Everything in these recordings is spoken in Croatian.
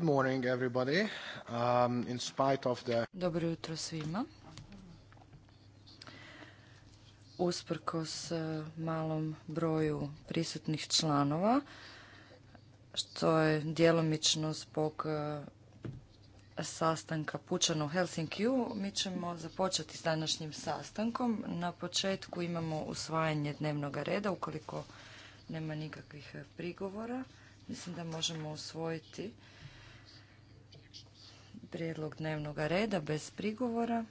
morning um, Dobro jutro svima. Usprkos e, malom broju prisutnih članova, što je djelomično zbog e, sastanka Pučana u Helsinkiju, mi ćemo započeti s današnjim sastankom. Na početku imamo usvajanje dnevnog reda, ukoliko nema nikakvih prigovora. Mislim da možemo usvojiti prijedlog dnevnog reda bez prigovora.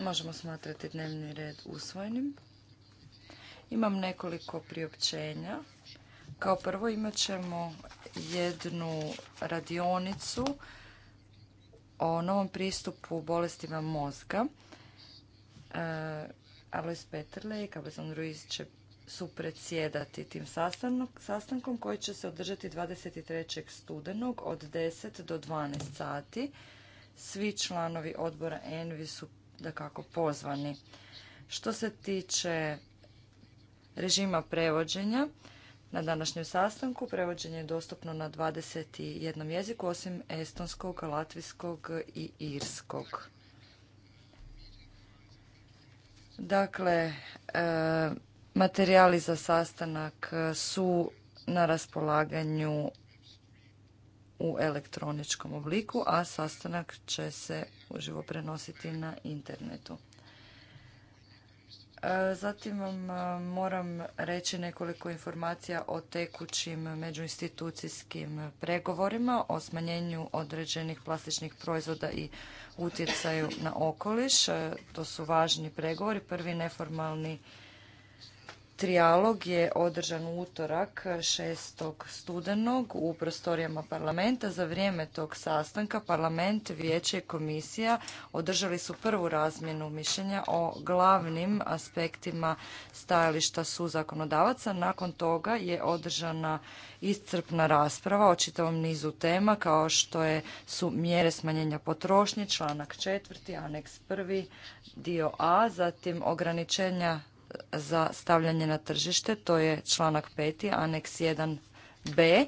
Možemo smatrati dnevni red usvojenim. Imam nekoliko priopćenja. Kao prvo imat ćemo jednu radionicu o novom pristupu bolestima mozga. E, Alois Peterle i Kabezon Ruiz će su predsjedati tim sastankom koji će se održati 23. studenog od 10 do 12 sati. Svi članovi odbora ENVI su da kako pozvani. Što se tiče režima prevođenja, na današnjem sastanku prevođenje je dostupno na 21 jeziku, osim estonskog, latvijskog i irskog. Dakle, e, Materijali za sastanak e, su na raspolaganju u elektroničkom obliku, a sastanak će se uživo prenositi na internetu. E, zatim vam moram reći nekoliko informacija o tekućim međuinstitucijskim pregovorima, o smanjenju određenih plastičnih proizvoda i utjecaju na okoliš. E, to su važni pregovori. Prvi neformalni Trijalog je održan u utorak 6. studenog u prostorijama parlamenta. Za vrijeme tog sastanka parlament, vijeće i komisija održali su prvu razmjenu mišljenja o glavnim aspektima stajališta su zakonodavaca. Nakon toga je održana iscrpna rasprava o čitavom nizu tema kao što je, su mjere smanjenja potrošnje, članak 4. aneks 1. dio A, zatim ograničenja za stavljanje na tržište, to je članak 5. aneks 1b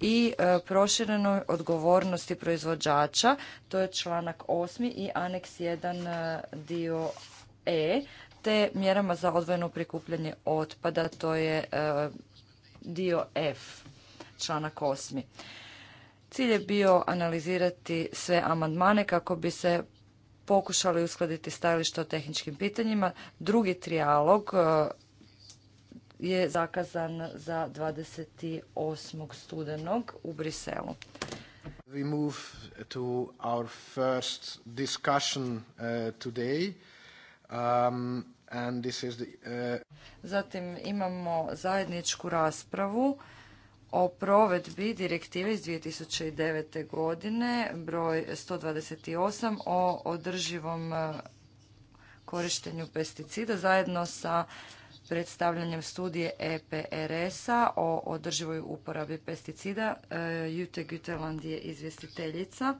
i e, proširenoj odgovornosti proizvođača, to je članak 8. i aneks 1 e, dio e, te mjerama za odvojeno prikupljanje otpada, to je e, dio f, članak 8. Cilj je bio analizirati sve amandmane kako bi se pokušali uskladiti stajalište o tehničkim pitanjima. Drugi trijalog e, je zakazan za 28. studenog u Briselu. We move to our first discussion e, today. Um, and this is the, e, Zatim imamo zajedničku raspravu o provedbi direktive iz 2009. godine broj 128 o održivom e, korištenju pesticida zajedno sa predstavljanjem studije EPRS-a o održivoj uporabi pesticida. E, Jute Güteland je izvjestiteljica.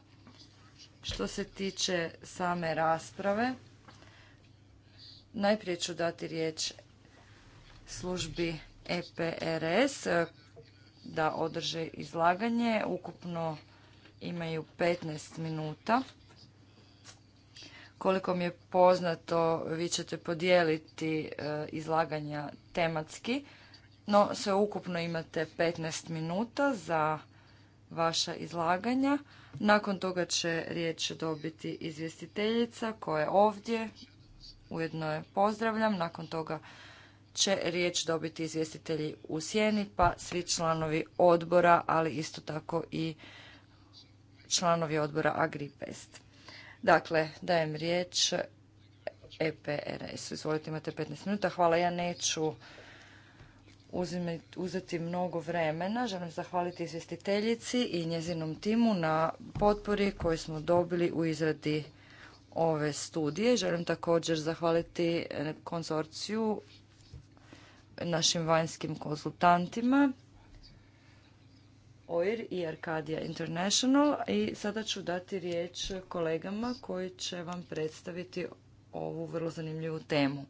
Što se tiče same rasprave, najprije ću dati riječ službi EPRS da održe izlaganje. Ukupno imaju 15 minuta. Koliko mi je poznato, vi ćete podijeliti e, izlaganja tematski, no sve ukupno imate 15 minuta za vaša izlaganja. Nakon toga će riječ dobiti izvjestiteljica koja je ovdje, ujedno je pozdravljam, nakon toga će riječ dobiti izvjestitelji u sjeni, pa svi članovi odbora, ali isto tako i članovi odbora Agripest. Dakle, dajem riječ EPRS-u. Izvolite, imate 15 minuta. Hvala, ja neću uzeti mnogo vremena. Želim zahvaliti izvjestiteljici i njezinom timu na potpori koju smo dobili u izradi ove studije. Želim također zahvaliti konzorciju našim vanjskim konsultantima OIR i Arcadia International i sada ću dati riječ kolegama koji će vam predstaviti ovu vrlo zanimljivu temu.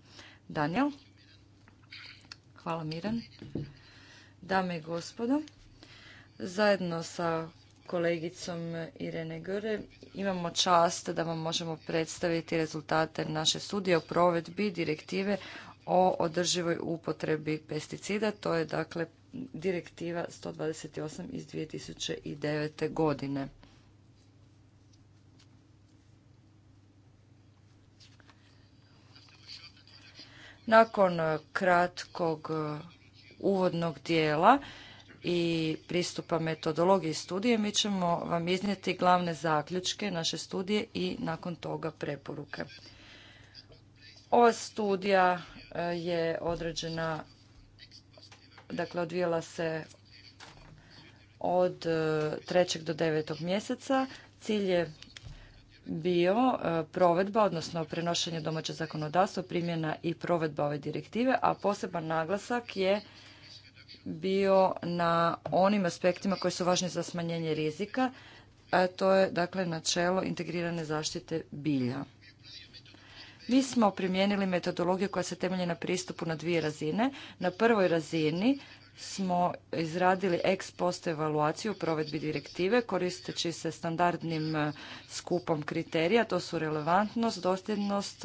Daniel? Hvala Miran. Dame i gospodo, zajedno sa kolegicom Irene Gore imamo čast da vam možemo predstaviti rezultate naše studije o provedbi direktive o održivoj upotrebi pesticida. To je dakle direktiva 128 iz 2009. godine. Nakon kratkog uvodnog dijela i pristupa metodologiji studije, mi ćemo vam iznijeti glavne zaključke naše studije i nakon toga preporuke. Ova studija e, je određena, dakle odvijela se od 3. E, do 9. mjeseca. Cilj je bio e, provedba, odnosno prenošenje domaće zakonodavstva, primjena i provedba ove direktive, a poseban naglasak je bio na onim aspektima koji su važni za smanjenje rizika, a to je dakle načelo integrirane zaštite bilja. Mi smo primijenili metodologiju koja se temelji na pristupu na dvije razine. Na prvoj razini smo izradili ex post evaluaciju provedbi direktive koristeći se standardnim e, skupom kriterija. To su relevantnost, dosljednost,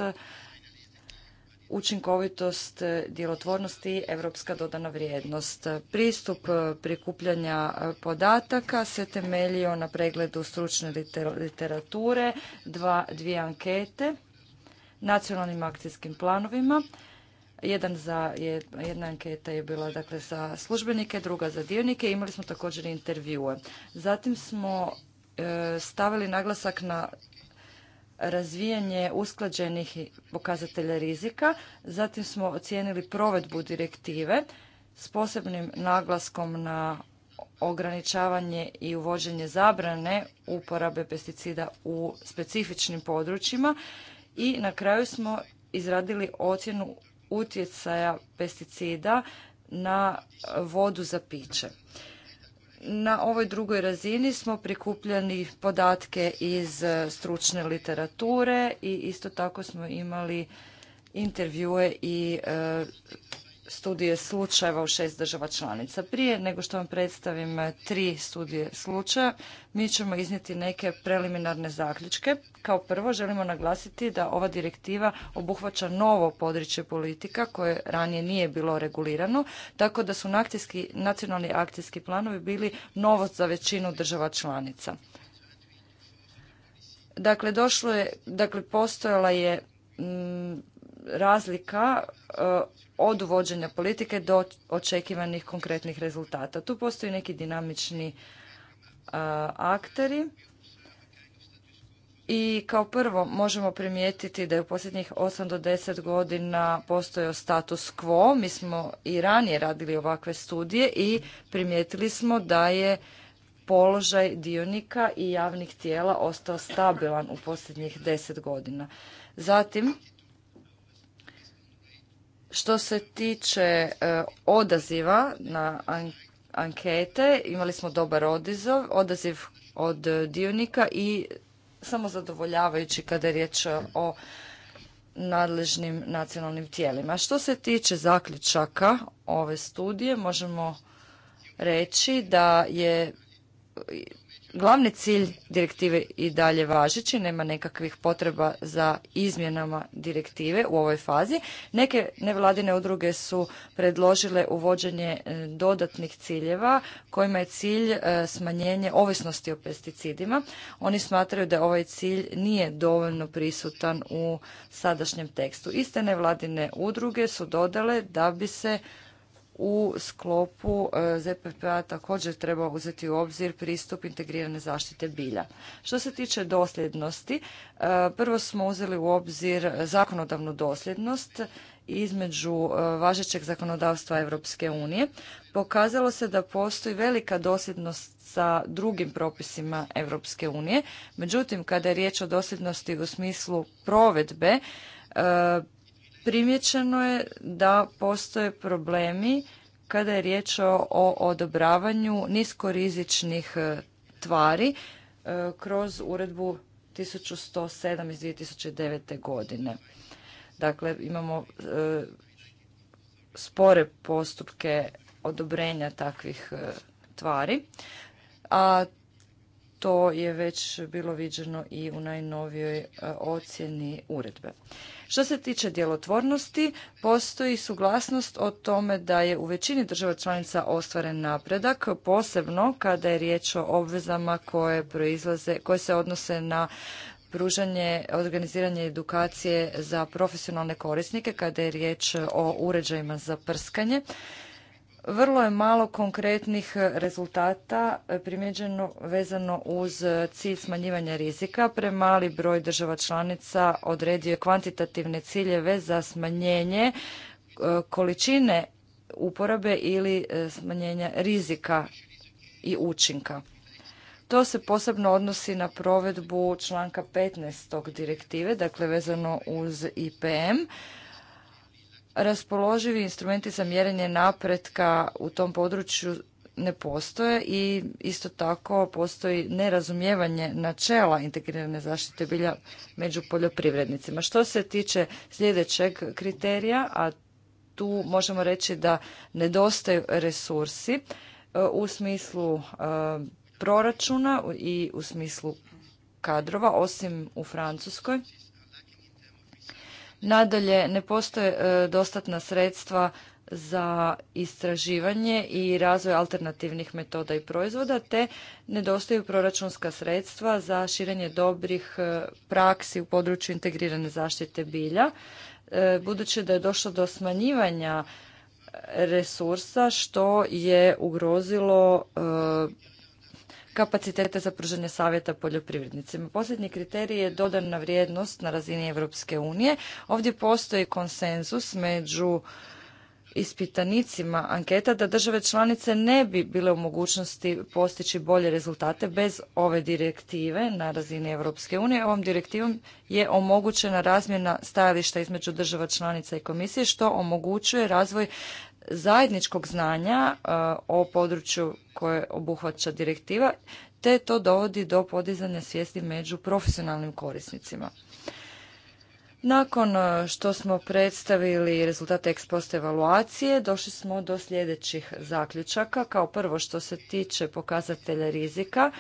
učinkovitost, e, djelotvornost i europska dodana vrijednost. Pristup e, prikupljanja podataka se temeljio na pregledu stručne literature, dva, dvije ankete nacionalnim akcijskim planovima. Jedan za, jedna anketa je bila dakle, za službenike, druga za dionike. Imali smo također intervjue. Zatim smo e, stavili naglasak na razvijanje usklađenih pokazatelja rizika. Zatim smo ocijenili provedbu direktive s posebnim naglaskom na ograničavanje i uvođenje zabrane uporabe pesticida u specifičnim područjima i na kraju smo izradili ocjenu utjecaja pesticida na vodu za piće. Na ovoj drugoj razini smo prikupljali podatke iz stručne literature i isto tako smo imali intervjue i e, studije slučajeva u šest država članica. Prije nego što vam predstavim eh, tri studije slučaja, mi ćemo iznijeti neke preliminarne zaključke. Kao prvo želimo naglasiti da ova direktiva obuhvaća novo područje politika koje ranije nije bilo regulirano, tako da su nacionalni akcijski planovi bili novost za većinu država članica. Dakle, došlo je, dakle, postojala je mm, razlika e, od uvođenja politike do očekivanih konkretnih rezultata. Tu postoji neki dinamični e, akteri i kao prvo možemo primijetiti da je u posljednjih 8 do 10 godina postojao status quo. Mi smo i ranije radili ovakve studije i primijetili smo da je položaj dionika i javnih tijela ostao stabilan u posljednjih 10 godina. Zatim, što se tiče e, odaziva na ankete, imali smo dobar odizov, odaziv od dionika i samo zadovoljavajući kada je riječ o nadležnim nacionalnim tijelima. Što se tiče zaključaka ove studije, možemo reći da je glavni cilj direktive i dalje važeći, nema nekakvih potreba za izmjenama direktive u ovoj fazi. Neke nevladine udruge su predložile uvođenje e, dodatnih ciljeva kojima je cilj e, smanjenje ovisnosti o pesticidima. Oni smatraju da ovaj cilj nije dovoljno prisutan u sadašnjem tekstu. Iste nevladine udruge su dodale da bi se u sklopu e, ZPP-a također treba uzeti u obzir pristup integrirane zaštite bilja. Što se tiče dosljednosti, e, prvo smo uzeli u obzir zakonodavnu dosljednost između e, važećeg zakonodavstva Europske unije. Pokazalo se da postoji velika dosljednost sa drugim propisima Europske unije. Međutim, kada je riječ o dosljednosti u smislu provedbe, primjećeno je da postoje problemi kada je riječ o odobravanju niskorizičnih e, tvari e, kroz uredbu 1107 iz 2009. godine. Dakle, imamo e, spore postupke odobrenja takvih tvari. A to je već bilo viđeno i u najnovijoj e, ocjeni uredbe. Što se tiče djelotvornosti, postoji suglasnost o tome da je u većini država članica ostvaren napredak, posebno kada je riječ o obvezama koje proizlaze, koje se odnose na pružanje, organiziranje edukacije za profesionalne korisnike kada je riječ o uređajima za prskanje vrlo je malo konkretnih e, rezultata e, primjeđeno vezano uz e, cilj smanjivanja rizika. Premali broj država članica odredio je kvantitativne ciljeve za smanjenje količine uporabe ili smanjenja rizika i učinka. To se posebno odnosi na provedbu članka 15. direktive, dakle vezano uz IPM raspoloživi instrumenti za mjerenje napretka u tom području ne postoje i isto tako postoji nerazumijevanje načela integrirane zaštite bilja među poljoprivrednicima. Što se tiče sljedećeg kriterija, a tu možemo reći da nedostaju resursi e, u smislu e, proračuna i u smislu kadrova, osim u Francuskoj. Nadalje, ne postoje e, dostatna sredstva za istraživanje i razvoj alternativnih metoda i proizvoda, te nedostaju proračunska sredstva za širenje dobrih e, praksi u području integrirane zaštite bilja. E, budući da je došlo do smanjivanja resursa što je ugrozilo kapaciteta za pružanje savjeta poljoprivrednicima. Posljednji kriterij je dodana vrijednost na razini Europske unije. Ovdje postoji konsenzus među ispitanicima anketa da države članice ne bi bile u mogućnosti postići bolje rezultate bez ove direktive na razini Europske unije. Ovom direktivom je omogućena razmjena stajališta između država članica i komisije što omogućuje razvoj zajedničkog znanja e, o području koje obuhvaća direktiva, te to dovodi do podizanja svijesti među profesionalnim korisnicima. Nakon e, što smo predstavili rezultate ex post evaluacije, došli smo do sljedećih zaključaka. Kao prvo što se tiče pokazatelja rizika,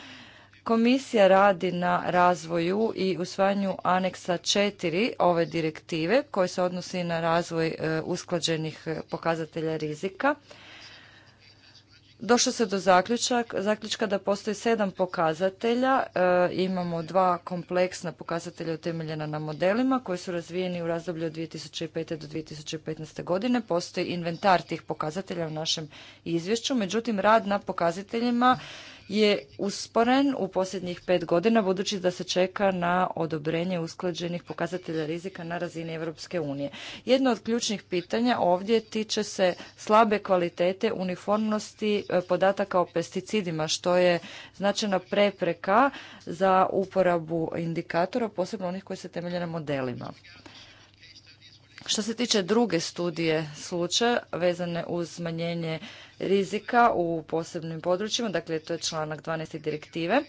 Komisija radi na razvoju i usvajanju aneksa 4 ove direktive koje se odnosi na razvoj e, usklađenih e, pokazatelja rizika. Došlo se do zaključka da postoji sedam pokazatelja. E, imamo dva kompleksna pokazatelja utemeljena na modelima koji su razvijeni u razdoblju od 2005. do 2015. godine. Postoji inventar tih pokazatelja u našem izvješću. Međutim, rad na pokazateljima je usporen u posljednjih pet godina budući da se čeka na odobrenje usklađenih pokazatelja rizika na razini Europske unije. Jedno od ključnih pitanja ovdje tiče se slabe kvalitete uniformnosti e, podataka o pesticidima što je značajna prepreka za uporabu indikatora, posebno onih koji se temelje na modelima. Što se tiče druge studije slučaja vezane uz smanjenje rizika u posebnim područjima, dakle to je članak 12. direktive,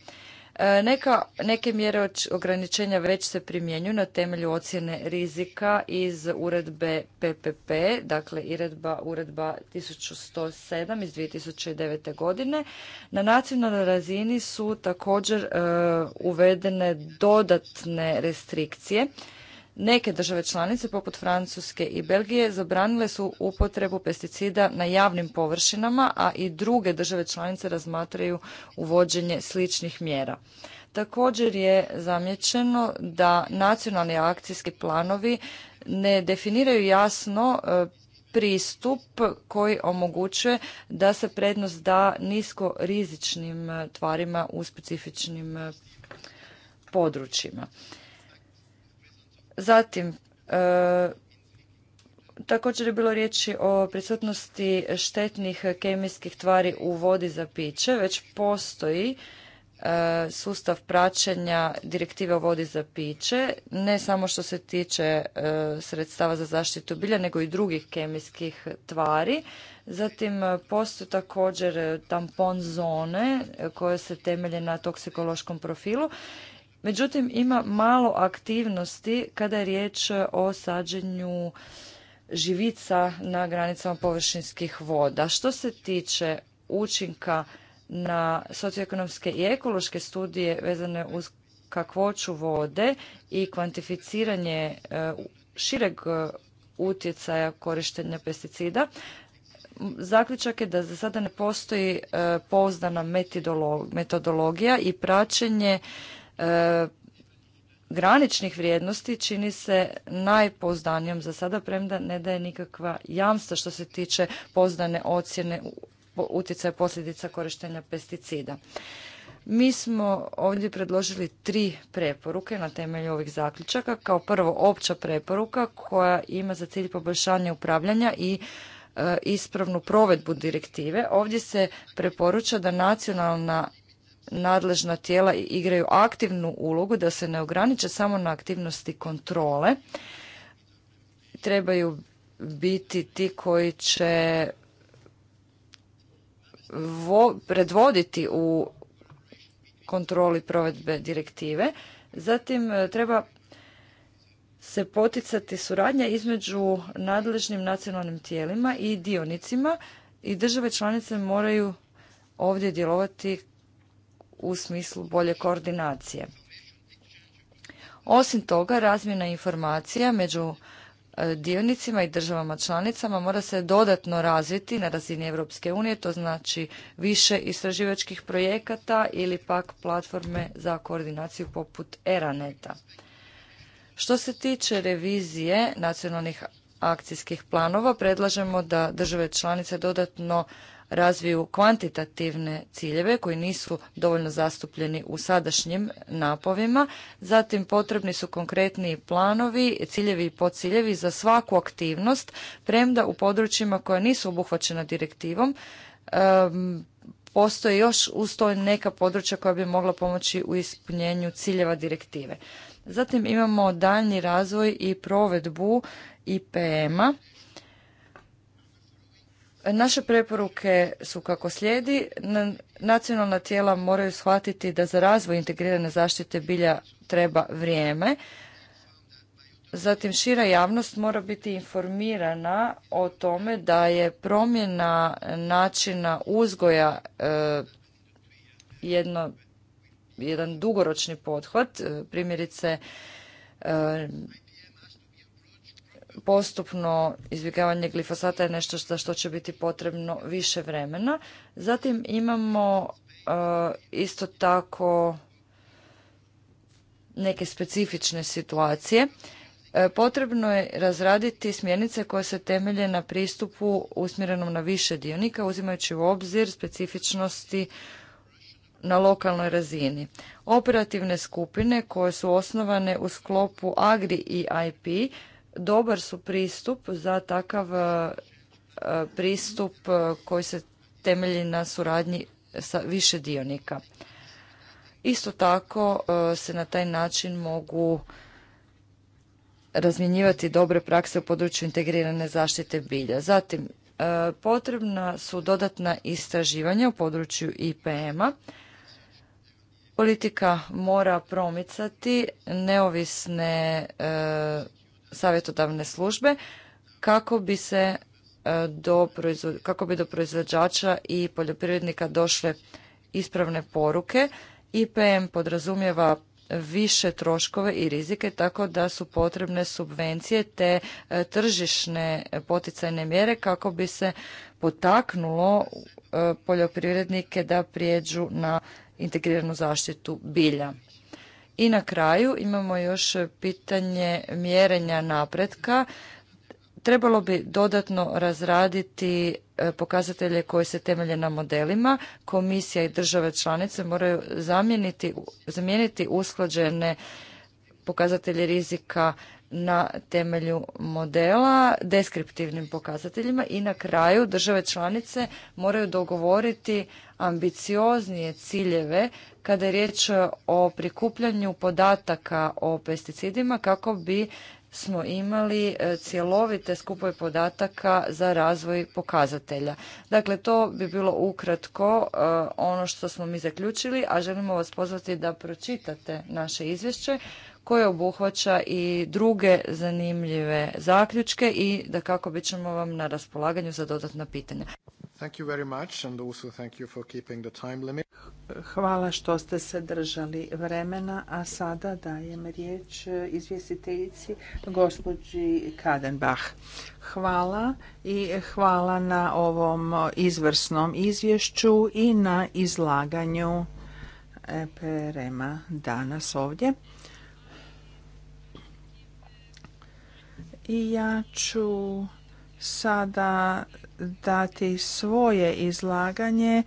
e, neka, neke mjere ograničenja već se primjenjuju na temelju ocjene rizika iz uredbe PPP, dakle uredba, uredba 1107 iz 2009. godine. Na nacionalnoj razini su također e, uvedene dodatne restrikcije Neke države članice, poput Francuske i Belgije, zabranile su upotrebu pesticida na javnim površinama, a i druge države članice razmatraju uvođenje sličnih mjera. Također je zamjećeno da nacionalni akcijski planovi ne definiraju jasno e, pristup koji omogućuje da se prednost da nisko rizičnim e, tvarima u specifičnim e, područjima. Zatim, e, također je bilo riječi o prisutnosti štetnih kemijskih tvari u vodi za piće. Već postoji e, sustav praćenja direktive o vodi za piće, ne samo što se tiče e, sredstava za zaštitu bilja, nego i drugih kemijskih tvari. Zatim postoje također tampon zone koje se temelje na toksikološkom profilu Međutim, ima malo aktivnosti kada je riječ o sađenju živica na granicama površinskih voda. Što se tiče učinka na socioekonomske i ekološke studije vezane uz kakvoću vode i kvantificiranje e, šireg e, utjecaja korištenja pesticida, zaključak je da za sada ne postoji e, pouzdana metodologija i praćenje E, graničnih vrijednosti čini se najpouzdanijom za sada, premda ne daje nikakva jamstva što se tiče pozdane ocjene utjecaja posljedica korištenja pesticida. Mi smo ovdje predložili tri preporuke na temelju ovih zaključaka. Kao prvo, opća preporuka koja ima za cilj poboljšanje upravljanja i e, ispravnu provedbu direktive. Ovdje se preporuča da nacionalna nadležna tijela igraju aktivnu ulogu, da se ne ograniče samo na aktivnosti kontrole. Trebaju biti ti koji će predvoditi u kontroli provedbe direktive. Zatim e, treba se poticati suradnja između nadležnim nacionalnim tijelima i dionicima i države članice moraju ovdje djelovati u smislu bolje koordinacije. Osim toga, razmjena informacija među e, dionicima i državama članicama mora se dodatno razviti na razini Europske unije, to znači više istraživačkih projekata ili pak platforme za koordinaciju poput Eraneta. Što se tiče revizije nacionalnih akcijskih planova, predlažemo da države članice dodatno razviju kvantitativne ciljeve koji nisu dovoljno zastupljeni u sadašnjim napovima. Zatim potrebni su konkretni planovi, ciljevi i podciljevi za svaku aktivnost, premda u područjima koja nisu obuhvaćena direktivom postoje još uz to neka područja koja bi mogla pomoći u ispunjenju ciljeva direktive. Zatim imamo daljnji razvoj i provedbu IPM-a Naše preporuke su kako slijedi. Nacionalna tijela moraju shvatiti da za razvoj integrirane zaštite bilja treba vrijeme. Zatim šira javnost mora biti informirana o tome da je promjena načina uzgoja e, jedan dugoročni pothvat. E, primjerice e, postupno izbjegavanje glifosata je nešto za što će biti potrebno više vremena. Zatim imamo e, isto tako neke specifične situacije. E, potrebno je razraditi smjernice koje se temelje na pristupu usmjerenom na više dionika, uzimajući u obzir specifičnosti na lokalnoj razini. Operativne skupine koje su osnovane u sklopu AGRI i IP dobar su pristup za takav e, e, pristup e, koji se temelji na suradnji sa više dionika. Isto tako se na taj način mogu razmjenjivati dobre prakse u području integrirane zaštite bilja. Zatim, potrebna su dodatna istraživanja u području IPM-a. Politika mora promicati neovisne savjetodavne službe kako bi se e, do, kako bi do proizvođača i poljoprivrednika došle ispravne poruke. IPM podrazumijeva više troškove i rizike tako da su potrebne subvencije te e, tržišne poticajne mjere kako bi se potaknulo e, poljoprivrednike da prijeđu na integriranu zaštitu bilja. I na kraju imamo još pitanje mjerenja napretka. Trebalo bi dodatno razraditi e, pokazatelje koji se temelje na modelima. Komisija i države članice moraju zamijeniti, zamijeniti usklađene pokazatelje rizika na temelju modela deskriptivnim pokazateljima i na kraju države članice moraju dogovoriti ambicioznije ciljeve kada je riječ o prikupljanju podataka o pesticidima kako bi smo imali e, cjelovite skupove podataka za razvoj pokazatelja. Dakle, to bi bilo ukratko e, ono što smo mi zaključili, a želimo vas pozvati da pročitate naše izvješće koje obuhvaća i druge zanimljive zaključke i da kako bit ćemo vam na raspolaganju za dodatna pitanja. Hvala što ste se držali vremena, a sada dajem riječ e, izvjestiteljici gospođi Kadenbach. Hvala i hvala na ovom izvrsnom izvješću i na izlaganju EPRM-a danas ovdje. I ja ću sada dati svoje izlaganje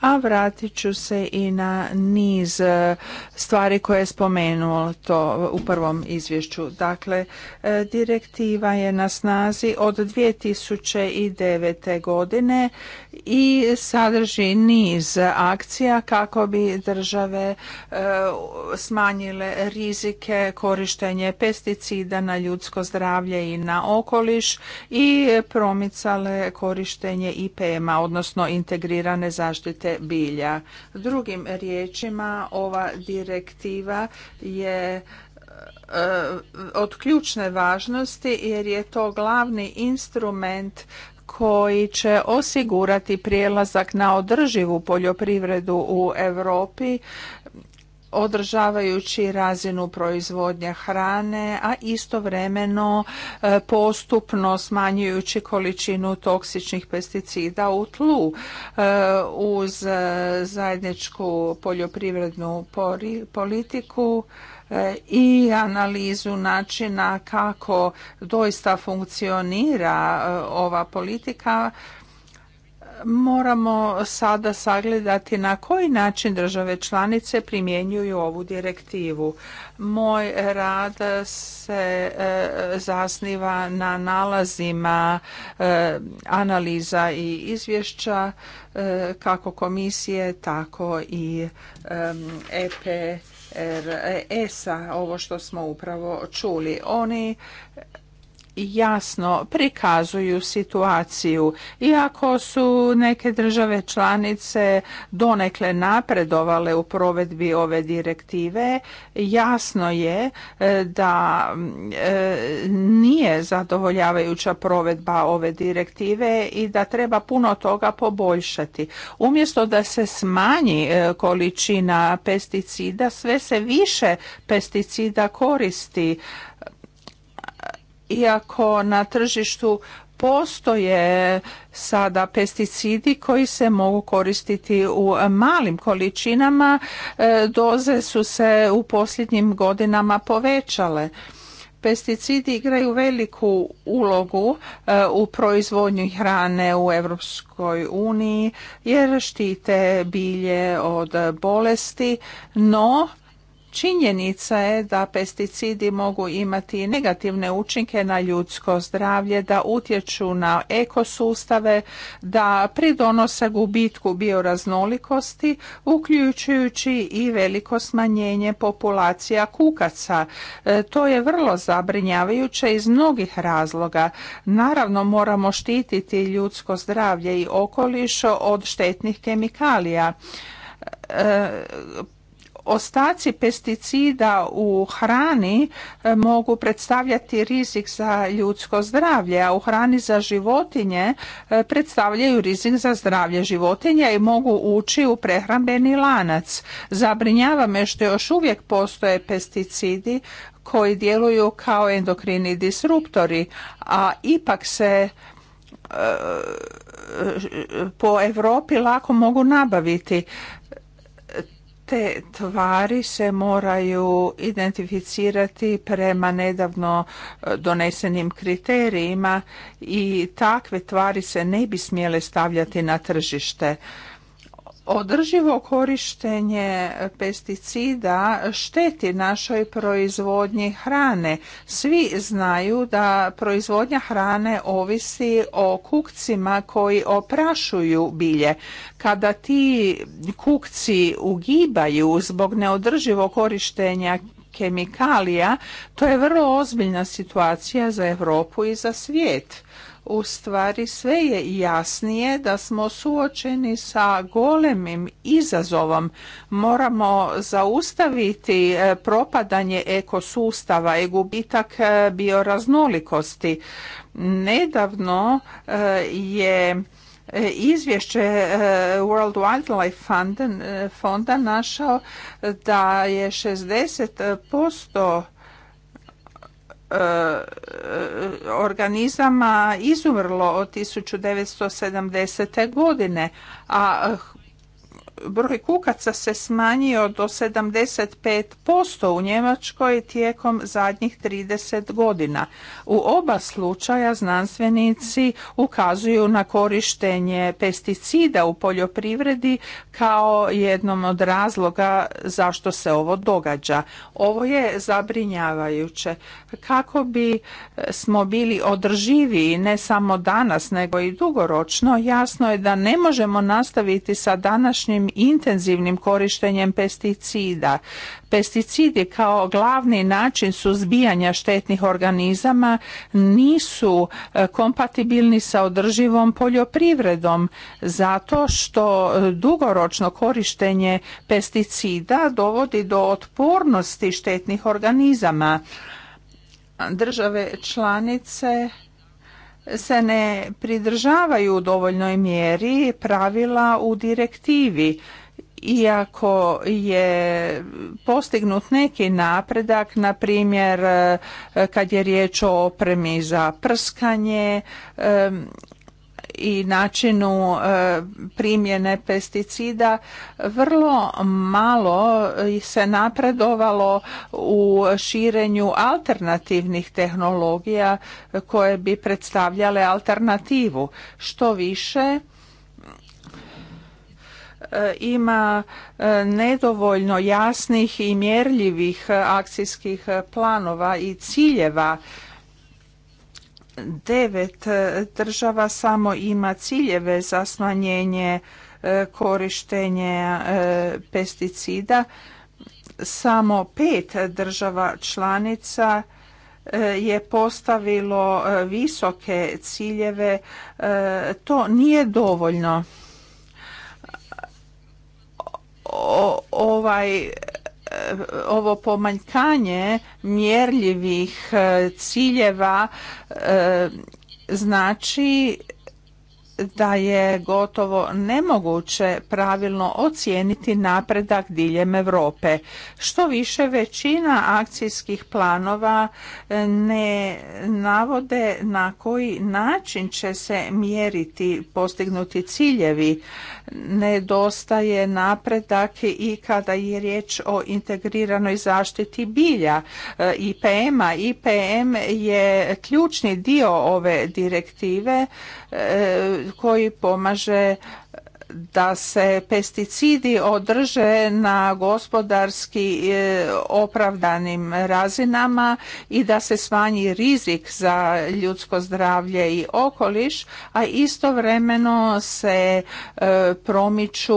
a vratit ću se i na niz e, stvari koje je spomenuo to u prvom izvješću. Dakle, e, direktiva je na snazi od 2009. godine i sadrži niz akcija kako bi države e, smanjile rizike korištenje pesticida na ljudsko zdravlje i na okoliš i promicale korištenje IPM-a, odnosno integrirane zaštite bilja. Drugim riječima, ova direktiva je e, od ključne važnosti jer je to glavni instrument koji će osigurati prijelazak na održivu poljoprivredu u Europi održavajući razinu proizvodnje hrane, a istovremeno e, postupno smanjujući količinu toksičnih pesticida u tlu e, uz e, zajedničku poljoprivrednu politiku i analizu načina kako doista funkcionira ova politika moramo sada sagledati na koji način države članice primjenjuju ovu direktivu. Moj rad se e, zasniva na nalazima e, analiza i izvješća e, kako komisije, tako i EP. ESA, ovo što smo upravo čuli. Oni jasno prikazuju situaciju. Iako su neke države članice donekle napredovale u provedbi ove direktive, jasno je e, da e, nije zadovoljavajuća provedba ove direktive i da treba puno toga poboljšati. Umjesto da se smanji e, količina pesticida, sve se više pesticida koristi iako na tržištu postoje sada pesticidi koji se mogu koristiti u malim količinama, e, doze su se u posljednjim godinama povećale. Pesticidi igraju veliku ulogu e, u proizvodnju hrane u Europskoj uniji jer štite bilje od bolesti, no Činjenica je da pesticidi mogu imati negativne učinke na ljudsko zdravlje, da utječu na ekosustave, da pridonose gubitku bioraznolikosti, uključujući i veliko smanjenje populacija kukaca. E, to je vrlo zabrinjavajuće iz mnogih razloga. Naravno moramo štititi ljudsko zdravlje i okoliš od štetnih kemikalija e, ostaci pesticida u hrani e, mogu predstavljati rizik za ljudsko zdravlje, a u hrani za životinje e, predstavljaju rizik za zdravlje životinja i mogu ući u prehrambeni lanac. Zabrinjava me što još uvijek postoje pesticidi koji djeluju kao endokrini disruptori, a ipak se e, po Europi lako mogu nabaviti te tvari se moraju identificirati prema nedavno e, donesenim kriterijima i takve tvari se ne bi smjele stavljati na tržište. Održivo korištenje pesticida šteti našoj proizvodnji hrane. Svi znaju da proizvodnja hrane ovisi o kukcima koji oprašuju bilje. Kada ti kukci ugibaju zbog neodrživo korištenja kemikalija, to je vrlo ozbiljna situacija za Europu i za svijet u stvari sve je jasnije da smo suočeni sa golemim izazovom. Moramo zaustaviti e, propadanje ekosustava i gubitak e, bioraznolikosti. Nedavno e, je izvješće World Wildlife Fund, fonda našao da je 60% E, e, organizama izumrlo od 1970. godine, a broj kukaca se smanjio do 75% u Njemačkoj tijekom zadnjih 30 godina. U oba slučaja znanstvenici ukazuju na korištenje pesticida u poljoprivredi kao jednom od razloga zašto se ovo događa. Ovo je zabrinjavajuće. Kako bi e, smo bili održiviji ne samo danas nego i dugoročno, jasno je da ne možemo nastaviti sa današnjim intenzivnim korištenjem pesticida. Pesticidi kao glavni način suzbijanja štetnih organizama nisu e, kompatibilni sa održivom poljoprivredom zato što e, dugoročno korištenje pesticida dovodi do otpornosti štetnih organizama. Države članice se ne pridržavaju u dovoljnoj mjeri pravila u direktivi iako je postignut neki napredak, na primjer eh, kad je riječ o opremi za prskanje, eh, i načinu e, primjene pesticida vrlo malo se napredovalo u širenju alternativnih tehnologija koje bi predstavljale alternativu što više e, ima e, nedovoljno jasnih i mjerljivih akcijskih planova i ciljeva devet država samo ima ciljeve za smanjenje e, korištenja e, pesticida. Samo pet država članica e, je postavilo visoke ciljeve. To nije dovoljno. ovaj E, ovo pomanjkanje mjerljivih e, ciljeva e, znači da je gotovo nemoguće pravilno ocijeniti napredak diljem Europe. Što više većina akcijskih planova ne navode na koji način će se mjeriti postignuti ciljevi nedostaje napredak i kada je riječ o integriranoj zaštiti bilja e, IPM-a. IPM je ključni dio ove direktive e, koji pomaže da se pesticidi održe na gospodarski e, opravdanim razinama i da se smanji rizik za ljudsko zdravlje i okoliš, a istovremeno se e, promiču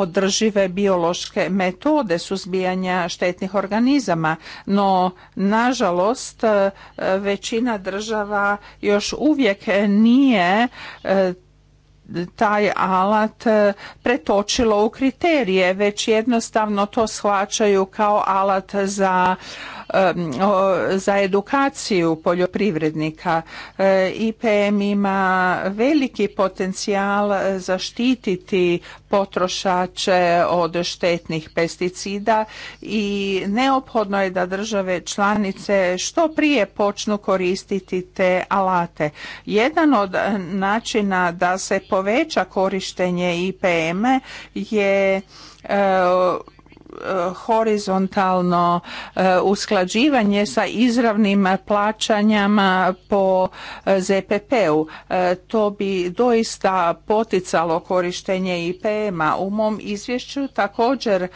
održive biološke metode suzbijanja štetnih organizama. No, nažalost, e, većina država još uvijek nije taj alat e, pretočilo u kriterije, već jednostavno to shvaćaju kao alat za Um, za edukaciju poljoprivrednika. E, IPM ima veliki potencijal zaštititi potrošače od štetnih pesticida i neophodno je da države članice što prije počnu koristiti te alate. Jedan od načina da se poveća korištenje IPM je e, E, horizontalno e, usklađivanje sa izravnim plaćanjama po e, ZPP-u. To bi doista poticalo korištenje IPM-a. U mom izvješću također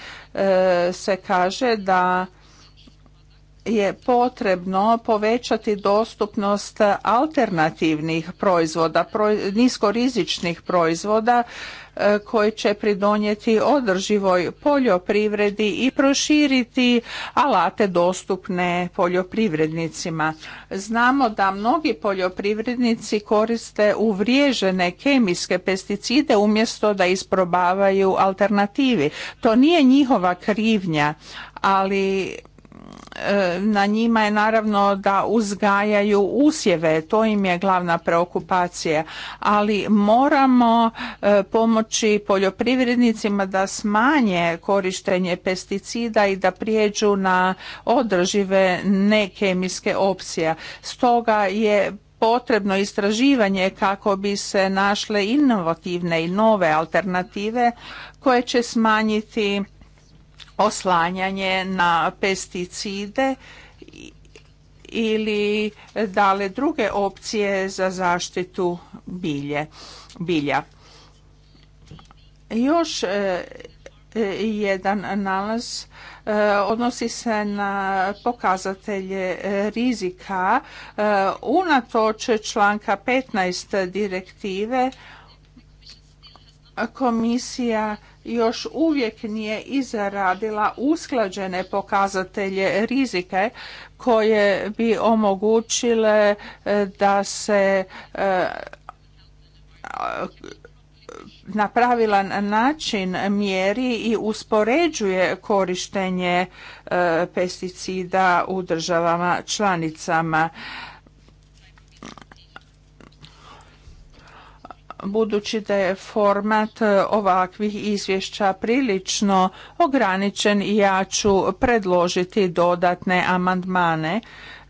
se kaže da je potrebno povećati dostupnost alternativnih proizvoda, niskorizičnih proizvoda e, koji će pridonijeti održivoj poljoprivredi i proširiti alate dostupne poljoprivrednicima. Znamo da mnogi poljoprivrednici koriste uvriježene kemijske pesticide umjesto da isprobavaju alternativi. To nije njihova krivnja, ali E, na njima je naravno da uzgajaju usjeve, to im je glavna preokupacija, ali moramo e, pomoći poljoprivrednicima da smanje korištenje pesticida i da prijeđu na održive nekemijske opcije. Stoga je potrebno istraživanje kako bi se našle inovativne i nove alternative koje će smanjiti oslanjanje na pesticide ili dale druge opcije za zaštitu bilje, bilja. Još e, jedan nalaz e, odnosi se na pokazatelje rizika e, unatoč članka 15 direktive komisija još uvijek nije izradila usklađene pokazatelje rizike koje bi omogućile e, da se e, na pravilan način mjeri i uspoređuje korištenje e, pesticida u državama članicama. budući da je format e, ovakvih izvješća prilično ograničen i ja ću predložiti dodatne amandmane.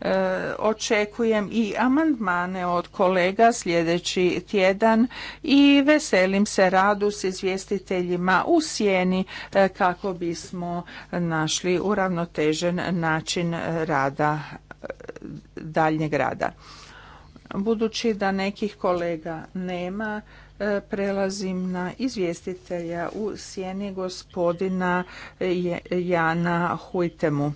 E, očekujem i amandmane od kolega sljedeći tjedan i veselim se radu s izvjestiteljima u sjeni e, kako bismo našli uravnotežen način rada daljnjeg rada. Budući da nekih kolega nema, e, prelazim na izvjestitelja u sjeni gospodina e, Jana Hujtemu.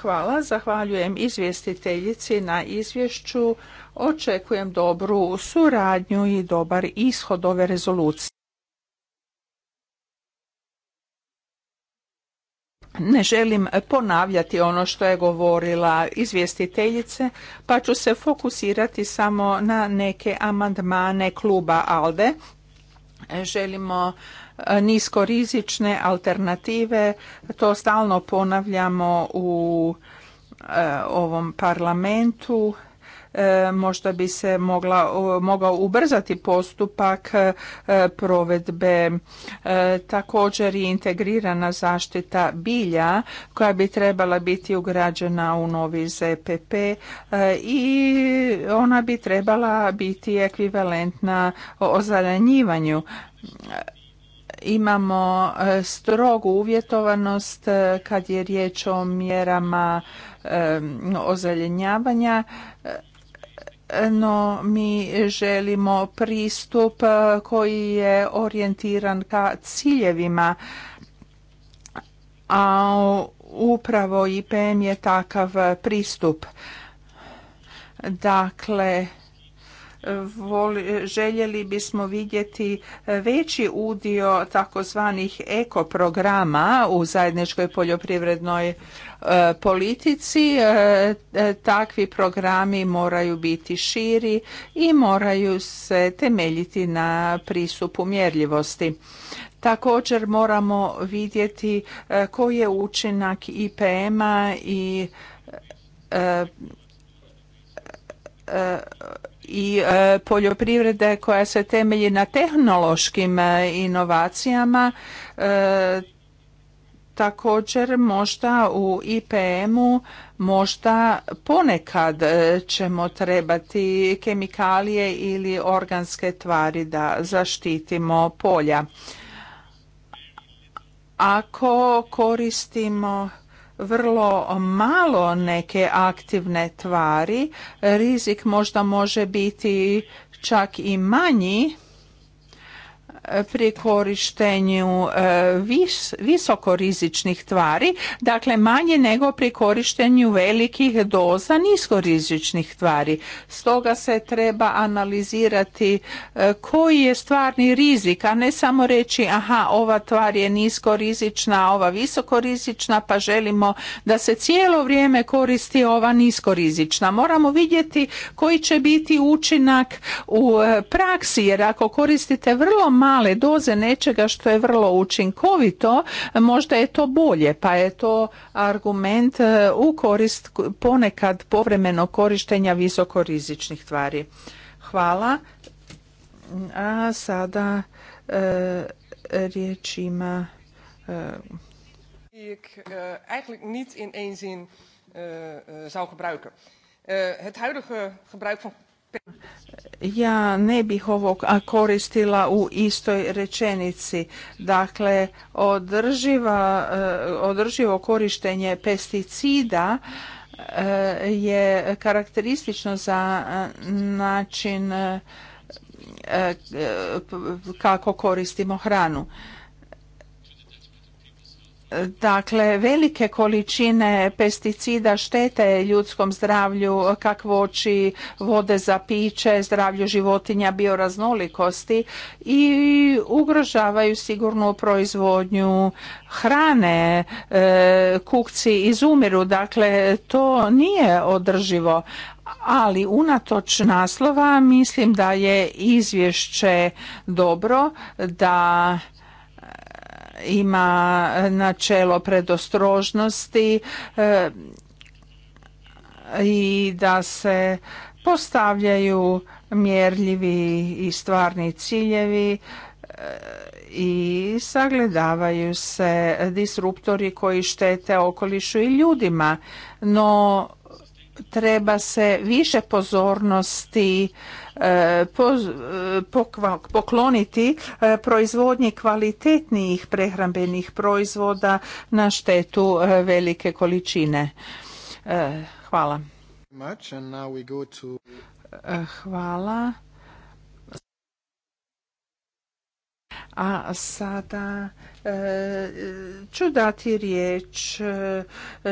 Hvala, zahvaljujem izvjestiteljici na izvješću. Očekujem dobru suradnju i dobar ishod ove rezolucije. ne želim ponavljati ono što je govorila izvjestiteljice, pa ću se fokusirati samo na neke amandmane kluba ALDE. Želimo e, niskorizične alternative, to stalno ponavljamo u e, ovom parlamentu možda bi se mogla, mogao ubrzati postupak e, provedbe. E, također i integrirana zaštita bilja koja bi trebala biti ugrađena u novi ZPP e, i ona bi trebala biti ekvivalentna ozelenjivanju imamo strogu uvjetovanost kad je riječ o mjerama ozeljenjavanja no mi želimo pristup e, koji je orijentiran ka ciljevima, a upravo IPM je takav pristup. Dakle, željeli bismo vidjeti veći udio takozvanih ekoprograma u zajedničkoj poljoprivrednoj E, politici e, e, takvi programi moraju biti širi i moraju se temeljiti na pristupu mjerljivosti. Također moramo vidjeti koji je učinak IPM-a i i poljoprivrede koja se temelji na tehnološkim inovacijama Također možda u IPM-u možda ponekad e, ćemo trebati kemikalije ili organske tvari da zaštitimo polja. Ako koristimo vrlo malo neke aktivne tvari, rizik možda može biti čak i manji pri korištenju e, visokorizičnih tvari, dakle manje nego pri korištenju velikih doza niskorizičnih tvari. Stoga se treba analizirati e, koji je stvarni rizik, a ne samo reći aha, ova tvar je niskorizična, a ova visokorizična, pa želimo da se cijelo vrijeme koristi ova niskorizična. Moramo vidjeti koji će biti učinak u e, praksi, jer ako koristite vrlo malo male doze nečega što je vrlo učinkovito, možda je to bolje, pa je to argument e, u korist ponekad povremeno korištenja visokorizičnih tvari. Hvala. A sada e, riječ ima e, eh, niet in één zin eh, eh, zou gebruiken. het huidige gebruik van ja ne bih ovo koristila u istoj rečenici. Dakle, održiva, e, održivo korištenje pesticida e, je karakteristično za e, način kako koristimo hranu. Dakle, velike količine pesticida štete ljudskom zdravlju, kakvoći vode za piće, zdravlju životinja, bioraznolikosti i ugrožavaju sigurnu proizvodnju hrane. E, kukci izumiru, dakle, to nije održivo. Ali unatoč naslova mislim da je izvješće dobro, da ima načelo predostrožnosti e, i da se postavljaju mjerljivi i stvarni ciljevi e, i sagledavaju se disruptori koji štete okolišu i ljudima, no treba se više pozornosti e, e, pokloniti e, proizvodnji kvalitetnijih prehrambenih proizvoda na štetu velike količine. Hvala. Hvala. A sada e, ću dati riječ e,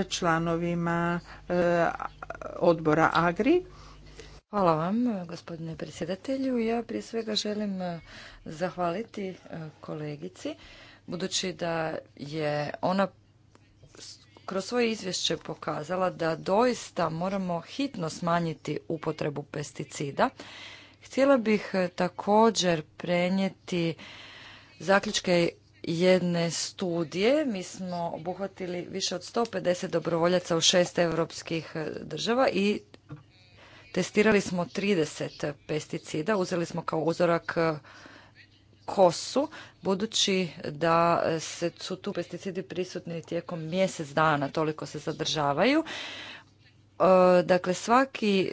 članovima e, odbora Agri. Hvala vam, gospodine predsjedatelju. Ja prije svega želim zahvaliti kolegici, budući da je ona kroz svoje izvješće pokazala da doista moramo hitno smanjiti upotrebu pesticida. Htjela bih također prenijeti zaključke jedne studije. Mi smo obuhvatili više od 150 dobrovoljaca u šest europskih e, država i testirali smo 30 pesticida. Uzeli smo kao uzorak e, kosu, budući da se, su tu pesticidi prisutni tijekom mjesec dana, toliko se zadržavaju. E, dakle, svaki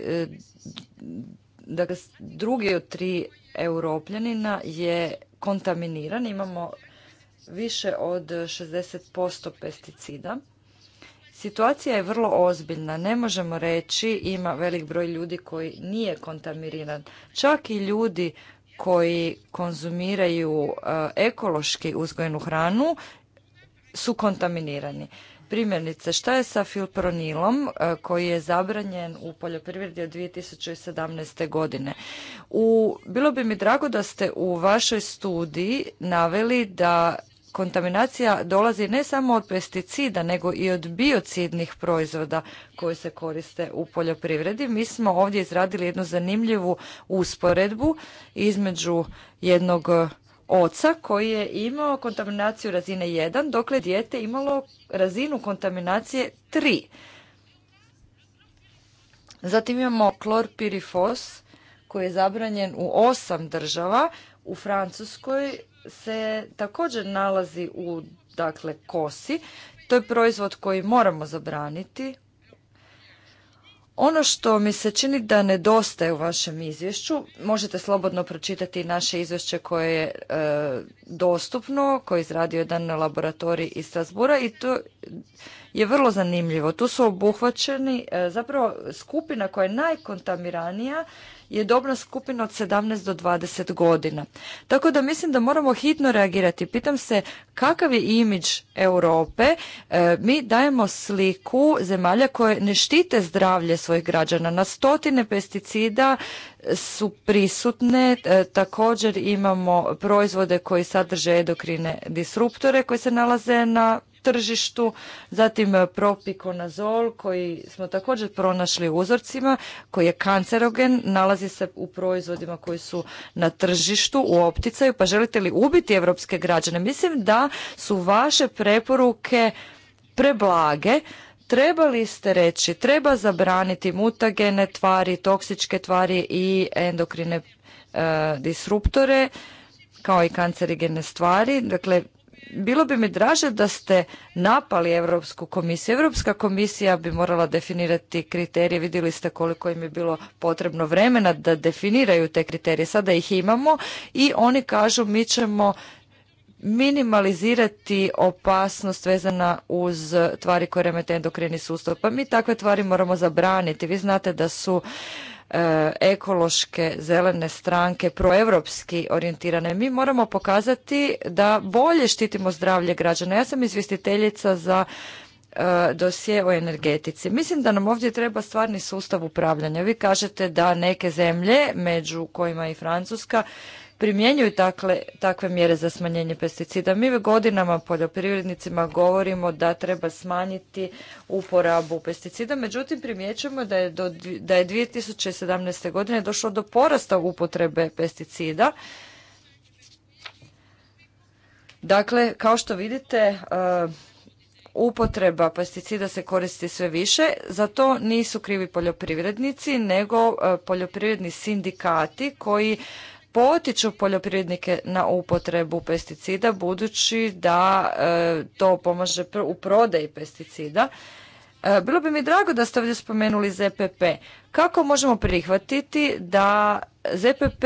dakle, drugi od tri europljanina je kontaminiran. Imamo više od 60% pesticida. Situacija je vrlo ozbiljna. Ne možemo reći ima velik broj ljudi koji nije kontaminiran. Čak i ljudi koji konzumiraju e, ekološki uzgojenu hranu su kontaminirani primjerice šta je sa filpronilom e, koji je zabranjen u poljoprivredi od 2017. godine. U, bilo bi mi drago da ste u vašoj studiji naveli da kontaminacija dolazi ne samo od pesticida nego i od biocidnih proizvoda koji se koriste u poljoprivredi. Mi smo ovdje izradili jednu zanimljivu usporedbu između jednog oca koji je imao kontaminaciju razine 1, dokle dijete imalo razinu kontaminacije 3. Zatim imamo klorpirifos koji je zabranjen u osam država. U Francuskoj se također nalazi u dakle, kosi. To je proizvod koji moramo zabraniti ono što mi se čini da nedostaje u vašem izvješću, možete slobodno pročitati naše izvješće koje je e, dostupno, koje je izradio jedan laboratorij iz Strasbura i to je vrlo zanimljivo. Tu su obuhvaćeni e, zapravo skupina koja je najkontamiranija je dobna skupina od 17 do 20 godina. Tako da mislim da moramo hitno reagirati. Pitam se kakav je imidž Europe. E, mi dajemo sliku zemalja koje ne štite zdravlje svojih građana. Na stotine pesticida su prisutne. E, također imamo proizvode koji sadrže endokrine disruptore koji se nalaze na tržištu, zatim e, propikonazol koji smo također pronašli u uzorcima, koji je kancerogen, nalazi se u proizvodima koji su na tržištu, u opticaju, pa želite li ubiti evropske građane? Mislim da su vaše preporuke preblage, trebali ste reći, treba zabraniti mutagene tvari, toksičke tvari i endokrine e, disruptore, kao i kancerigene stvari, dakle bilo bi mi draže da ste napali Europsku komisiju. Europska komisija bi morala definirati kriterije. Vidjeli ste koliko im je bilo potrebno vremena da definiraju te kriterije. Sada ih imamo i oni kažu mi ćemo minimalizirati opasnost vezana uz tvari koje remete endokrini sustav. Pa mi takve tvari moramo zabraniti. Vi znate da su E, ekološke zelene stranke proevropski orijentirane. Mi moramo pokazati da bolje štitimo zdravlje građana. Ja sam izvjestiteljica za e, dosje o energetici. Mislim da nam ovdje treba stvarni sustav upravljanja. Vi kažete da neke zemlje, među kojima i Francuska, primjenjuju takle, takve mjere za smanjenje pesticida. Mi godinama poljoprivrednicima govorimo da treba smanjiti uporabu pesticida, međutim primjećujemo da je, do, da je 2017. godine došlo do porasta upotrebe pesticida. Dakle, kao što vidite, e, upotreba pesticida se koristi sve više, za to nisu krivi poljoprivrednici, nego e, poljoprivredni sindikati koji potiču poljoprivrednike na upotrebu pesticida budući da e, to pomaže u prodaji pesticida. E, bilo bi mi drago da ste ovdje spomenuli ZPP. Kako možemo prihvatiti da ZPP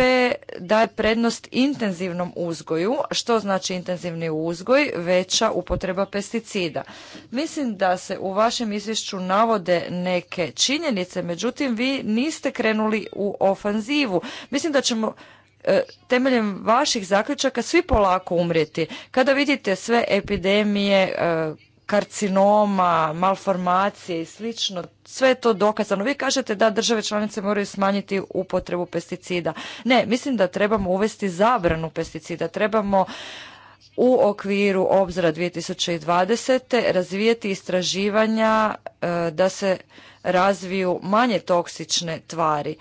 daje prednost intenzivnom uzgoju? Što znači intenzivni uzgoj? Veća upotreba pesticida. Mislim da se u vašem izvješću navode neke činjenice, međutim vi niste krenuli u ofanzivu. Mislim da ćemo E, temeljem vaših zaključaka svi polako umrijeti. Kada vidite sve epidemije, e, karcinoma, malformacije i slično, sve je to dokazano. Vi kažete da države članice moraju smanjiti upotrebu pesticida. Ne, mislim da trebamo uvesti zabranu pesticida. Trebamo u okviru obzora 2020. razvijeti istraživanja e, da se razviju manje toksične tvari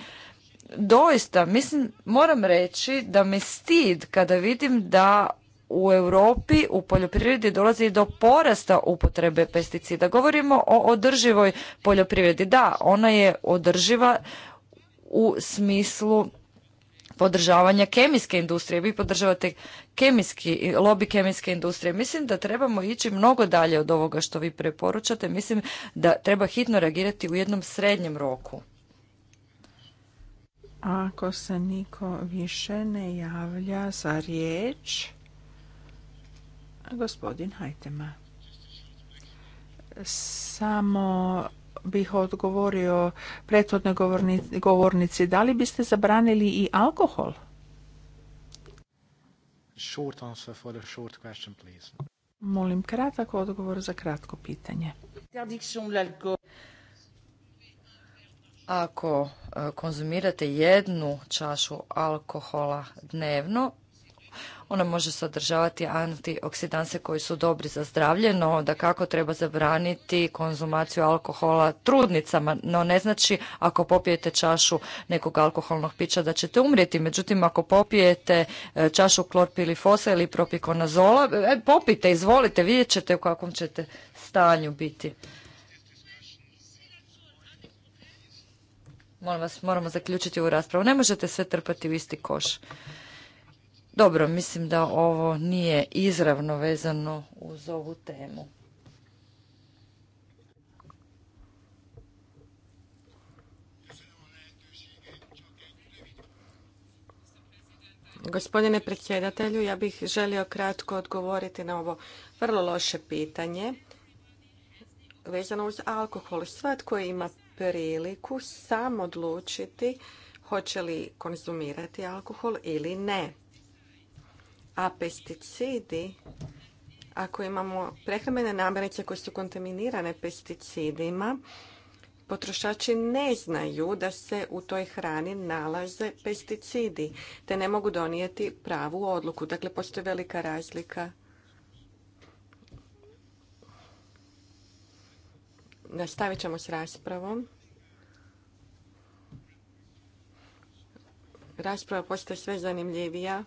doista mislim moram reći da me stid kada vidim da u Europi u poljoprivredi dolazi do porasta upotrebe pesticida. Govorimo o održivoj poljoprivredi. Da, ona je održiva u smislu podržavanja kemijske industrije. Vi podržavate kemijski, lobby kemijske industrije. Mislim da trebamo ići mnogo dalje od ovoga što vi preporučate. Mislim da treba hitno reagirati u jednom srednjem roku. Ako se niko više ne javlja za riječ, gospodin Hajtema. Samo bih odgovorio prethodnoj govornici, da li biste zabranili i alkohol? Molim kratak odgovor za kratko pitanje. Ako e, konzumirate jednu čašu alkohola dnevno, ona može sadržavati antioksidanse koji su dobri za zdravlje, no da kako treba zabraniti konzumaciju alkohola trudnicama. No ne znači ako popijete čašu nekog alkoholnog pića da ćete umrijeti. Međutim, ako popijete e, čašu klorpilifosa ili propikonazola, e, popite, izvolite, vidjet ćete u kakvom ćete stanju biti. Molim vas, moramo zaključiti ovu raspravu. Ne možete sve trpati u isti koš. Dobro, mislim da ovo nije izravno vezano uz ovu temu. Gospodine predsjedatelju, ja bih želio kratko odgovoriti na ovo vrlo loše pitanje vezano uz alkohol. Svatko ima priliku sam odlučiti hoće li konzumirati alkohol ili ne. A pesticidi, ako imamo prehrambene namirnice koje su kontaminirane pesticidima, potrošači ne znaju da se u toj hrani nalaze pesticidi, te ne mogu donijeti pravu odluku. Dakle, postoji velika razlika Nastavit ćemo s raspravom. Rasprava postaje sve zanimljivija.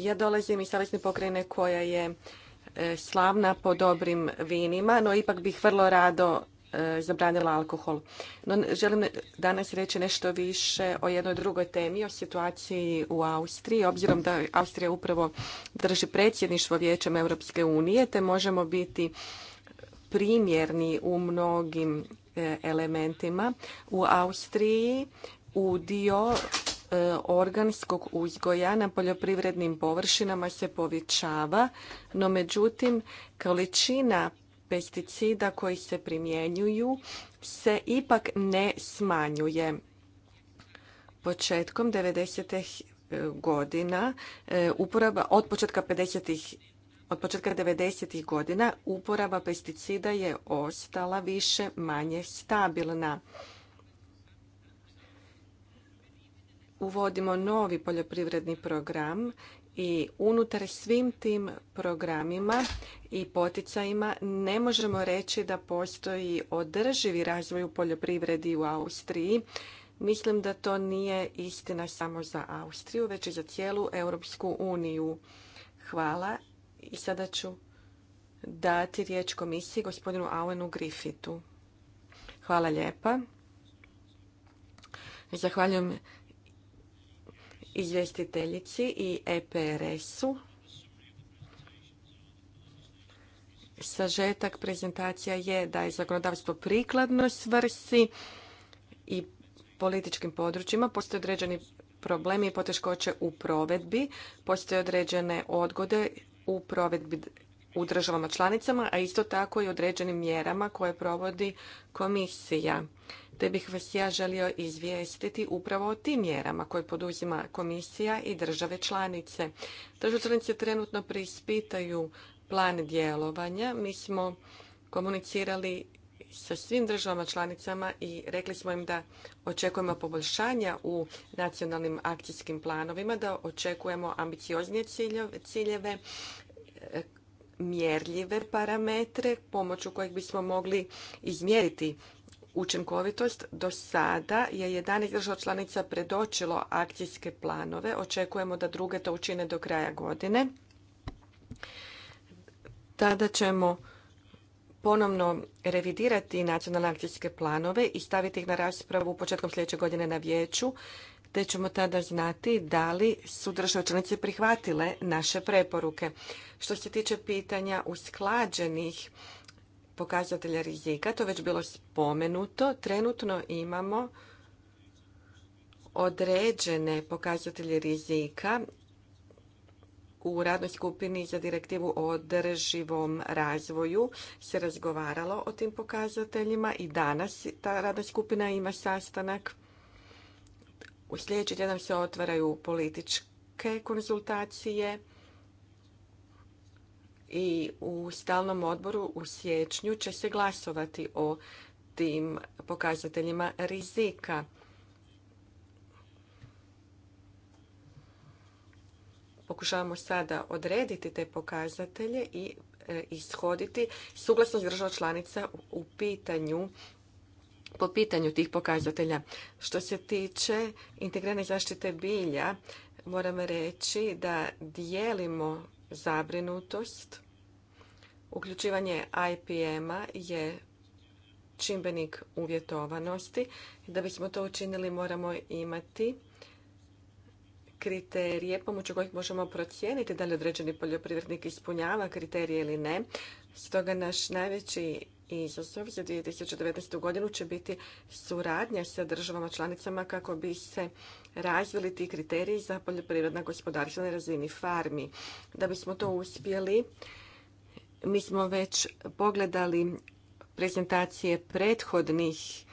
Ja dolazim iz Savezne pokrajine koja je e, slavna po dobrim vinima, no ipak bih vrlo rado E, zabranila alkohol. No, želim danas reći nešto više o jednoj drugoj temi, o situaciji u Austriji, obzirom da Austrija upravo drži predsjedništvo Vijećem Europske unije, te možemo biti primjerni u mnogim e, elementima. U Austriji u dio e, organskog uzgoja na poljoprivrednim površinama se povećava, no međutim količina pesticida koji se primjenjuju se ipak ne smanjuje. Početkom 90 eh, godina eh, uporaba od početka 50 od početka 90. godina uporaba pesticida je ostala više manje stabilna. Uvodimo novi poljoprivredni program i unutar svim tim programima i poticajima ne možemo reći da postoji održivi razvoj u poljoprivredi u Austriji. Mislim da to nije istina samo za Austriju, već i za cijelu Europsku uniju. Hvala i sada ću dati riječ komisiji gospodinu Auenu Griffitu. Hvala lijepa. Zahvaljujem izvjestiteljici i EPRS-u. Sažetak prezentacija je da je zakonodavstvo prikladno svrsi i političkim područjima. Postoje određeni problemi i poteškoće u provedbi. Postoje određene odgode u provedbi u državama članicama, a isto tako i određenim mjerama koje provodi komisija te bih vas ja želio izvijestiti upravo o tim mjerama koje poduzima komisija i države članice. Države članice trenutno preispitaju plan djelovanja. Mi smo komunicirali sa svim državama članicama i rekli smo im da očekujemo poboljšanja u nacionalnim akcijskim planovima, da očekujemo ambicioznije ciljeve, mjerljive parametre pomoću kojeg bismo mogli izmjeriti učinkovitost. Do sada je 11 država članica predočilo akcijske planove. Očekujemo da druge to učine do kraja godine. Tada ćemo ponovno revidirati nacionalne akcijske planove i staviti ih na raspravu početkom sljedeće godine na vijeću, te ćemo tada znati da li su države članice prihvatile naše preporuke. Što se tiče pitanja usklađenih pokazatelja rizika, to već bilo spomenuto, trenutno imamo određene pokazatelje rizika u radnoj skupini za direktivu o održivom razvoju se razgovaralo o tim pokazateljima i danas ta radna skupina ima sastanak. U sljedeći tjedan se otvaraju političke konzultacije i u stalnom odboru u siječnju će se glasovati o tim pokazateljima rizika. Pokušavamo sada odrediti te pokazatelje i e, ishoditi suglasnost država članica u pitanju po pitanju tih pokazatelja. Što se tiče integrane zaštite bilja, moram reći da dijelimo zabrinutost. Uključivanje IPM-a je čimbenik uvjetovanosti. Da bismo to učinili moramo imati kriterije pomoću kojih možemo procijeniti da li određeni poljoprivrednik ispunjava kriterije ili ne. Stoga naš najveći izazov za 2019. godinu će biti suradnja sa državama članicama kako bi se razvili ti kriteriji za poljoprivredna gospodarstva na razini farmi. Da bismo to uspjeli, mi smo već pogledali prezentacije prethodnih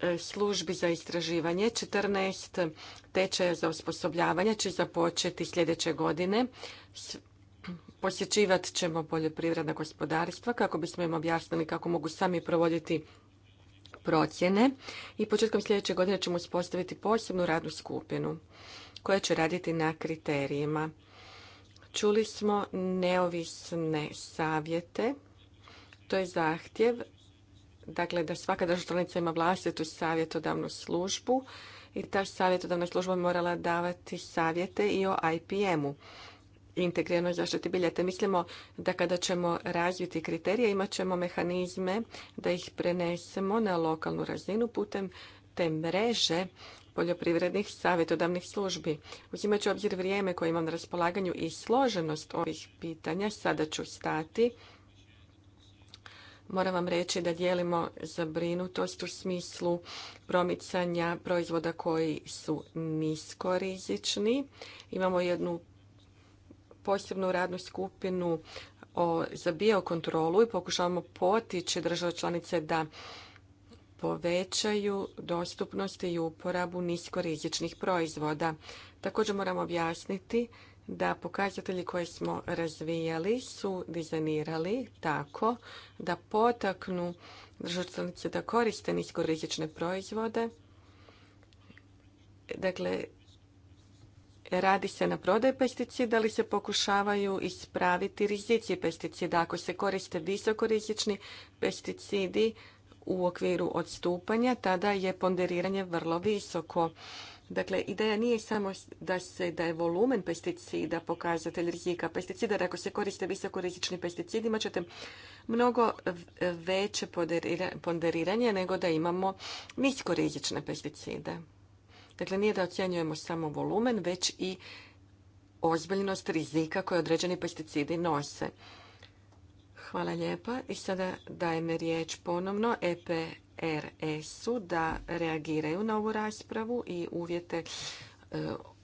e, službi za istraživanje. 14 tečaja za osposobljavanje će započeti sljedeće godine. Posjećivat ćemo poljoprivredna gospodarstva kako bismo im objasnili kako mogu sami provoditi procjene i početkom sljedeće godine ćemo uspostaviti posebnu radnu skupinu koja će raditi na kriterijima. Čuli smo neovisne savjete, to je zahtjev, dakle da svaka država članica ima vlastitu savjetodavnu službu i ta savjetodavna služba morala davati savjete i o IPM-u integrirano zaštiti biljete. Mislimo da kada ćemo razviti kriterije imat ćemo mehanizme da ih prenesemo na lokalnu razinu putem te mreže poljoprivrednih savjetodavnih službi. Uzimajući obzir vrijeme koje imam na raspolaganju i složenost ovih pitanja, sada ću stati. Moram vam reći da dijelimo zabrinutost u smislu promicanja proizvoda koji su niskorizični. Imamo jednu posebnu radnu skupinu za biokontrolu i pokušavamo potići države članice da povećaju dostupnost i uporabu niskorizičnih proizvoda. Također moramo objasniti da pokazatelji koje smo razvijali su dizajnirali tako da potaknu države članice da koriste niskorizične proizvode. Dakle, radi se na prodaj pesticida ali se pokušavaju ispraviti rizici pesticida. Ako se koriste visokorizični pesticidi u okviru odstupanja, tada je ponderiranje vrlo visoko. Dakle, ideja nije samo da, se, da je volumen pesticida pokazatelj rizika pesticida, da ako se koriste visokorizični pesticidi imat ćete mnogo veće ponderiranje nego da imamo niskorizične pesticide. Dakle, nije da ocjenjujemo samo volumen, već i ozbiljnost rizika koje određeni pesticidi nose. Hvala lijepa. I sada dajem riječ ponovno EPRS-u da reagiraju na ovu raspravu i uvjete e,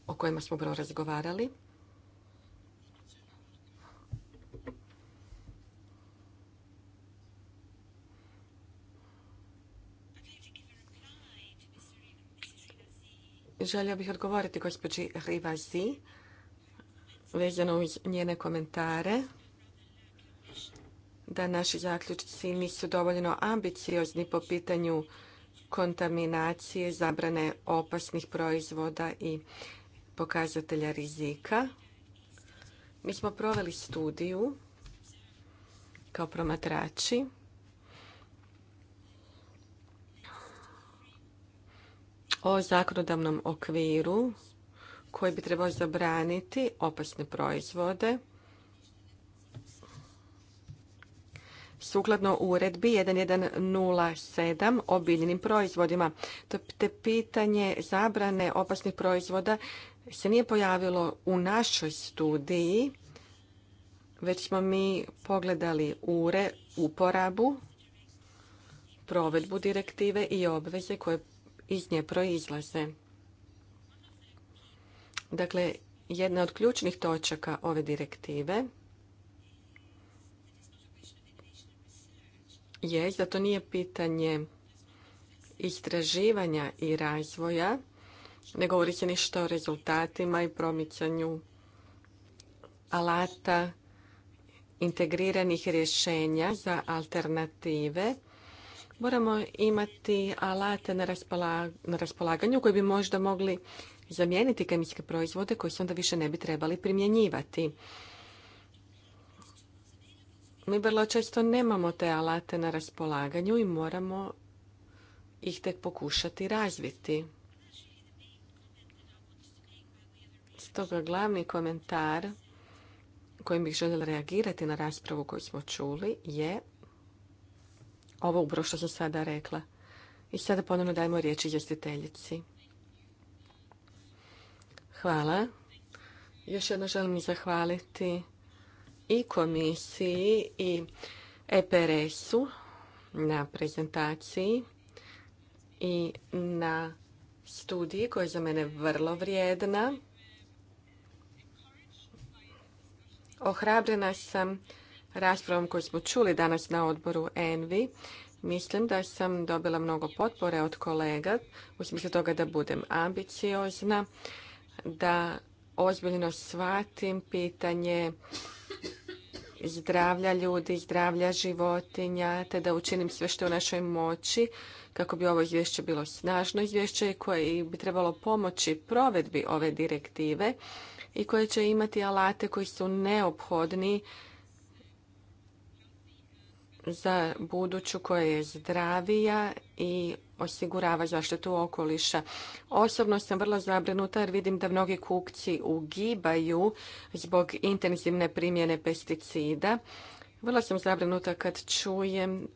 o kojima smo upravo razgovarali. Želio bih odgovoriti gospođi Rivazi vezano uz njene komentare da naši zaključci nisu dovoljno ambiciozni po pitanju kontaminacije, zabrane opasnih proizvoda i pokazatelja rizika. Mi smo proveli studiju kao promatrači o zakonodavnom okviru koji bi trebao zabraniti opasne proizvode sukladno uredbi 1107 o biljnim proizvodima. Te pitanje zabrane opasnih proizvoda se nije pojavilo u našoj studiji, već smo mi pogledali ure, uporabu, provedbu direktive i obveze koje iz nje proizlaze. Dakle, jedna od ključnih točaka ove direktive je da to nije pitanje istraživanja i razvoja, ne govori se ništa o rezultatima i promicanju alata integriranih rješenja za alternative Moramo imati alate na raspolaganju koji bi možda mogli zamijeniti kemijske proizvode koji se onda više ne bi trebali primjenjivati. Mi vrlo često nemamo te alate na raspolaganju i moramo ih tek pokušati razviti. Stoga glavni komentar kojim bih željela reagirati na raspravu koju smo čuli je ovo upravo što sam sada rekla. I sada ponovno dajemo riječ izvjestiteljici. Hvala. Još jedno želim zahvaliti i komisiji i EPRS-u na prezentaciji i na studiji koja je za mene vrlo vrijedna. Ohrabrena sam raspravom koju smo čuli danas na odboru ENVI, mislim da sam dobila mnogo potpore od kolega u smislu toga da budem ambiciozna, da ozbiljno shvatim pitanje zdravlja ljudi, zdravlja životinja, te da učinim sve što je u našoj moći kako bi ovo izvješće bilo snažno izvješće koje bi trebalo pomoći provedbi ove direktive i koje će imati alate koji su neophodni za buduću koja je zdravija i osigurava zaštitu okoliša. Osobno sam vrlo zabrinuta jer vidim da mnogi kukci ugibaju zbog intenzivne primjene pesticida. Vrlo sam zabrinuta kad čujem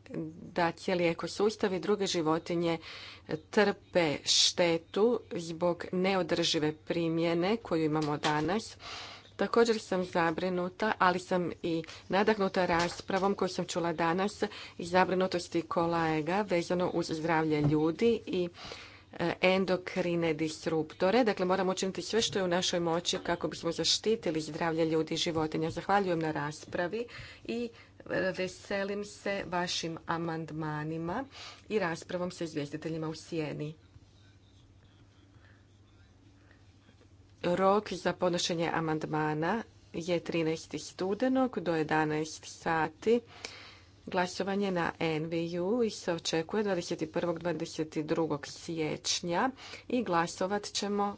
da cijeli ekosustav i druge životinje trpe štetu zbog neodržive primjene koju imamo danas. Također sam zabrinuta, ali sam i nadahnuta raspravom koju sam čula danas i zabrinutosti kolega vezano uz zdravlje ljudi i e, endokrine disruptore. Dakle, moramo učiniti sve što je u našoj moći kako bismo zaštitili zdravlje ljudi i životinja. Zahvaljujem na raspravi i e, veselim se vašim amandmanima i raspravom sa izvjestiteljima u Sijeni. Rok za podnošenje amandmana je 13. studenog do 11. sati. Glasovanje na NVU se očekuje 21. 22. siječnja i glasovat ćemo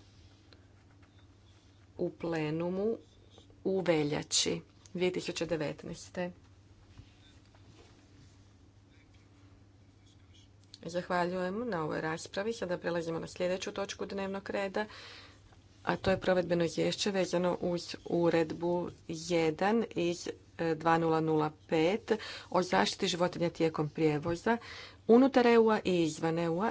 u plenumu u veljači 2019. Zahvaljujem na ovoj raspravi. Sada prelazimo na sljedeću točku dnevnog reda a to je provedbeno izvješće vezano uz uredbu 1 iz 2005 e, o zaštiti životinja tijekom prijevoza unutar EU-a i izvan EU-a.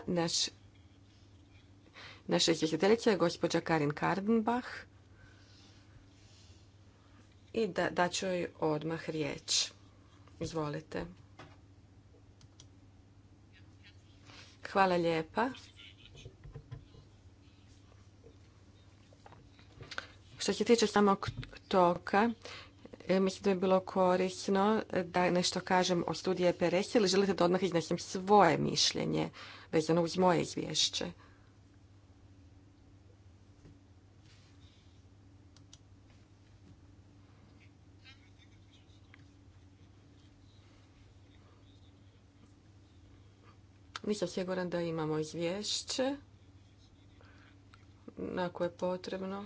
naša izvjestiteljica je gospođa Karin Kardenbach i da, daću joj odmah riječ. Izvolite. Hvala lijepa. Što se tiče samog toka, e, mislim da bi bilo korisno da nešto kažem o studije PRS ili želite da odmah iznesem svoje mišljenje vezano uz moje izvješće? Nisam siguran da imamo izvješće. na koje je potrebno.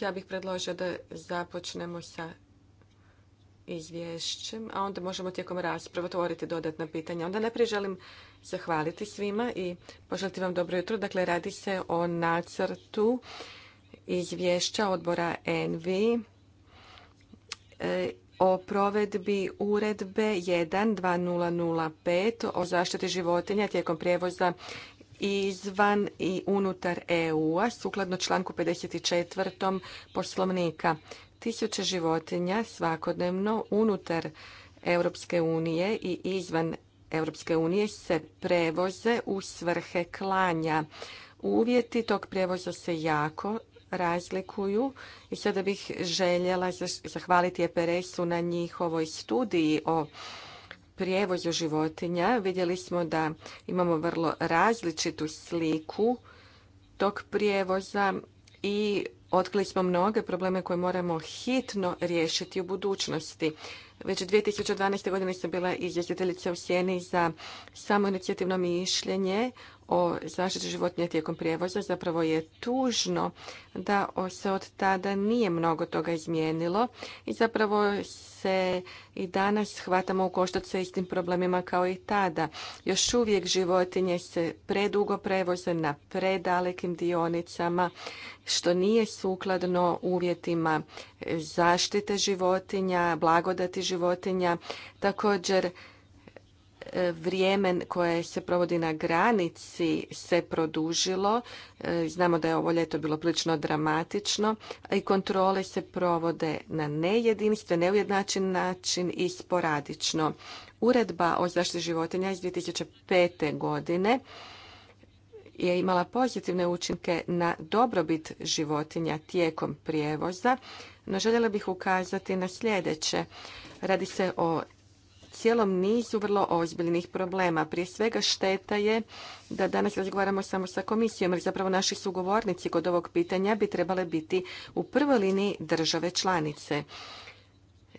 Ja bih predložio da započnemo sa izvješćem, a onda možemo tijekom rasprave otvoriti dodatna pitanja. Onda najprije želim zahvaliti svima i poželiti vam dobro jutro. Dakle, radi se o nacrtu izvješća odbora ENVI o provedbi uredbe 1.2005 o zaštiti životinja tijekom prijevoza izvan i unutar EU-a sukladno članku 54. poslovnika. Tisuće životinja svakodnevno unutar Europske unije i izvan Europske unije se prevoze u svrhe klanja. Uvjeti tog prevoza se jako razlikuju i sada bih željela zahvaliti EPRS-u na njihovoj studiji o prijevozu životinja vidjeli smo da imamo vrlo različitu sliku tog prijevoza i otkrili smo mnoge probleme koje moramo hitno riješiti u budućnosti. Već 2012. godine sam bila izvjestiteljica u Sjeni za samo mišljenje o zaštiti životinja tijekom prijevoza. Zapravo je tužno da se od tada nije mnogo toga izmijenilo i zapravo se i danas hvatamo u koštac sa istim problemima kao i tada. Još uvijek životinje se predugo prevoze na predalekim dionicama, što nije sukladno uvjetima zaštite životinja, blagodati životinja. Također, vrijeme koje se provodi na granici se produžilo. E, znamo da je ovo ljeto bilo prilično dramatično i kontrole se provode na nejedinstven, neujednačen način i sporadično. Uredba o zaštiti životinja iz 2005. godine je imala pozitivne učinke na dobrobit životinja tijekom prijevoza, no željela bih ukazati na sljedeće. Radi se o cijelom nizu vrlo ozbiljnih problema. Prije svega šteta je da danas razgovaramo samo sa komisijom, jer zapravo naši sugovornici kod ovog pitanja bi trebale biti u prvoj liniji države članice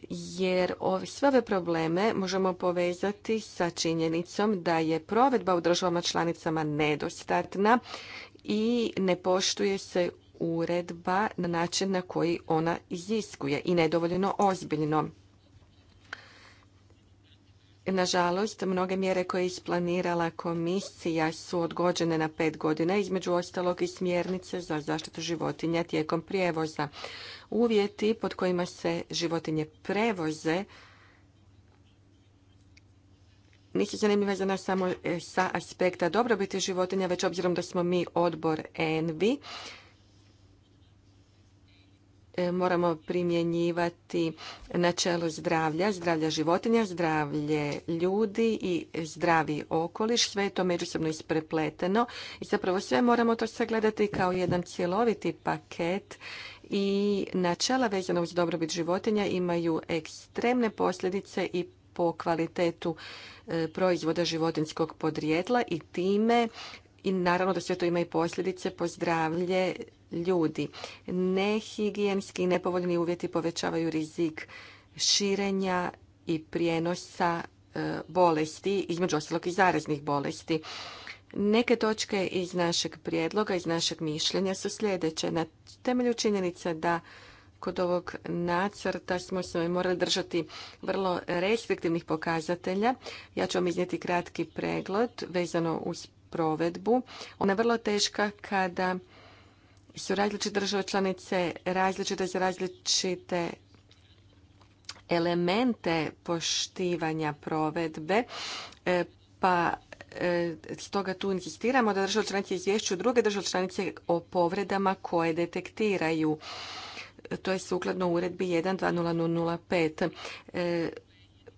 jer sve ove probleme možemo povezati sa činjenicom da je provedba u državama članicama nedostatna i ne poštuje se uredba na način na koji ona iziskuje i nedovoljno ozbiljno. Nažalost, mnoge mjere koje je isplanirala komisija su odgođene na pet godina, između ostalog i smjernice za zaštitu životinja tijekom prijevoza. Uvjeti pod kojima se životinje prevoze nisu zanimljive za nas samo e, sa aspekta dobrobiti životinja, već obzirom da smo mi odbor ENVI E, moramo primjenjivati načelo zdravlja, zdravlja životinja, zdravlje ljudi i zdravi okoliš. Sve je to međusobno isprepleteno i zapravo sve moramo to sagledati kao jedan cjeloviti paket i načela vezana uz dobrobit životinja imaju ekstremne posljedice i po kvalitetu e, proizvoda životinskog podrijetla i time i naravno da sve to ima i posljedice po zdravlje ljudi. Nehigijenski i nepovoljni uvjeti povećavaju rizik širenja i prijenosa e, bolesti, između ostalog i zaraznih bolesti. Neke točke iz našeg prijedloga, iz našeg mišljenja su sljedeće. Na temelju činjenica da kod ovog nacrta smo se morali držati vrlo restriktivnih pokazatelja. Ja ću vam iznijeti kratki pregled vezano uz provedbu. Ona je vrlo teška kada su različite države članice različite za različite elemente poštivanja provedbe, e, pa e, stoga tu insistiramo da države članice izvješću druge države članice o povredama koje detektiraju. To je sukladno uredbi 120005.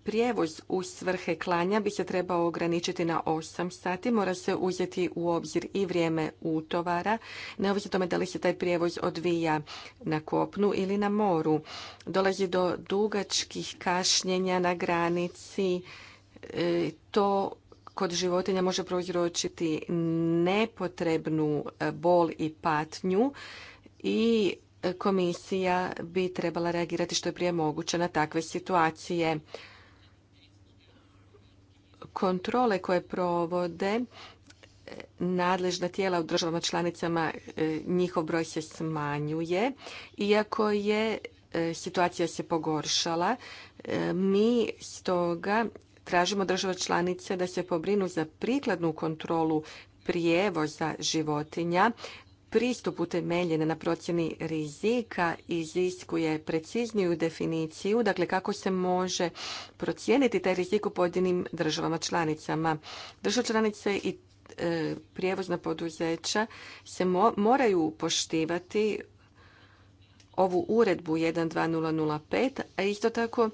Prijevoz u svrhe klanja bi se trebao ograničiti na 8 sati. Mora se uzeti u obzir i vrijeme utovara, neovisno tome da li se taj prijevoz odvija na kopnu ili na moru. Dolazi do dugačkih kašnjenja na granici. E, to kod životinja može prouzročiti nepotrebnu e, bol i patnju i e, komisija bi trebala reagirati što je prije moguće na takve situacije kontrole koje provode e, nadležna tijela u državama članicama e, njihov broj se smanjuje iako je e, situacija se pogoršala mi stoga tražimo država članice da se pobrinu za prikladnu kontrolu prijevoza životinja pristup utemeljen na procjeni rizika iziskuje precizniju definiciju, dakle kako se može procijeniti taj rizik u pojedinim državama članicama. Države članice i e, prijevozna poduzeća se moraju poštivati ovu uredbu 12005, a isto tako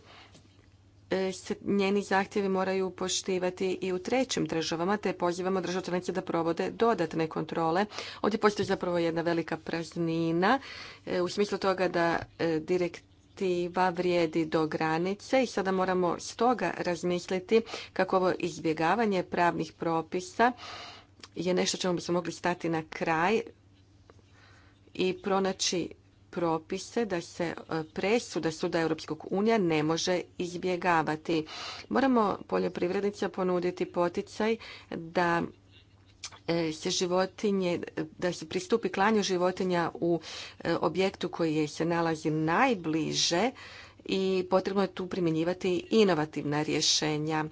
E, njeni zahtjevi moraju poštivati i u trećim državama, te pozivamo države članice da provode dodatne kontrole. Ovdje postoji zapravo jedna velika praznina e, u smislu toga da e, direktiva vrijedi do granice i sada moramo stoga razmisliti kako ovo izbjegavanje pravnih propisa je nešto čemu bi se mogli stati na kraj i pronaći propise da se e, presuda suda Europskog unija ne može izbjegavati. Moramo poljoprivrednicima ponuditi poticaj da e, se životinje, da se pristupi klanju životinja u e, objektu koji se nalazi najbliže i potrebno je tu primjenjivati inovativna rješenja.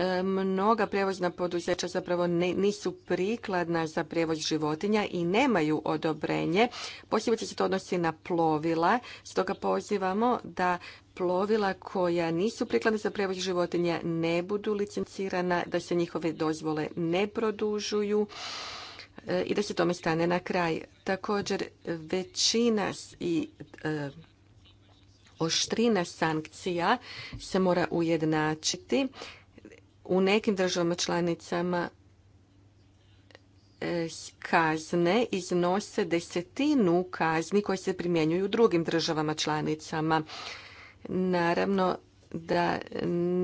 E, mnoga prijevozna poduzeća zapravo nisu prikladna za prijevoz životinja i nemaju odobrenje. Posebice se to odnosi na plovila, stoga pozivamo da plovila koja nisu prikladna za prijevoz životinja ne budu licencirana, da se njihove dozvole ne produžuju e, i da se tome stane na kraj. Također, većina i e, oštrina sankcija se mora ujednačiti u nekim državama članicama eh, kazne iznose desetinu kazni koje se primjenjuju u drugim državama članicama. Naravno da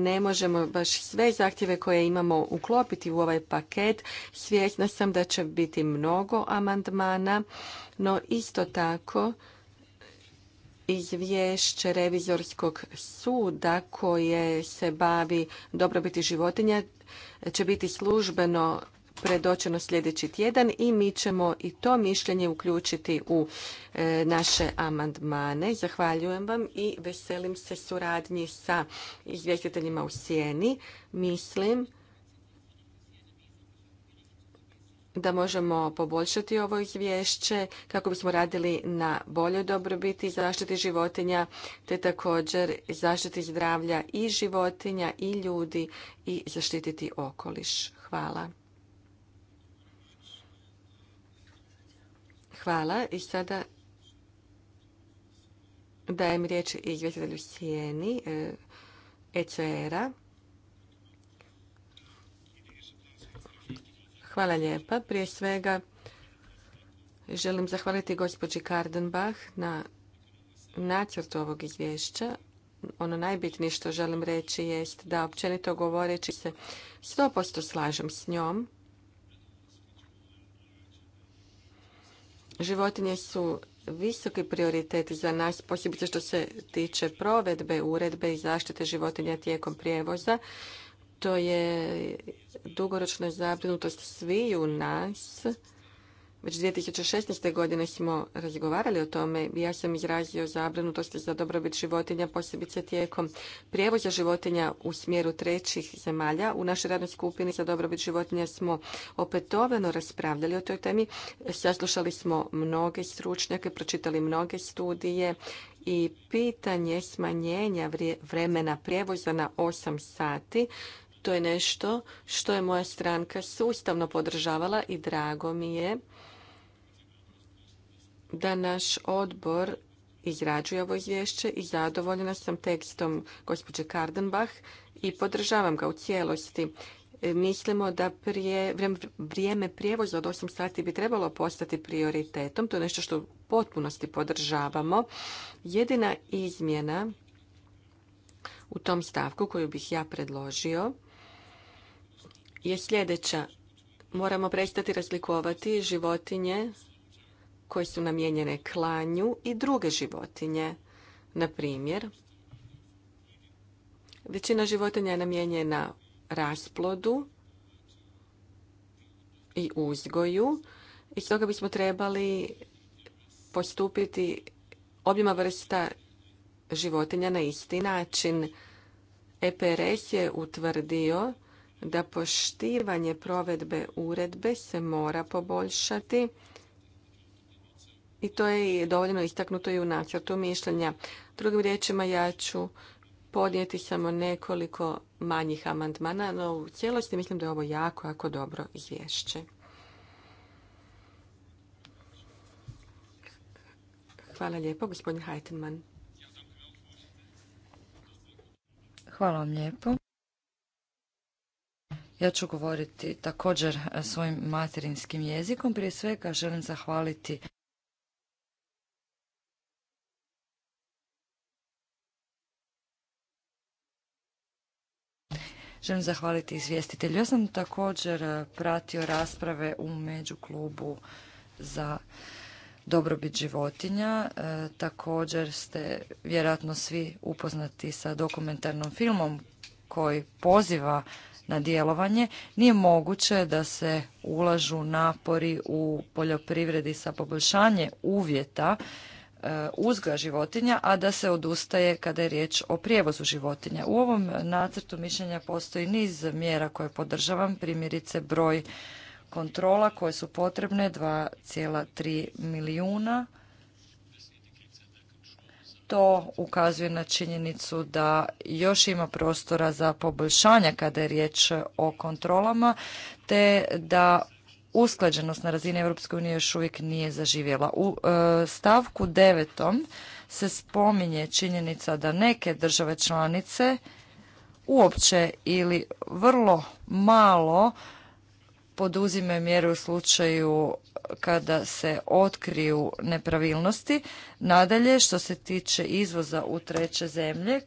ne možemo baš sve zahtjeve koje imamo uklopiti u ovaj paket. Svjesna sam da će biti mnogo amandmana, no isto tako izvješće revizorskog suda koje se bavi dobrobiti životinja će biti službeno predočeno sljedeći tjedan i mi ćemo i to mišljenje uključiti u e, naše amandmane. Zahvaljujem vam i veselim se suradnji sa izvjestiteljima u sjeni. Mislim da možemo poboljšati ovo izvješće kako bismo radili na boljoj dobrobiti zaštiti životinja te također zaštiti zdravlja i životinja i ljudi i zaštititi okoliš. Hvala. Hvala i sada dajem riječ izvjestitelju Sijeni eh, ECR-a. Hvala lijepa. Prije svega želim zahvaliti gospođi Kardenbach na nacrtu ovog izvješća. Ono najbitnije što želim reći jest da općenito govoreći se 100% slažem s njom. Životinje su visoki prioritet za nas, posebno što se tiče provedbe uredbe i zaštite životinja tijekom prijevoza to je dugoročna zabrinutost sviju nas. Već 2016. godine smo razgovarali o tome. Ja sam izrazio zabrinutost za dobrobit životinja, posebice tijekom prijevoza životinja u smjeru trećih zemalja. U našoj radnoj skupini za dobrobit životinja smo opetovano raspravljali o toj temi. Saslušali smo mnoge stručnjake, pročitali mnoge studije i pitanje smanjenja vremena prijevoza na 8 sati to je nešto što je moja stranka sustavno podržavala i drago mi je da naš odbor izrađuje ovo izvješće i zadovoljena sam tekstom gospođe Kardenbach i podržavam ga u cijelosti. E, mislimo da prije, vrijeme prijevoza od 8 sati bi trebalo postati prioritetom. To je nešto što u potpunosti podržavamo. Jedina izmjena u tom stavku koju bih ja predložio je sljedeća. Moramo prestati razlikovati životinje koje su namijenjene klanju i druge životinje. Na primjer, većina životinja je namijenjena rasplodu i uzgoju i stoga bismo trebali postupiti objema vrsta životinja na isti način. EPRS je utvrdio da poštivanje provedbe uredbe se mora poboljšati i to je dovoljno istaknuto i u nacrtu mišljenja. Drugim riječima ja ću podnijeti samo nekoliko manjih amandmana, no u cijelosti mislim da je ovo jako, jako dobro izvješće. Hvala lijepo, gospodin Hajtenman. Hvala vam lijepo. Ja ću govoriti također e, svojim materinskim jezikom. Prije svega želim zahvaliti Želim zahvaliti izvjestitelju. Ja sam također e, pratio rasprave u međuklubu za dobrobit životinja. E, također ste vjerojatno svi upoznati sa dokumentarnom filmom koji poziva na djelovanje. Nije moguće da se ulažu napori u poljoprivredi sa poboljšanje uvjeta e, uzga životinja, a da se odustaje kada je riječ o prijevozu životinja. U ovom nacrtu mišljenja postoji niz mjera koje podržavam, primjerice broj kontrola koje su potrebne, 2,3 milijuna to ukazuje na činjenicu da još ima prostora za poboljšanja kada je riječ o kontrolama, te da usklađenost na razini Europske unije još uvijek nije zaživjela. U e, stavku devetom se spominje činjenica da neke države članice uopće ili vrlo malo poduzime mjere u slučaju kada se otkriju nepravilnosti. Nadalje, što se tiče izvoza u treće zemlje,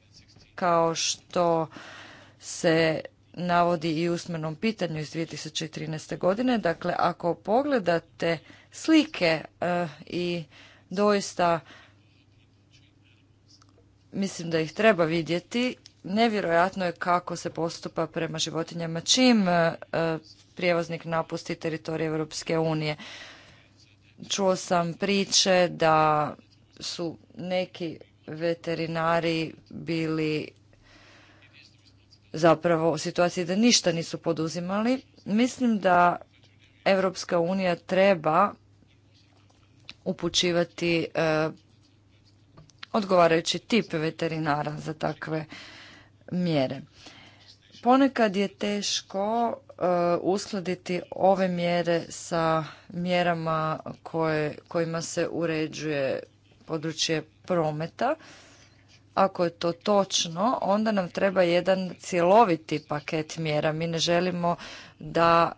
kao što se navodi i usmenom pitanju iz 2013. godine. Dakle, ako pogledate slike eh, i doista mislim da ih treba vidjeti, nevjerojatno je kako se postupa prema životinjama čim eh, prijevoznik napusti teritorij Europske unije. Čuo sam priče da su neki veterinari bili zapravo u situaciji da ništa nisu poduzimali. Mislim da Europska unija treba upućivati e, odgovarajući tip veterinara za takve mjere. Ponekad je teško Uh, uskladiti ove mjere sa mjerama koje, kojima se uređuje područje prometa. Ako je to točno, onda nam treba jedan cjeloviti paket mjera. Mi ne želimo da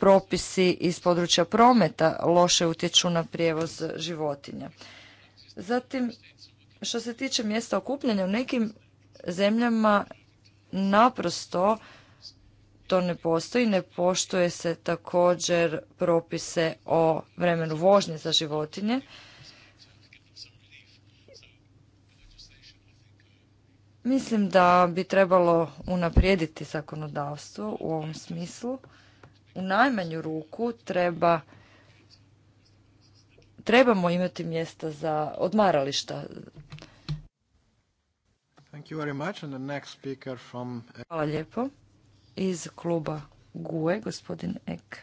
propisi iz područja prometa loše utječu na prijevoz životinja. Zatim, što se tiče mjesta okupljanja, u nekim zemljama naprosto to ne postoji, ne poštuje se također propise o vremenu vožnje za životinje. Mislim da bi trebalo unaprijediti zakonodavstvo u ovom smislu. U najmanju ruku treba trebamo imati mjesta za odmarališta. Hvala lijepo iz kluba GUE, gospodin Ek.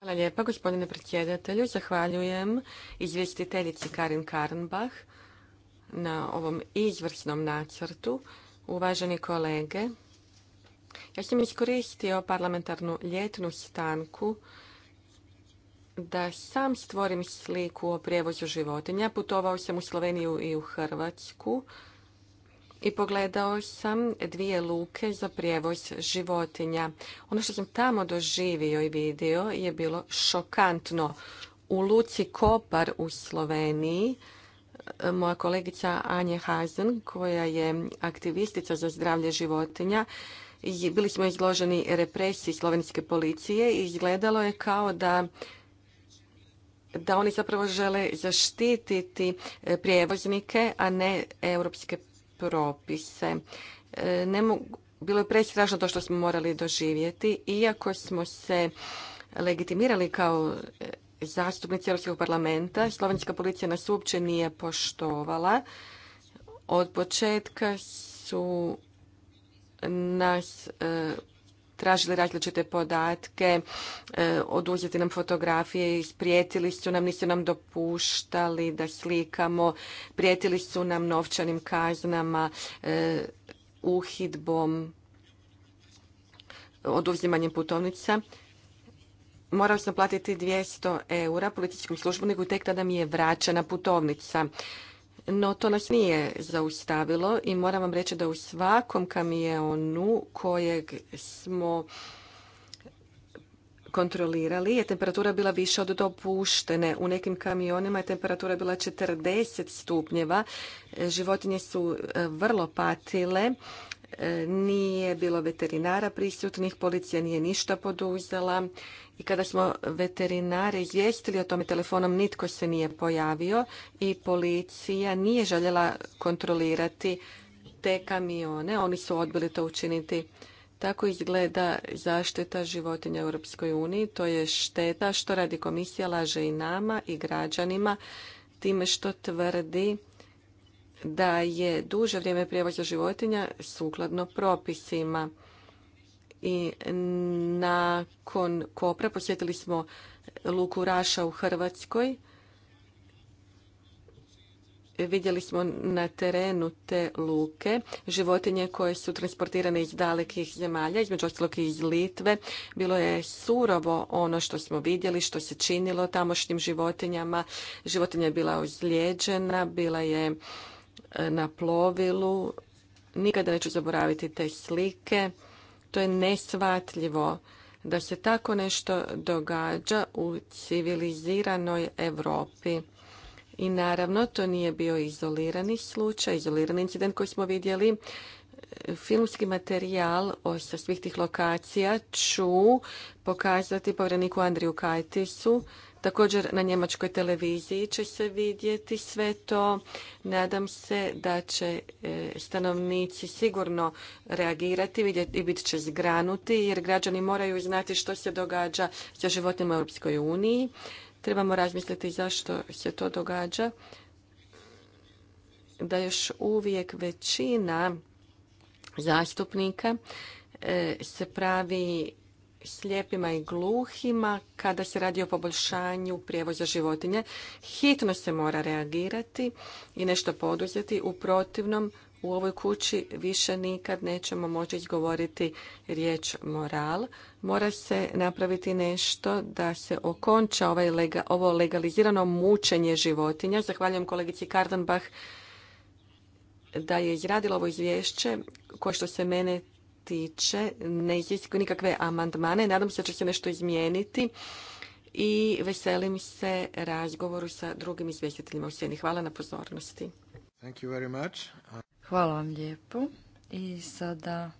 Hvala lijepa, gospodine predsjedatelju. Zahvaljujem izvjestiteljici Karin Karnbach na ovom izvrsnom nacrtu. Uvaženi kolege, ja sam iskoristio parlamentarnu ljetnu stanku da sam stvorim sliku o prijevozu životinja. Putovao sam u Sloveniju i u Hrvatsku i pogledao sam dvije luke za prijevoz životinja. Ono što sam tamo doživio i vidio je bilo šokantno. U luci Kopar u Sloveniji e, moja kolegica Anje Hazen, koja je aktivistica za zdravlje životinja, bili smo izloženi represiji slovenske policije i izgledalo je kao da da oni zapravo žele zaštititi e, prijevoznike, a ne europske propise. E, bilo je prestrašno to što smo morali doživjeti, iako smo se legitimirali kao e, zastupnici Europskog parlamenta, slovenska policija nas uopće nije poštovala. Od početka su nas e, tražili različite podatke, e, oduzeti nam fotografije, prijetili su nam, nisu nam dopuštali da slikamo, prijetili su nam novčanim kaznama, e, uhidbom, oduzimanjem putovnica. Morao sam platiti 200 eura političkom službeniku i tek tada mi je vraćena putovnica no to nas nije zaustavilo i moram vam reći da u svakom kamionu kojeg smo kontrolirali je temperatura bila više od dopuštene. U nekim kamionima je temperatura bila 40 stupnjeva. Životinje su e, vrlo patile. E, nije bilo veterinara prisutnih, policija nije ništa poduzela i kada smo veterinare izvijestili o tome telefonom, nitko se nije pojavio i policija nije željela kontrolirati te kamione. Oni su odbili to učiniti. Tako izgleda zaštita životinja u Europskoj uniji. To je šteta što radi komisija, laže i nama i građanima time što tvrdi da je duže vrijeme prijevoza životinja sukladno propisima i nakon Kopra posjetili smo Luku Raša u Hrvatskoj. Vidjeli smo na terenu te luke životinje koje su transportirane iz dalekih zemalja, između ostalog i iz Litve. Bilo je surovo ono što smo vidjeli, što se činilo tamošnjim životinjama. Životinja je bila ozlijeđena, bila je e, na plovilu. Nikada neću zaboraviti te slike. To je nesvatljivo da se tako nešto događa u civiliziranoj Europi. I naravno, to nije bio izolirani slučaj, izolirani incident koji smo vidjeli. Filmski materijal sa svih tih lokacija ću pokazati povjereniku Andriju Kajtisu Također na njemačkoj televiziji će se vidjeti sve to. Nadam se da će e, stanovnici sigurno reagirati i bit će zgranuti jer građani moraju znati što se događa sa životima u Europskoj uniji. Trebamo razmisliti zašto se to događa. Da još uvijek većina zastupnika e, se pravi slijepima i gluhima kada se radi o poboljšanju prijevoza životinje. Hitno se mora reagirati i nešto poduzeti. U protivnom, u ovoj kući više nikad nećemo moći izgovoriti riječ moral. Mora se napraviti nešto da se okonča ovaj ovo legalizirano mučenje životinja. Zahvaljujem kolegici Kardenbach da je izradila ovo izvješće koje što se mene tiče, neće nikakve amandmane. Nadam se da će se nešto izmijeniti i veselim se razgovoru sa drugim izvjestiteljima u sjeni. Hvala na pozornosti. Thank you very much. Hvala vam lijepo. I sada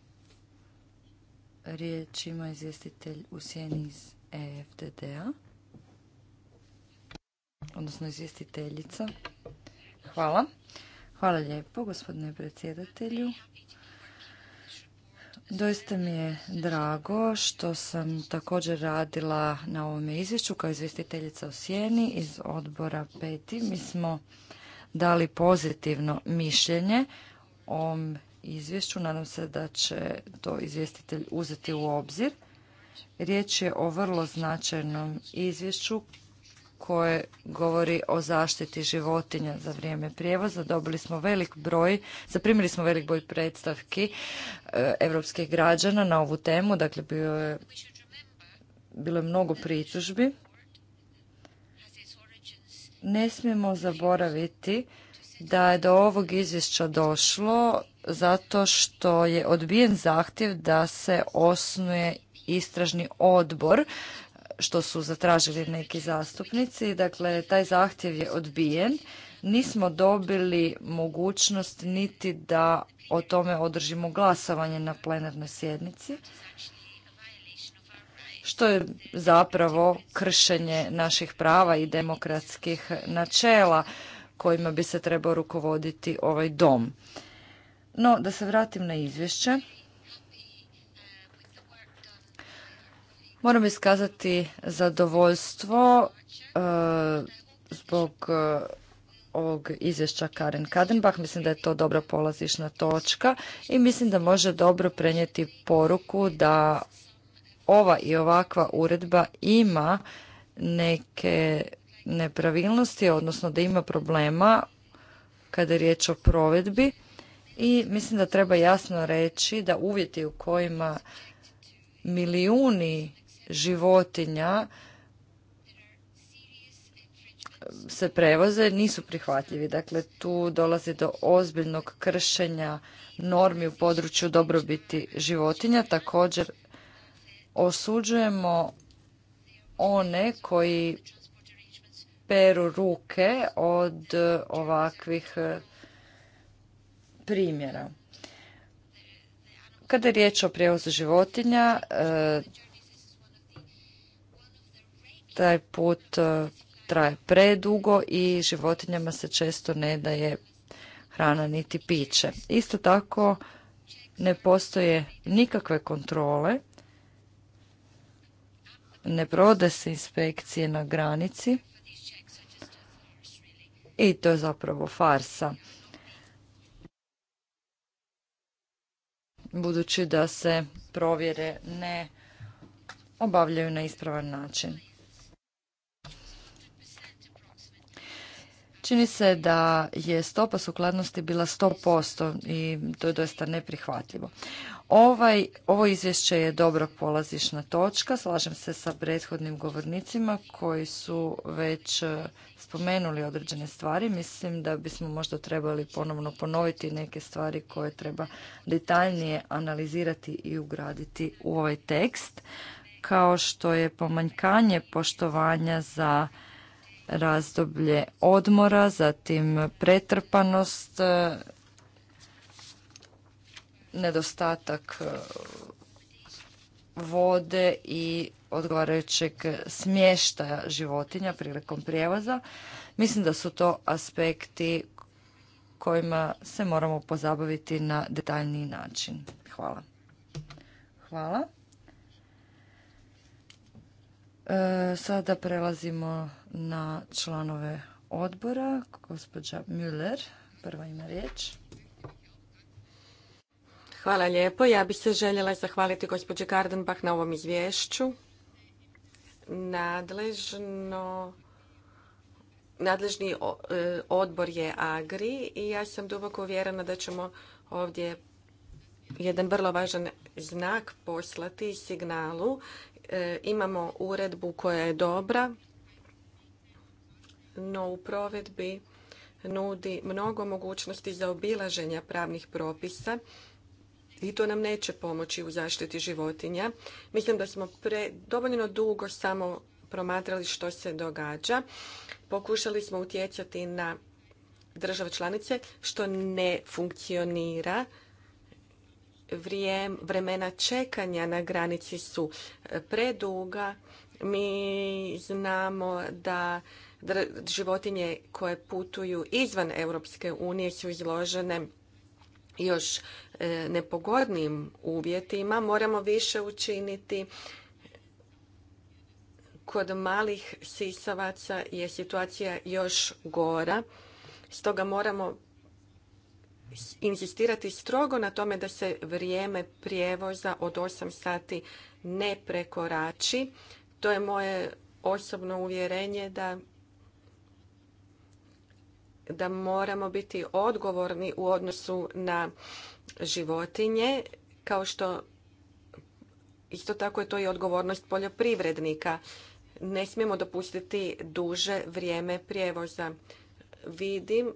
riječ ima izvjestitelj u sjeni iz EFDD-a, odnosno izvjestiteljica. Hvala. Hvala lijepo, gospodine predsjedatelju. Doista mi je drago što sam također radila na ovome izvješću kao izvjestiteljica u Sjeni iz odbora Peti. Mi smo dali pozitivno mišljenje o ovom izvješću. Nadam se da će to izvjestitelj uzeti u obzir. Riječ je o vrlo značajnom izvješću koje govori o zaštiti životinja za vrijeme prijevoza. Dobili smo velik broj, zaprimili smo velik broj predstavki europskih građana na ovu temu, dakle bio je, bilo je mnogo pritužbi. Ne smijemo zaboraviti da je do ovog izvješća došlo zato što je odbijen zahtjev da se osnuje istražni odbor što su zatražili neki zastupnici. Dakle, taj zahtjev je odbijen. Nismo dobili mogućnost niti da o tome održimo glasovanje na plenarnoj sjednici, što je zapravo kršenje naših prava i demokratskih načela kojima bi se trebao rukovoditi ovaj dom. No, da se vratim na izvješće. Moram iskazati zadovoljstvo e, zbog e, ovog izvješća Karen Kadenbach. Mislim da je to dobra polazišna točka i mislim da može dobro prenijeti poruku da ova i ovakva uredba ima neke nepravilnosti, odnosno da ima problema kada je riječ o provedbi i mislim da treba jasno reći da uvjeti u kojima milijuni životinja se prevoze nisu prihvatljivi. Dakle, tu dolazi do ozbiljnog kršenja normi u području dobrobiti životinja. Također, osuđujemo one koji peru ruke od ovakvih e, primjera. Kada je riječ o prijevozu životinja, e, taj put e, traje predugo i životinjama se često ne daje hrana niti piće. Isto tako ne postoje nikakve kontrole, ne prode se inspekcije na granici i to je zapravo farsa. Budući da se provjere ne obavljaju na ispravan način. Čini se da je stopa sukladnosti bila 100% i to je doista neprihvatljivo. Ovaj, ovo izvješće je dobro polazišna točka, slažem se sa prethodnim govornicima koji su već e, spomenuli određene stvari. Mislim da bismo možda trebali ponovno ponoviti neke stvari koje treba detaljnije analizirati i ugraditi u ovaj tekst, kao što je pomanjkanje poštovanja za razdoblje odmora, zatim pretrpanost, e, nedostatak e, vode i odgovarajućeg smještaja životinja prilikom prijevoza. Mislim da su to aspekti kojima se moramo pozabaviti na detaljniji način. Hvala. Hvala. E, sada prelazimo na članove odbora. Gospođa Müller, prva ima riječ. Hvala lijepo. Ja bih se željela zahvaliti gospođi Gardenbach na ovom izvješću. Nadležno Nadležni e, odbor je Agri i ja sam duboko uvjerena da ćemo ovdje jedan vrlo važan znak poslati signalu. E, imamo uredbu koja je dobra, no u provedbi nudi mnogo mogućnosti za obilaženja pravnih propisa i to nam neće pomoći u zaštiti životinja. Mislim da smo pre, dovoljno dugo samo promatrali što se događa. Pokušali smo utjecati na države članice što ne funkcionira. Vrijem, vremena čekanja na granici su e, preduga. Mi znamo da životinje koje putuju izvan Europske unije su izložene još e, nepogodnim uvjetima. Moramo više učiniti. Kod malih sisavaca je situacija još gora. Stoga moramo inzistirati strogo na tome da se vrijeme prijevoza od 8 sati ne prekorači. To je moje osobno uvjerenje da da moramo biti odgovorni u odnosu na životinje, kao što isto tako je to i odgovornost poljoprivrednika. Ne smijemo dopustiti duže vrijeme prijevoza. Vidim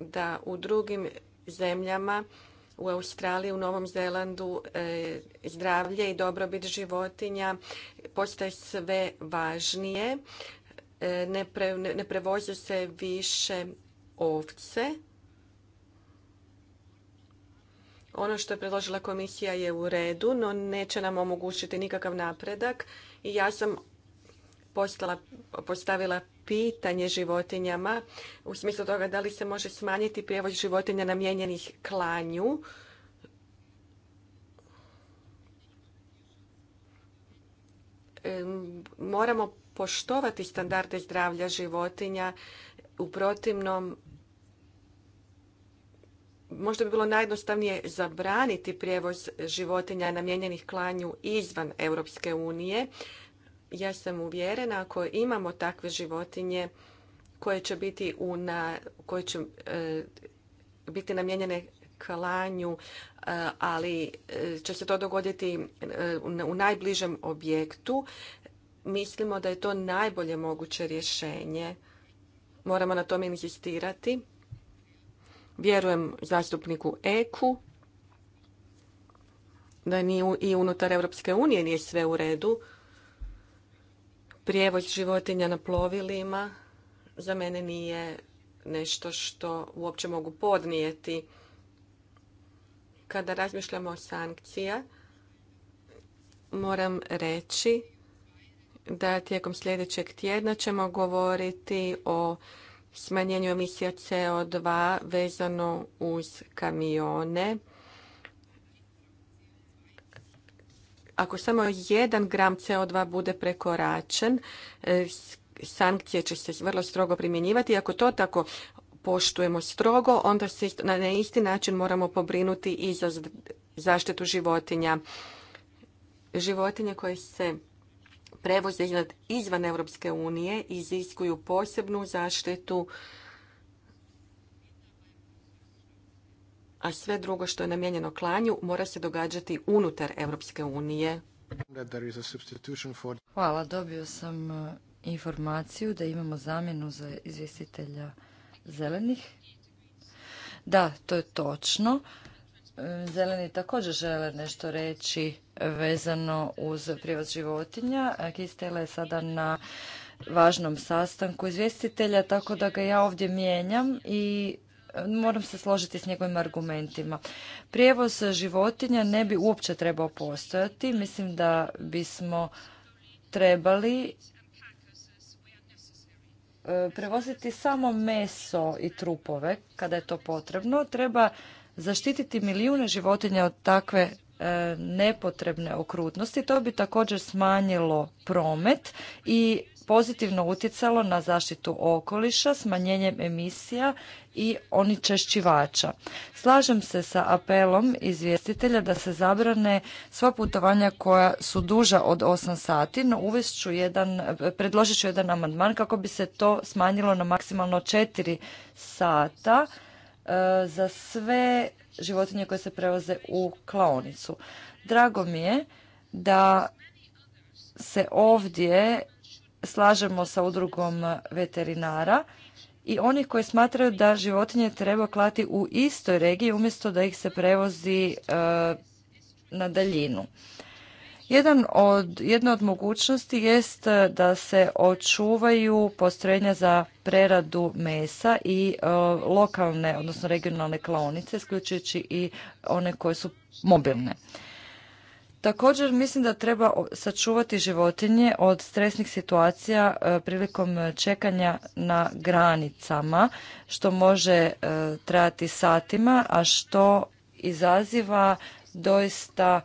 da u drugim zemljama, u Australiji, u Novom Zelandu, e, zdravlje i dobrobit životinja postaje sve važnije. E, ne, prevoze se više ovce. Ono što je predložila komisija je u redu, no neće nam omogućiti nikakav napredak. I ja sam postavila pitanje životinjama u smislu toga da li se može smanjiti prijevoz životinja namijenjenih klanju. Moramo poštovati standarde zdravlja životinja, u protivnom možda bi bilo najjednostavnije zabraniti prijevoz životinja namijenjenih klanju izvan Europske unije. Ja sam uvjerena ako imamo takve životinje koje će biti u na, koje će e, biti namijenjene klanju, e, ali e, će se to dogoditi u najbližem objektu. Mislimo da je to najbolje moguće rješenje. Moramo na tome inzistirati. Vjerujem zastupniku Eku da ni i unutar Europske unije nije sve u redu. Prijevoz životinja na plovilima za mene nije nešto što uopće mogu podnijeti. Kada razmišljamo o sankcija, moram reći da tijekom sljedećeg tjedna ćemo govoriti o smanjenju emisija CO2 vezano uz kamione. Ako samo jedan gram CO2 bude prekoračen, e, sankcije će se vrlo strogo primjenjivati. Ako to tako poštujemo strogo, onda se na isti način moramo pobrinuti i za zaštitu životinja. Životinje koje se Prevoze izvan Europske unije iziskuju posebnu zaštitu, a sve drugo što je namijenjeno klanju mora se događati unutar Europske unije. Hvala, dobio sam e, informaciju da imamo zamjenu za izvjestitelja zelenih. Da, to je točno. Zeleni također žele nešto reći vezano uz prijevoz životinja. Kistela je sada na važnom sastanku izvjestitelja, tako da ga ja ovdje mijenjam i moram se složiti s njegovim argumentima. Prijevoz životinja ne bi uopće trebao postojati. Mislim da bismo trebali e, prevoziti samo meso i trupove kada je to potrebno. Treba zaštititi milijune životinja od takve e, nepotrebne okrutnosti. To bi također smanjilo promet i pozitivno utjecalo na zaštitu okoliša smanjenjem emisija i oničešćivača. Slažem se sa apelom izvjestitelja da se zabrane sva putovanja koja su duža od 8 sati, no uvest jedan, predložit ću jedan amandman kako bi se to smanjilo na maksimalno 4 sata E, za sve životinje koje se prevoze u klaonicu. Drago mi je da se ovdje slažemo sa udrugom veterinara i oni koji smatraju da životinje treba klati u istoj regiji umjesto da ih se prevozi e, na daljinu. Jedan od, jedna od mogućnosti jest e, da se očuvaju postrojenja za preradu mesa i e, lokalne, odnosno regionalne klaonice, isključujući i one koje su mobilne. Također mislim da treba sačuvati životinje od stresnih situacija e, prilikom čekanja na granicama, što može trajati satima, a što izaziva doista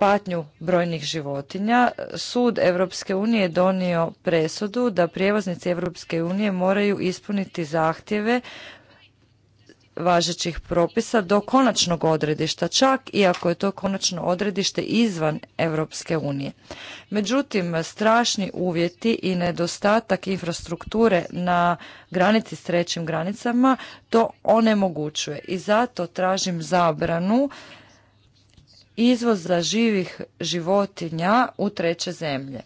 patnju brojnih životinja, sud Europske unije donio presudu da prijevoznici Europske unije moraju ispuniti zahtjeve važećih propisa do konačnog odredišta, čak i ako je to konačno odredište izvan Europske unije. Međutim, strašni uvjeti i nedostatak infrastrukture na granici s trećim granicama to onemogućuje i zato tražim zabranu izvoza živih životinja u treće zemlje.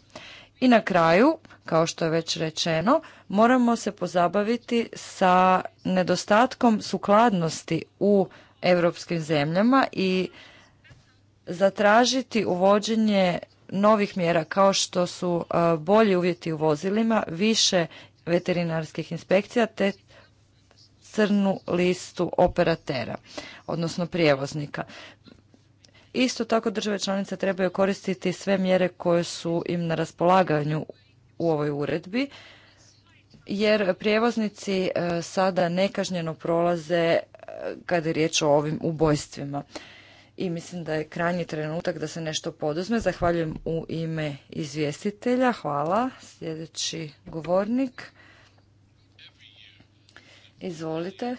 I na kraju, kao što je već rečeno, moramo se pozabaviti sa nedostatkom sukladnosti u europskim zemljama i zatražiti uvođenje novih mjera kao što su e, bolji uvjeti u vozilima, više veterinarskih inspekcija te crnu listu operatera, odnosno prijevoznika. Isto tako države članice trebaju koristiti sve mjere koje su im na raspolaganju u ovoj uredbi, jer prijevoznici e, sada nekažnjeno prolaze e, kada je riječ o ovim ubojstvima. I mislim da je krajnji trenutak da se nešto poduzme. Zahvaljujem u ime izvjestitelja. Hvala. Sljedeći govornik. Izvolite.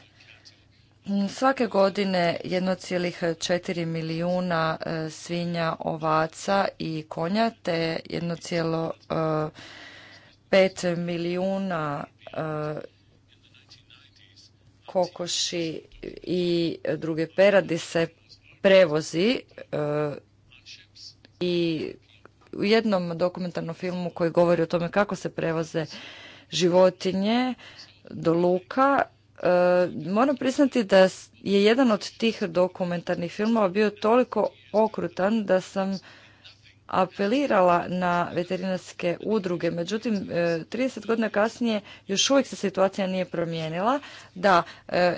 Svake godine 1,4 milijuna e, svinja, ovaca i konja te 1,5 e, milijuna e, kokoši i druge peradi se prevozi i u jednom dokumentarnom filmu koji govori o tome kako se prevoze životinje do luka E, moram priznati da je jedan od tih dokumentarnih filmova bio toliko okrutan da sam apelirala na veterinarske udruge. Međutim, 30 e, godina kasnije još uvijek se situacija nije promijenila. Da,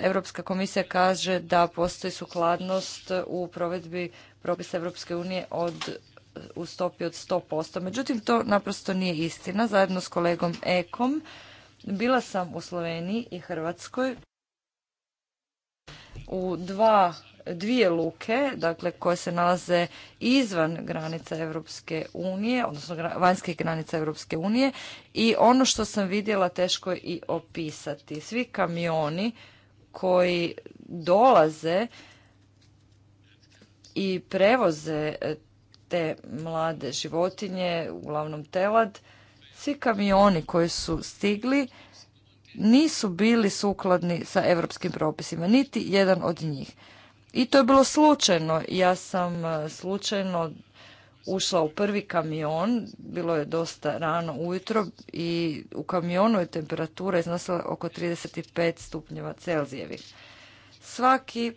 Europska komisija kaže da postoji sukladnost u provedbi propisa Europske unije od u stopi od 100%. Međutim, to naprosto nije istina. Zajedno s kolegom Ekom bila sam u Sloveniji i Hrvatskoj u dva, dvije luke, dakle koje se nalaze izvan granica Europske unije, odnosno vanjske granica Europske unije i ono što sam vidjela teško je i opisati. Svi kamioni koji dolaze i prevoze te mlade životinje, uglavnom telad, svi kamioni koji su stigli nisu bili sukladni sa europskim propisima, niti jedan od njih. I to je bilo slučajno. Ja sam e, slučajno ušla u prvi kamion, bilo je dosta rano ujutro i u kamionu je temperatura iznosila oko 35 stupnjeva Celzijevih. Svaki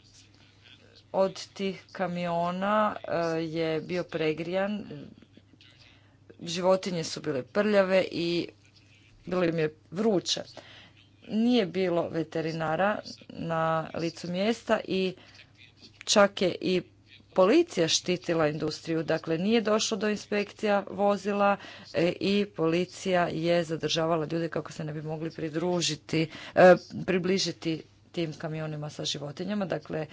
od tih kamiona e, je bio pregrijan životinje su bile prljave i bilo im je vruće. Nije bilo veterinara na licu mjesta i čak je i policija štitila industriju. Dakle, nije došlo do inspekcija vozila e, i policija je zadržavala ljude kako se ne bi mogli pridružiti, e, približiti tim kamionima sa životinjama. Dakle,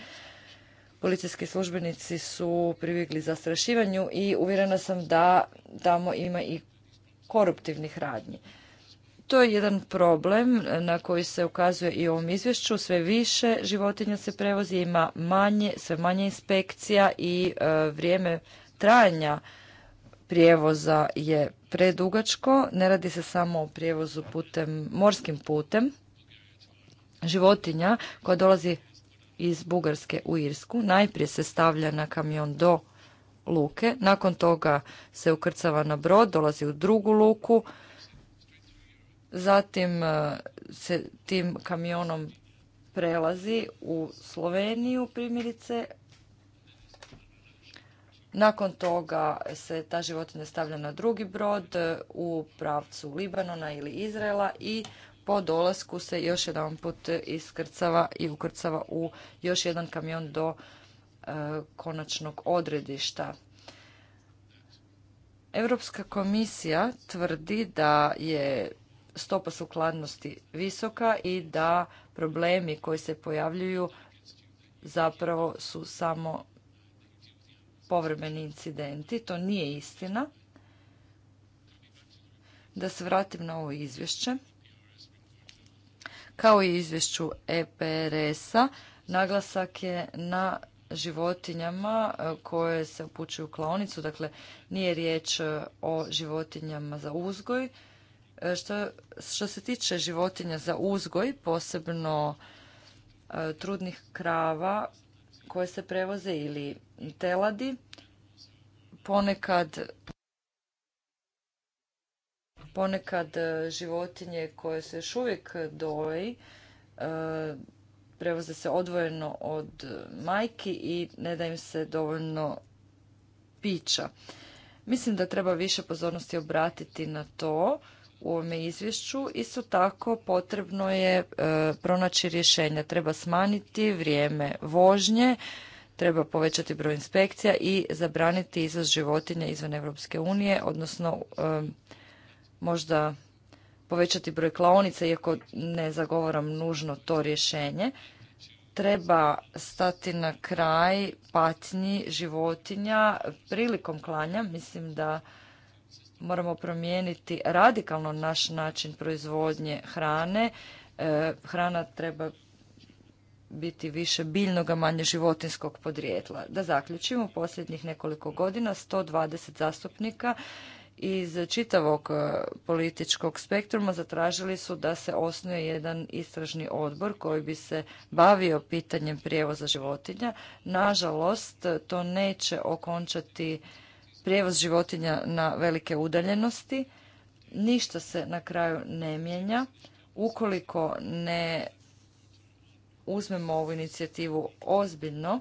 policijski službenici su privigli zastrašivanju i uvjerena sam da tamo ima i koruptivnih radnji. To je jedan problem na koji se ukazuje i u ovom izvješću. Sve više životinja se prevozi, ima manje, sve manje inspekcija i e, vrijeme trajanja prijevoza je predugačko. Ne radi se samo o prijevozu putem, morskim putem životinja koja dolazi iz Bugarske u Irsku najprije se stavlja na kamion do luke, nakon toga se ukrcava na brod, dolazi u drugu luku, zatim e, se tim kamionom prelazi u Sloveniju primjerice, nakon toga se ta životinja stavlja na drugi brod e, u pravcu Libanona ili Izraela i po dolasku se još jedan put iskrcava i ukrcava u još jedan kamion do e, konačnog odredišta. Europska komisija tvrdi da je stopa sukladnosti visoka i da problemi koji se pojavljuju zapravo su samo povremeni incidenti. To nije istina. Da se vratim na ovo izvješće. Kao i izvješću EPRS-a, naglasak je na životinjama e, koje se upućuju u klaonicu, dakle nije riječ e, o životinjama za uzgoj. E, što, se tiče životinja za uzgoj, posebno trudnih krava koje se prevoze ili teladi, ponekad ponekad e, životinje koje se još uvijek doji e, prevoze se odvojeno od majki i ne da im se dovoljno pića. Mislim da treba više pozornosti obratiti na to u ovome izvješću. Isto tako potrebno je e, pronaći rješenja. Treba smanjiti vrijeme vožnje, treba povećati broj inspekcija i zabraniti izvoz životinja izvan Europske unije, odnosno možda povećati broj klaonica, iako ne zagovaram nužno to rješenje. Treba stati na kraj patnji životinja prilikom klanja. Mislim da moramo promijeniti radikalno naš način proizvodnje hrane. E, hrana treba biti više biljnog, a manje životinskog podrijetla. Da zaključimo, posljednjih nekoliko godina 120 zastupnika iz čitavog e, političkog spektruma zatražili su da se osnuje jedan istražni odbor koji bi se bavio pitanjem prijevoza životinja. Nažalost, to neće okončati prijevoz životinja na velike udaljenosti. Ništa se na kraju ne mijenja. Ukoliko ne uzmemo ovu inicijativu ozbiljno,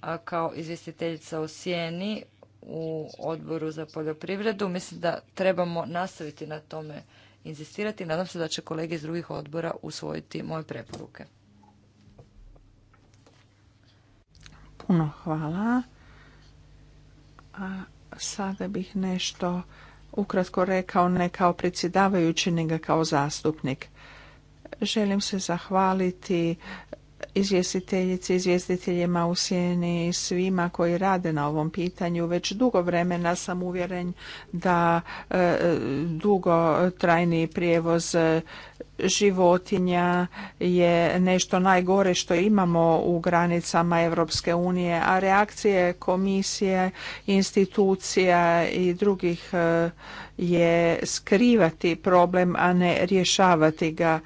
a kao izvjestiteljica o sjeni u odboru za poljoprivredu. Mislim da trebamo nastaviti na tome inzistirati. Nadam se da će kolege iz drugih odbora usvojiti moje preporuke. Puno hvala. A sada bih nešto ukratko rekao ne kao predsjedavajući nego kao zastupnik. Želim se zahvaliti izvjestiteljici, izvjestiteljima u sjeni, svima koji rade na ovom pitanju. Već dugo vremena sam uvjeren da e, dugo trajni prijevoz životinja je nešto najgore što imamo u granicama Europske unije, a reakcije komisije, institucija i drugih e, je skrivati problem, a ne rješavati ga.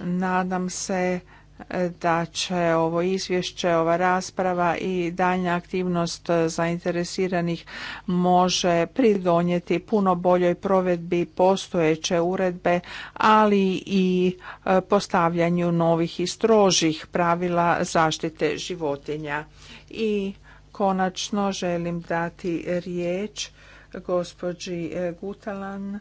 Nadam se da će ovo izvješće, ova rasprava i daljnja aktivnost zainteresiranih može pridonijeti puno boljoj provedbi postojeće uredbe, ali i e, postavljanju novih i strožih pravila zaštite životinja. I konačno želim dati riječ gospođi e, Gutalan,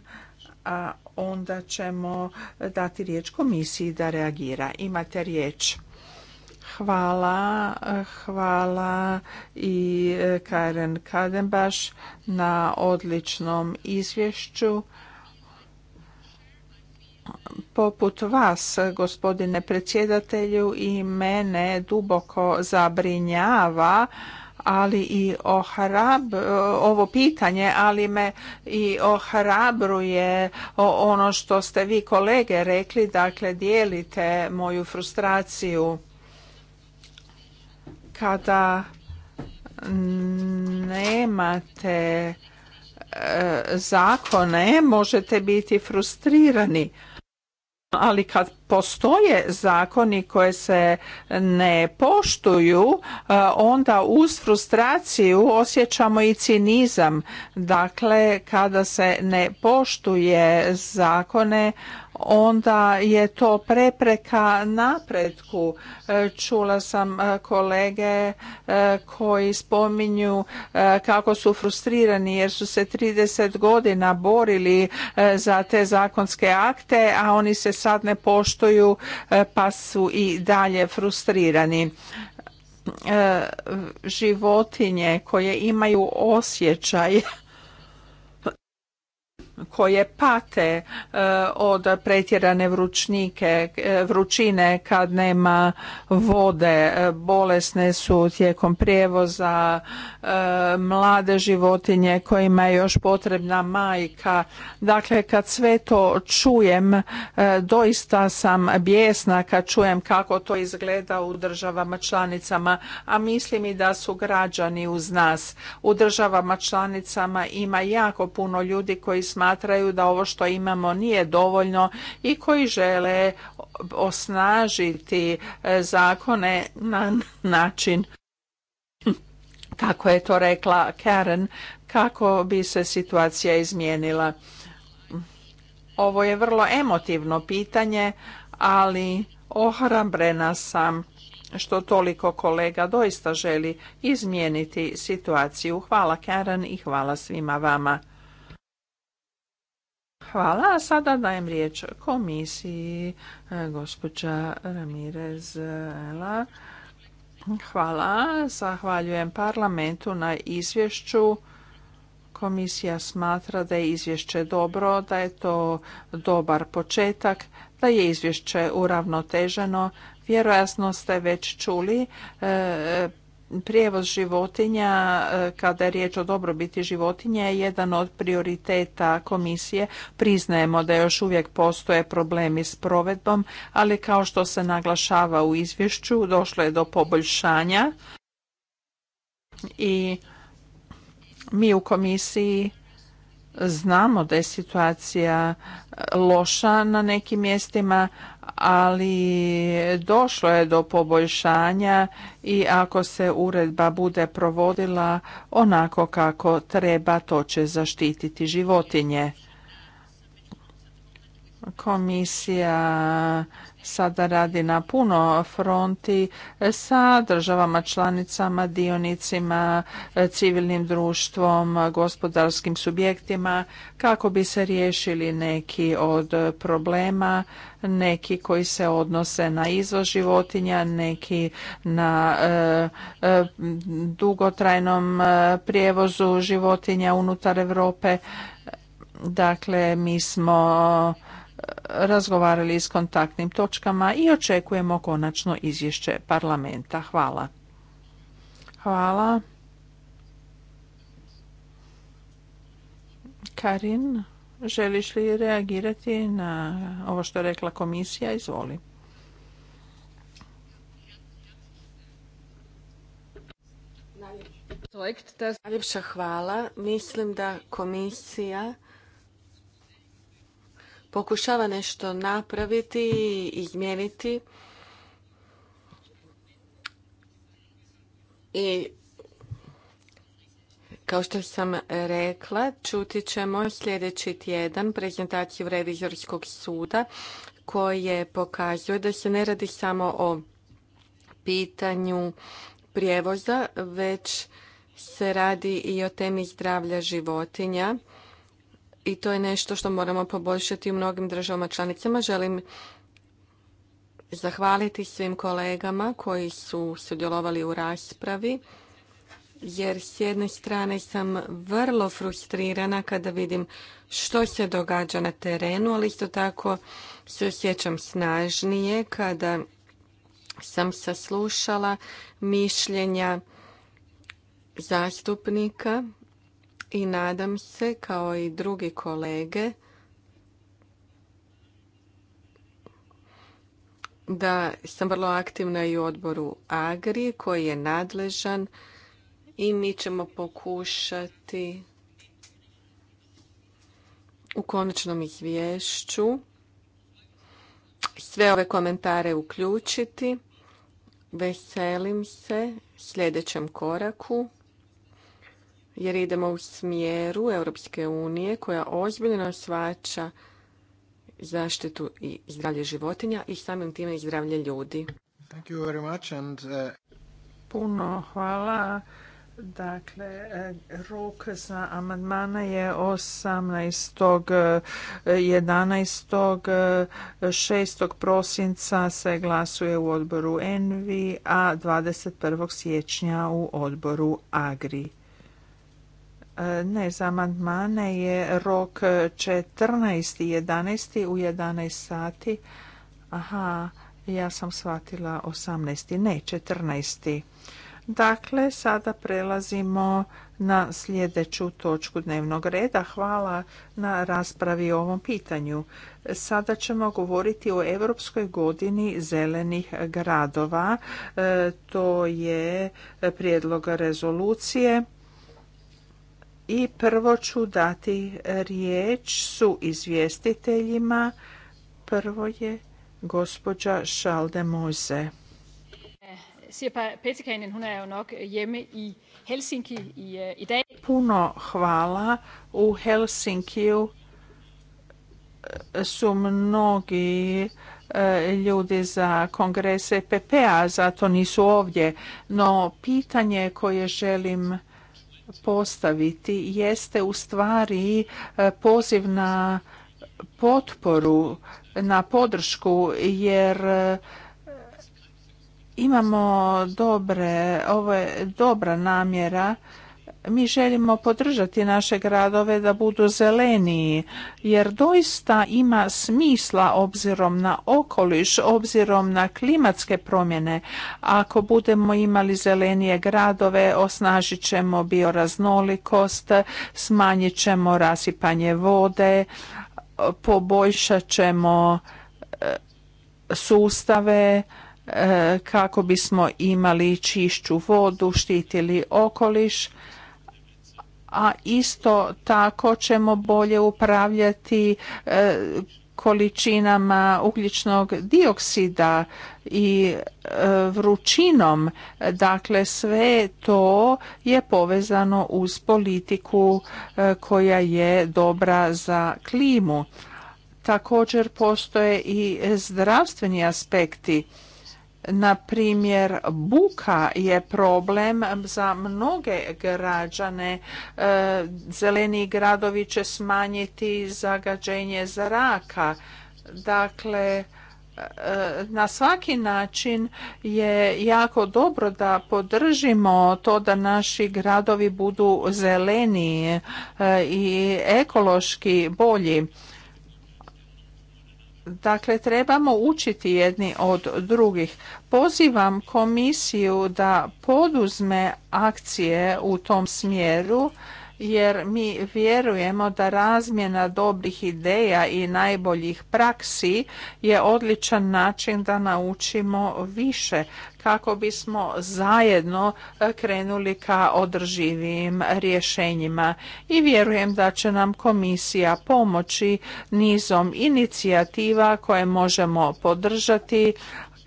a onda ćemo dati riječ komisiji da reagira. Imate riječ. Hvala, hvala i e, Karen Kadenbaš na odličnom izvješću. Poput vas, gospodine predsjedatelju, i mene duboko zabrinjava ali i ohrab, ovo pitanje, ali me i ohrabruje ono što ste vi kolege rekli, dakle dijelite moju frustraciju kada nemate e, zakone možete biti frustrirani ali kad postoje zakoni koje se ne poštuju, e, onda uz frustraciju osjećamo i cinizam. Dakle, kada se ne poštuje zakone, onda je to prepreka napretku. E, čula sam e, kolege e, koji spominju kako su frustrirani jer su se 30 godina borili za te zakonske akte, a oni se sad ne poštuju pa su i dalje frustrirani životinje koje imaju osjećaj koje pate e, od pretjerane vrućnike, e, vrućine kad nema vode, e, bolesne su tijekom prijevoza, mlade životinje kojima je još potrebna majka. Dakle, kad sve to čujem, doista sam bijesna kad čujem kako to izgleda u državama članicama, a mislim i da su građani uz nas. U državama članicama ima jako puno ljudi koji smatraju smatraju da ovo što imamo nije dovoljno i koji žele osnažiti e, zakone na način kako je to rekla Karen kako bi se situacija izmijenila. Ovo je vrlo emotivno pitanje, ali ohrabrena sam što toliko kolega doista želi izmijeniti situaciju. Hvala Karen i hvala svima vama. Hvala. sada dajem riječ komisiji e, gospođa Ramirez Hvala. Zahvaljujem parlamentu na izvješću. Komisija smatra da je izvješće dobro, da je to dobar početak, da je izvješće uravnoteženo. Vjerojatno ste već čuli e, Prijevoz životinja, e, kada je riječ o dobrobiti životinja, je jedan od prioriteta komisije. Priznajemo da još uvijek postoje problemi s provedbom, ali kao što se naglašava u izvješću, došlo je do poboljšanja i mi u komisiji znamo da je situacija loša na nekim mjestima, ali došlo je do poboljšanja i ako se uredba bude provodila onako kako treba, to će zaštititi životinje. Komisija sada radi na puno fronti sa državama, članicama, dionicima, civilnim društvom, gospodarskim subjektima kako bi se riješili neki od problema, neki koji se odnose na izvoz životinja, neki na e, e, dugotrajnom e, prijevozu životinja unutar Europe. Dakle, mi smo razgovarali s kontaktnim točkama i očekujemo konačno izvješće parlamenta. Hvala. Hvala. Karin, želiš li reagirati na ovo što je rekla komisija? Izvoli. Najljepša hvala. Mislim da komisija pokušava nešto napraviti i izmijeniti i kao što sam rekla, čuti ćemo sljedeći tjedan prezentaciju revizorskog suda koje pokazuje da se ne radi samo o pitanju prijevoza, već se radi i o temi zdravlja životinja i to je nešto što moramo poboljšati u mnogim državama članicama. Želim zahvaliti svim kolegama koji su sudjelovali u raspravi jer s jedne strane sam vrlo frustrirana kada vidim što se događa na terenu, ali isto tako se osjećam snažnije kada sam saslušala mišljenja zastupnika i nadam se kao i drugi kolege da sam vrlo aktivna i u odboru Agri koji je nadležan i mi ćemo pokušati u konačnom izvješću sve ove komentare uključiti. Veselim se sljedećem koraku jer idemo u smjeru Europske unije koja ozbiljno svača zaštitu i zdravlje životinja i samim time i zdravlje ljudi. Thank you very much uh, Puno hvala. Dakle, eh, rok za amandmana je 18. 11. 6. prosinca se glasuje u odboru Envi, a 21. siječnja u odboru Agri. Ne, za amandmane je rok 14.11. u 11 sati. Aha, ja sam shvatila 18. Ne, 14. Dakle, sada prelazimo na sljedeću točku dnevnog reda. Hvala na raspravi o ovom pitanju. Sada ćemo govoriti o Europskoj godini zelenih gradova. E, to je prijedlog rezolucije i prvo ću dati riječ su izvjestiteljima. Prvo je gospođa Šalde Moze. Puno hvala. U Helsinkiju eh, su mnogi eh, ljudi za kongrese PPA, zato nisu ovdje. No pitanje koje želim postaviti jeste u stvari e, poziv na potporu, na podršku jer e, imamo dobre, ovo je dobra namjera mi želimo podržati naše gradove da budu zeleniji jer doista ima smisla obzirom na okoliš, obzirom na klimatske promjene. Ako budemo imali zelenije gradove, osnažit ćemo bioraznolikost, smanjit ćemo rasipanje vode, poboljšat ćemo e, sustave e, kako bismo imali čišću vodu, štitili okoliš a isto tako ćemo bolje upravljati e, količinama ugljičnog dioksida i e, vrućinom. Dakle, sve to je povezano uz politiku e, koja je dobra za klimu. Također postoje i zdravstveni aspekti na primjer, buka je problem za mnoge građane. E, zeleni gradovi će smanjiti zagađenje zraka. Dakle, e, na svaki način je jako dobro da podržimo to da naši gradovi budu zeleniji e, i ekološki bolji. Dakle, trebamo učiti jedni od drugih. Pozivam komisiju da poduzme akcije u tom smjeru jer mi vjerujemo da razmjena dobrih ideja i najboljih praksi je odličan način da naučimo više kako bismo zajedno e, krenuli ka održivim rješenjima i vjerujem da će nam komisija pomoći nizom inicijativa koje možemo podržati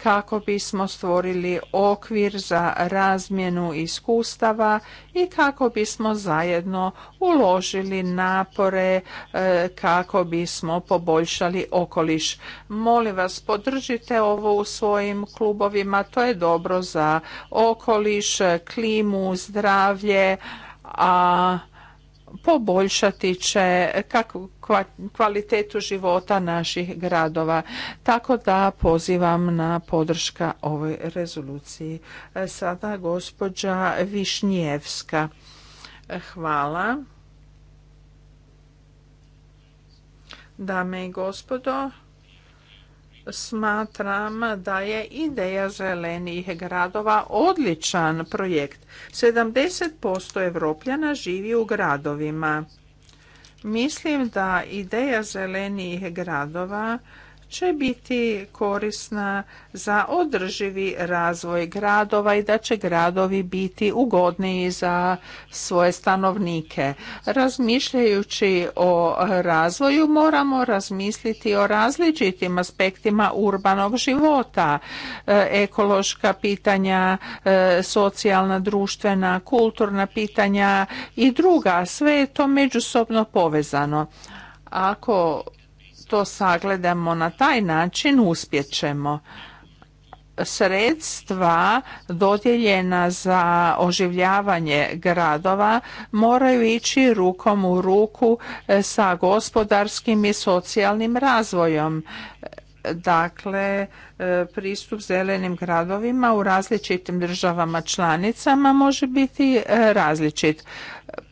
kako bismo stvorili okvir za razmjenu iskustava i kako bismo zajedno uložili napore e, kako bismo poboljšali okoliš. Molim vas podržite ovo u svojim klubovima, to je dobro za okoliš, klimu, zdravlje, a poboljšati će kako kvalitetu života naših gradova. Tako da pozivam na podrška ovoj rezoluciji. E, sada gospođa Višnjevska. E, hvala. Dame i gospodo, smatram da je ideja zelenih gradova odličan projekt. 70% Evropljana živi u gradovima. Mislim da ideja zelenijih gradova će biti korisna za održivi razvoj gradova i da će gradovi biti ugodniji za svoje stanovnike. Razmišljajući o razvoju moramo razmisliti o različitim aspektima urbanog života, e, ekološka pitanja, e, socijalna, društvena, kulturna pitanja i druga. Sve je to međusobno povezano. Ako to sagledamo na taj način ćemo. sredstva dodijeljena za oživljavanje gradova moraju ići rukom u ruku e, sa gospodarskim i socijalnim razvojom. Dakle, e, pristup zelenim gradovima u različitim državama članicama može biti e, različit.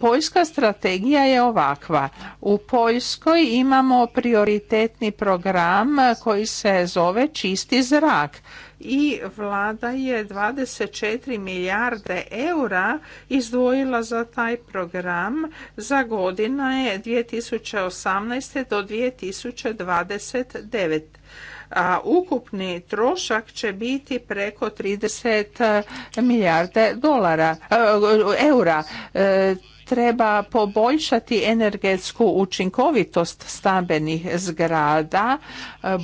Poljska strategija je ovakva. U Poljskoj imamo prioritetni program koji se zove Čisti zrak i vlada je 24 milijarde eura izdvojila za taj program za godine 2018. do 2029 a ukupni trošak će biti preko 30 e, milijarde dolara, e, eura e, treba poboljšati energetsku učinkovitost stambenih zgrada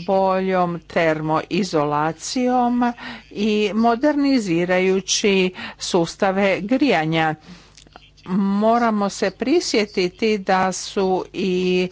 boljom termoizolacijom i modernizirajući sustave grijanja moramo se prisjetiti da su i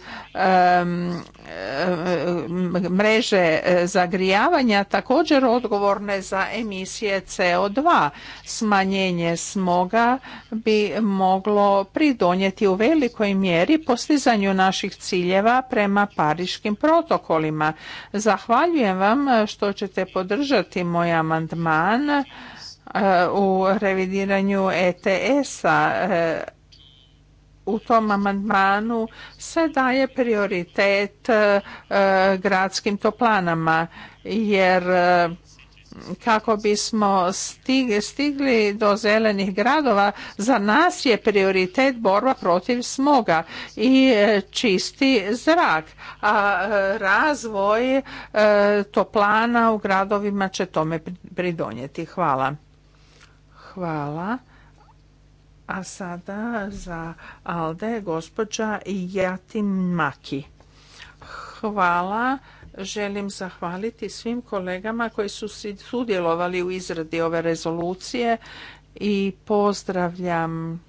mreže zagrijavanja također odgovorne za emisije CO2. Smanjenje smoga bi moglo pridonijeti u velikoj mjeri postizanju naših ciljeva prema pariškim protokolima. Zahvaljujem vam što ćete podržati moj amandman u revidiranju ETS-a. E, u tom amandmanu se daje prioritet e, gradskim toplanama jer e, kako bismo stigli do zelenih gradova za nas je prioritet borba protiv smoga i čisti zrak a razvoj toplana u gradovima će tome pridonijeti hvala Hvala. A sada za Alde gospođa Jatin Maki. Hvala. Želim zahvaliti svim kolegama koji su sudjelovali u izradi ove rezolucije i pozdravljam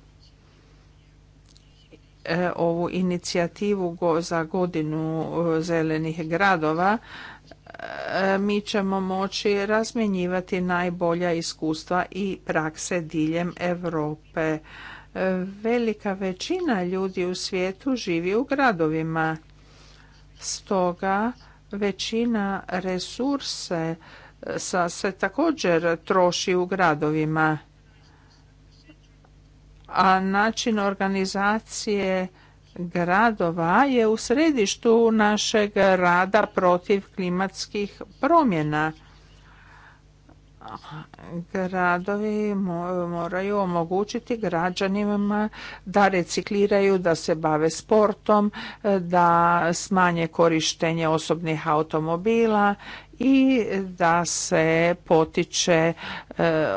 E, ovu inicijativu za godinu e, zelenih gradova e, mi ćemo moći razmjenjivati najbolja iskustva i prakse diljem Europe. Velika većina ljudi u svijetu živi u gradovima. Stoga većina resurse se također troši u gradovima a način organizacije gradova je u središtu našeg rada protiv klimatskih promjena. Gradovi moraju omogućiti građanima da recikliraju, da se bave sportom, da smanje korištenje osobnih automobila i da se potiče e,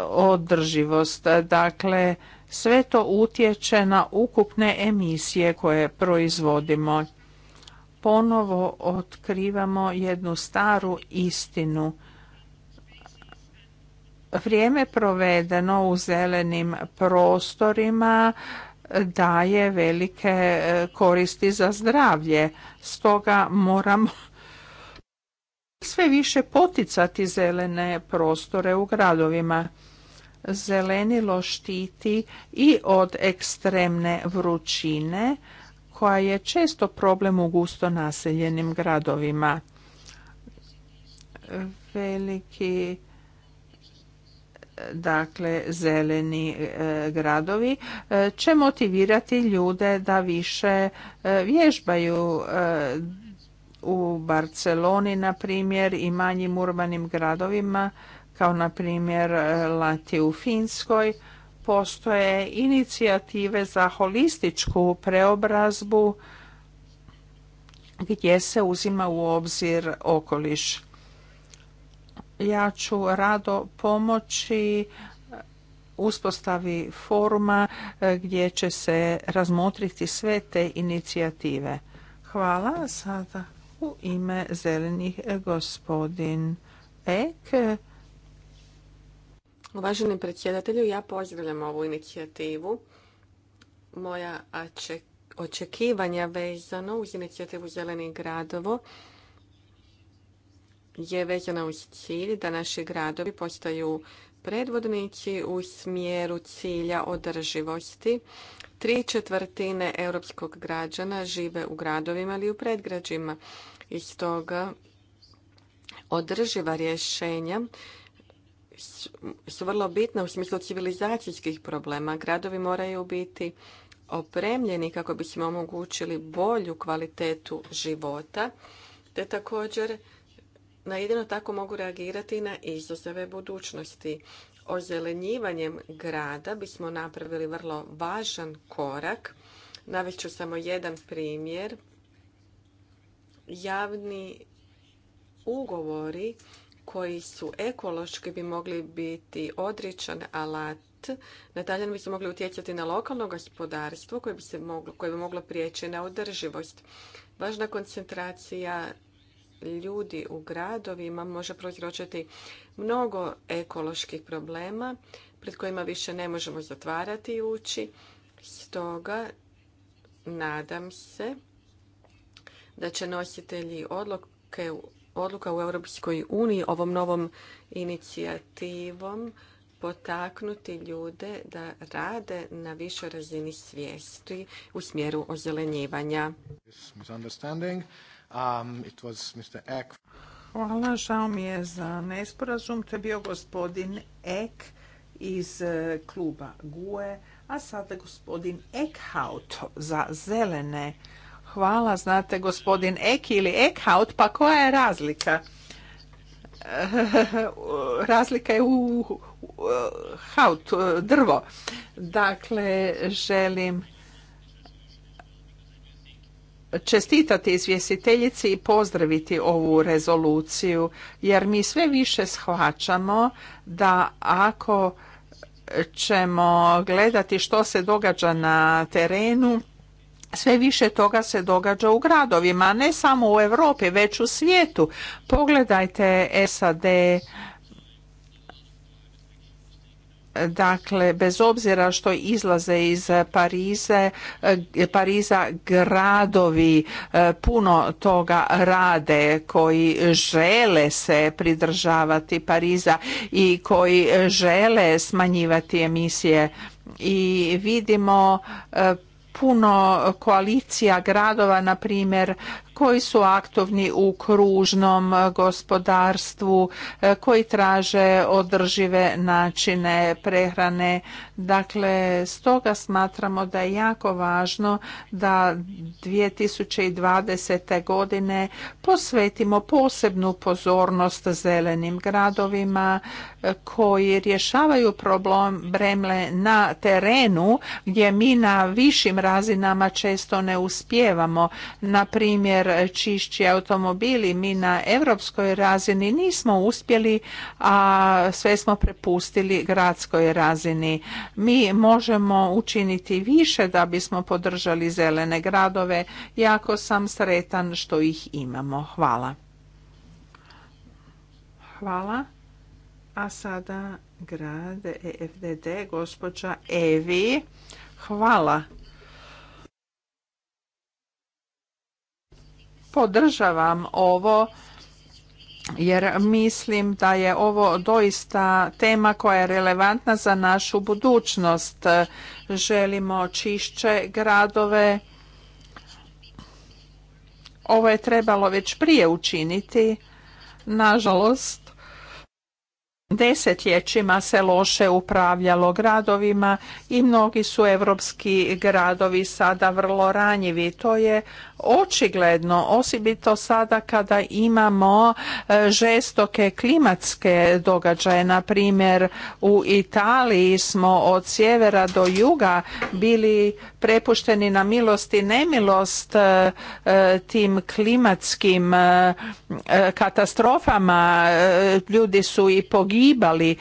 održivost. Dakle, sve to utječe na ukupne emisije koje proizvodimo. Ponovo otkrivamo jednu staru istinu. Vrijeme provedeno u zelenim prostorima daje velike e, koristi za zdravlje. Stoga moramo sve više poticati zelene prostore u gradovima zelenilo štiti i od ekstremne vrućine koja je često problem u gusto naseljenim gradovima. Veliki dakle zeleni e, gradovi e, će motivirati ljude da više e, vježbaju u Barceloni na primjer i manjim urbanim gradovima kao na primjer e, Lati u Finskoj, postoje inicijative za holističku preobrazbu gdje se uzima u obzir okoliš. Ja ću rado pomoći e, uspostavi foruma e, gdje će se razmotriti sve te inicijative. Hvala. Sada u ime zelenih gospodin Ek. Uvaženi predsjedatelju, ja pozdravljam ovu inicijativu. Moja očekivanja vezano uz inicijativu Zeleni gradovo je vezana uz cilj da naši gradovi postaju predvodnici u smjeru cilja održivosti. Tri četvrtine europskog građana žive u gradovima ili u predgrađima. Iz toga održiva rješenja su vrlo bitna u smislu civilizacijskih problema. Gradovi moraju biti opremljeni kako bismo omogućili bolju kvalitetu života, te također na jedino tako mogu reagirati na izazove budućnosti. Ozelenjivanjem grada bismo napravili vrlo važan korak. Navest ću samo jedan primjer. Javni ugovori koji su ekološki bi mogli biti odričan alat na Taljan bi se mogli utjecati na lokalno gospodarstvo koje bi, se moglo, koje bi moglo prijeći na održivost. Važna koncentracija ljudi u gradovima može prouzročiti mnogo ekoloških problema pred kojima više ne možemo zatvarati i ući. Stoga nadam se da će nositelji odluke odluka u Europskoj uniji ovom novom inicijativom potaknuti ljude da rade na višoj razini svijesti u smjeru ozelenjivanja. Um, Hvala, žao mi je za nesporazum. To je bio gospodin Ek iz e, kluba GUE, a sada gospodin Ekhaut za zelene. Hvala, znate, gospodin Eki ili Ekhaut, pa koja je razlika? razlika je u haut, drvo. Dakle, želim čestitati izvjestiteljici i pozdraviti ovu rezoluciju, jer mi sve više shvaćamo da ako ćemo gledati što se događa na terenu, sve više toga se događa u gradovima, ne samo u Europi, već u svijetu. Pogledajte SAD, dakle bez obzira što izlaze iz Parize, e, Pariza gradovi e, puno toga rade koji žele se pridržavati Pariza i koji žele smanjivati emisije i vidimo e, puno koalicija gradova, na primjer koji su aktivni u kružnom e, gospodarstvu, e, koji traže održive načine prehrane. Dakle, stoga smatramo da je jako važno da 2020. godine posvetimo posebnu pozornost zelenim gradovima e, koji rješavaju problem bremle na terenu gdje mi na višim razinama često ne uspijevamo. Na primjer, čišći automobili. Mi na europskoj razini nismo uspjeli, a sve smo prepustili gradskoj razini. Mi možemo učiniti više da bismo podržali zelene gradove. Jako sam sretan što ih imamo. Hvala. Hvala. A sada grad EFDD, gospođa Evi. Hvala. podržavam ovo jer mislim da je ovo doista tema koja je relevantna za našu budućnost. Želimo čišće gradove. Ovo je trebalo već prije učiniti. Nažalost, Desetljećima se loše upravljalo gradovima i mnogi su evropski gradovi sada vrlo ranjivi. To je očigledno, osobito sada kada imamo e, žestoke klimatske događaje. Na primjer, u Italiji smo od sjevera do juga bili prepušteni na milost i nemilost e, e, tim klimatskim e, katastrofama, ljudi su i pogibali.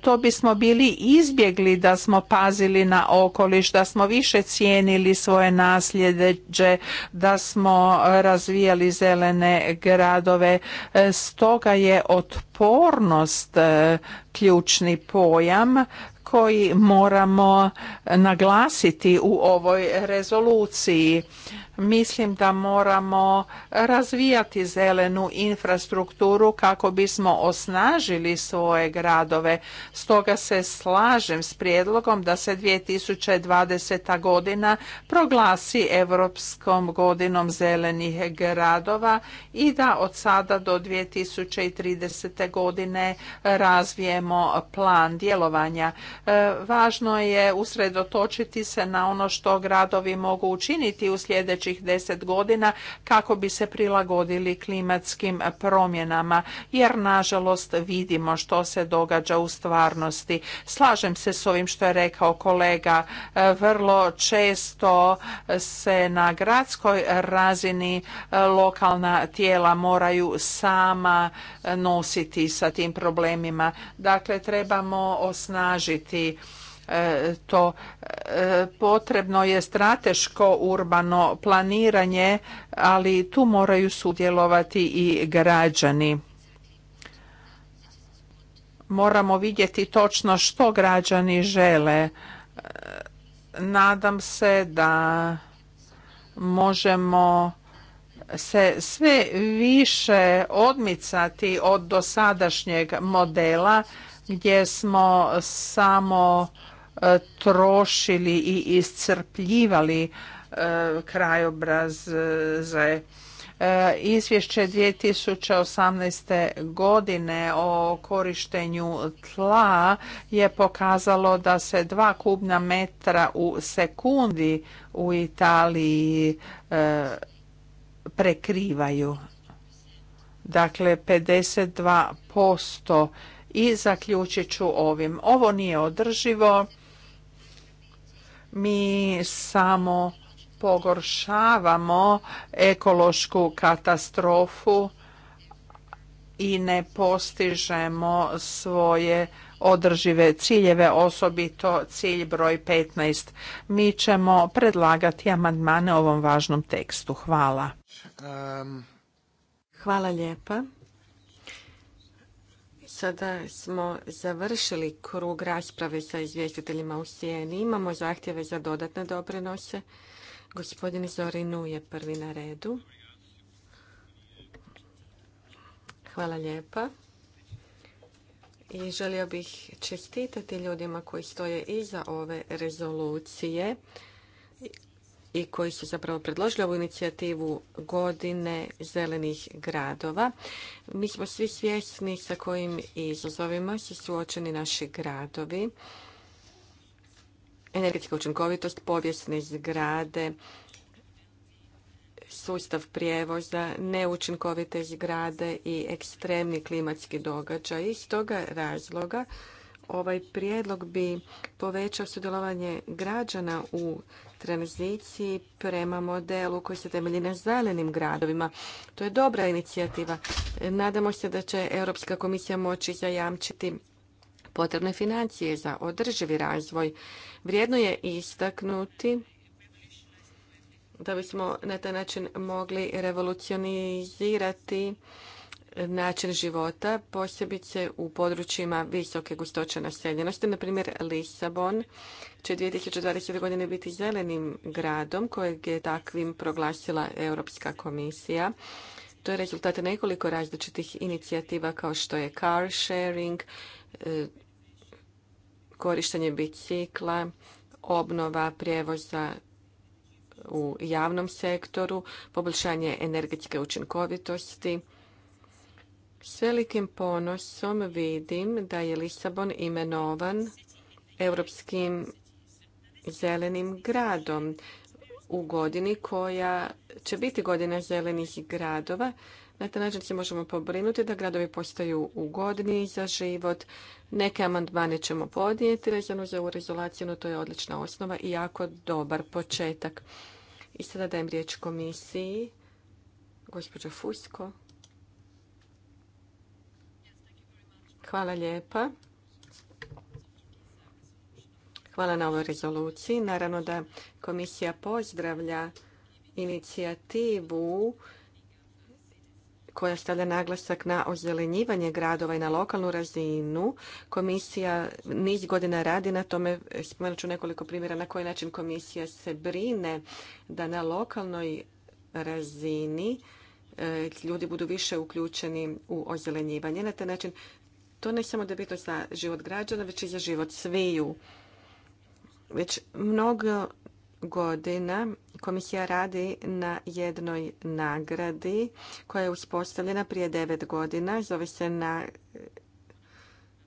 To bismo bili izbjegli da smo pazili na okoliš, da smo više cijenili svoje nasljeđe, da smo razvijali zelene gradove. Stoga je otpornost ključni pojam koji moramo naglasiti u ovoj rezoluciji Mislim da moramo razvijati zelenu infrastrukturu kako bismo osnažili svoje gradove. Stoga se slažem s prijedlogom da se 2020. godina proglasi Europskom godinom zelenih gradova i da od sada do 2030. godine razvijemo plan djelovanja. E, važno je usredotočiti se na ono što gradovi mogu učiniti u sljedećem sljedećih deset godina kako bi se prilagodili klimatskim promjenama, jer nažalost vidimo što se događa u stvarnosti. Slažem se s ovim što je rekao kolega, e, vrlo često se na gradskoj razini e, lokalna tijela moraju sama e, nositi sa tim problemima. Dakle, trebamo osnažiti E, to e, potrebno je strateško urbano planiranje, ali tu moraju sudjelovati i građani. Moramo vidjeti točno što građani žele. E, nadam se da možemo se sve više odmicati od dosadašnjeg modela gdje smo samo E, trošili i iscrpljivali e, krajobraz e, za izvješće 2018. godine o korištenju tla je pokazalo da se dva kubna metra u sekundi u Italiji prekrivaju. Dakle, 52% i zaključit ću ovim. Ovo nije održivo mi samo pogoršavamo ekološku katastrofu i ne postižemo svoje održive ciljeve, osobito cilj broj 15. Mi ćemo predlagati amandmane ovom važnom tekstu. Hvala. Um, Hvala lijepa. Sada smo završili krug rasprave sa izvjestiteljima u sjeni. Imamo zahtjeve za dodatne doprinose. Gospodin Zorinu je prvi na redu. Hvala lijepa. I želio bih čestitati ljudima koji stoje iza ove rezolucije i koji su zapravo predložili ovu inicijativu godine zelenih gradova. Mi smo svi svjesni sa kojim izazovima su suočeni naši gradovi. Energetska učinkovitost, povijesne zgrade, sustav prijevoza, neučinkovite zgrade i ekstremni klimatski događaj. Iz toga razloga ovaj prijedlog bi povećao sudjelovanje građana u tranziciji prema modelu koji se temelji na zelenim gradovima. To je dobra inicijativa. Nadamo se da će Europska komisija moći zajamčiti potrebne financije za održivi razvoj. Vrijedno je istaknuti da bismo na taj način mogli revolucionizirati način života, posebice u područjima visoke gustoće naseljenosti. Na primjer, Lisabon će 2020. godine biti zelenim gradom kojeg je takvim proglasila Europska komisija. To je rezultat nekoliko različitih inicijativa kao što je car sharing, e, korištenje bicikla, obnova prijevoza u javnom sektoru, poboljšanje energetske učinkovitosti, s velikim ponosom vidim da je Lisabon imenovan europskim zelenim gradom u godini koja će biti godina zelenih gradova. Na taj način se možemo pobrinuti da gradovi postaju ugodniji za život. Neke amandmane ćemo podnijeti vezano za urezolaciju, no to je odlična osnova i jako dobar početak. I sada dajem riječ komisiji. Gospođo Fusko. Hvala lijepa. Hvala na ovoj rezoluciji. Naravno da komisija pozdravlja inicijativu koja stavlja naglasak na ozelenjivanje gradova i na lokalnu razinu. Komisija niz godina radi na tome. Spomenut ću nekoliko primjera na koji način komisija se brine da na lokalnoj razini e, ljudi budu više uključeni u ozelenjivanje. Na taj način to ne samo da je bitno za život građana, već i za život sviju. Već mnogo godina komisija radi na jednoj nagradi koja je uspostavljena prije devet godina. Zove se na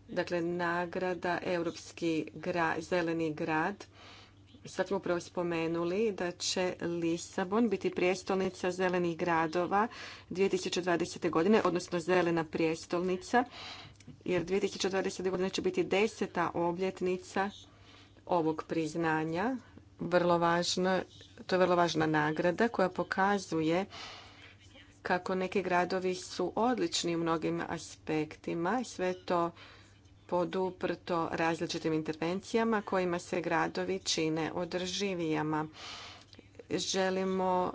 dakle, nagrada Europski zeleni grad. Sad smo upravo spomenuli da će Lisabon biti prijestolnica zelenih gradova 2020. godine, odnosno zelena prijestolnica jer 2020. godine će biti deseta obljetnica ovog priznanja. Vrlo to je vrlo važna nagrada koja pokazuje kako neki gradovi su odlični u mnogim aspektima. i Sve to poduprto različitim intervencijama kojima se gradovi čine održivijama. Želimo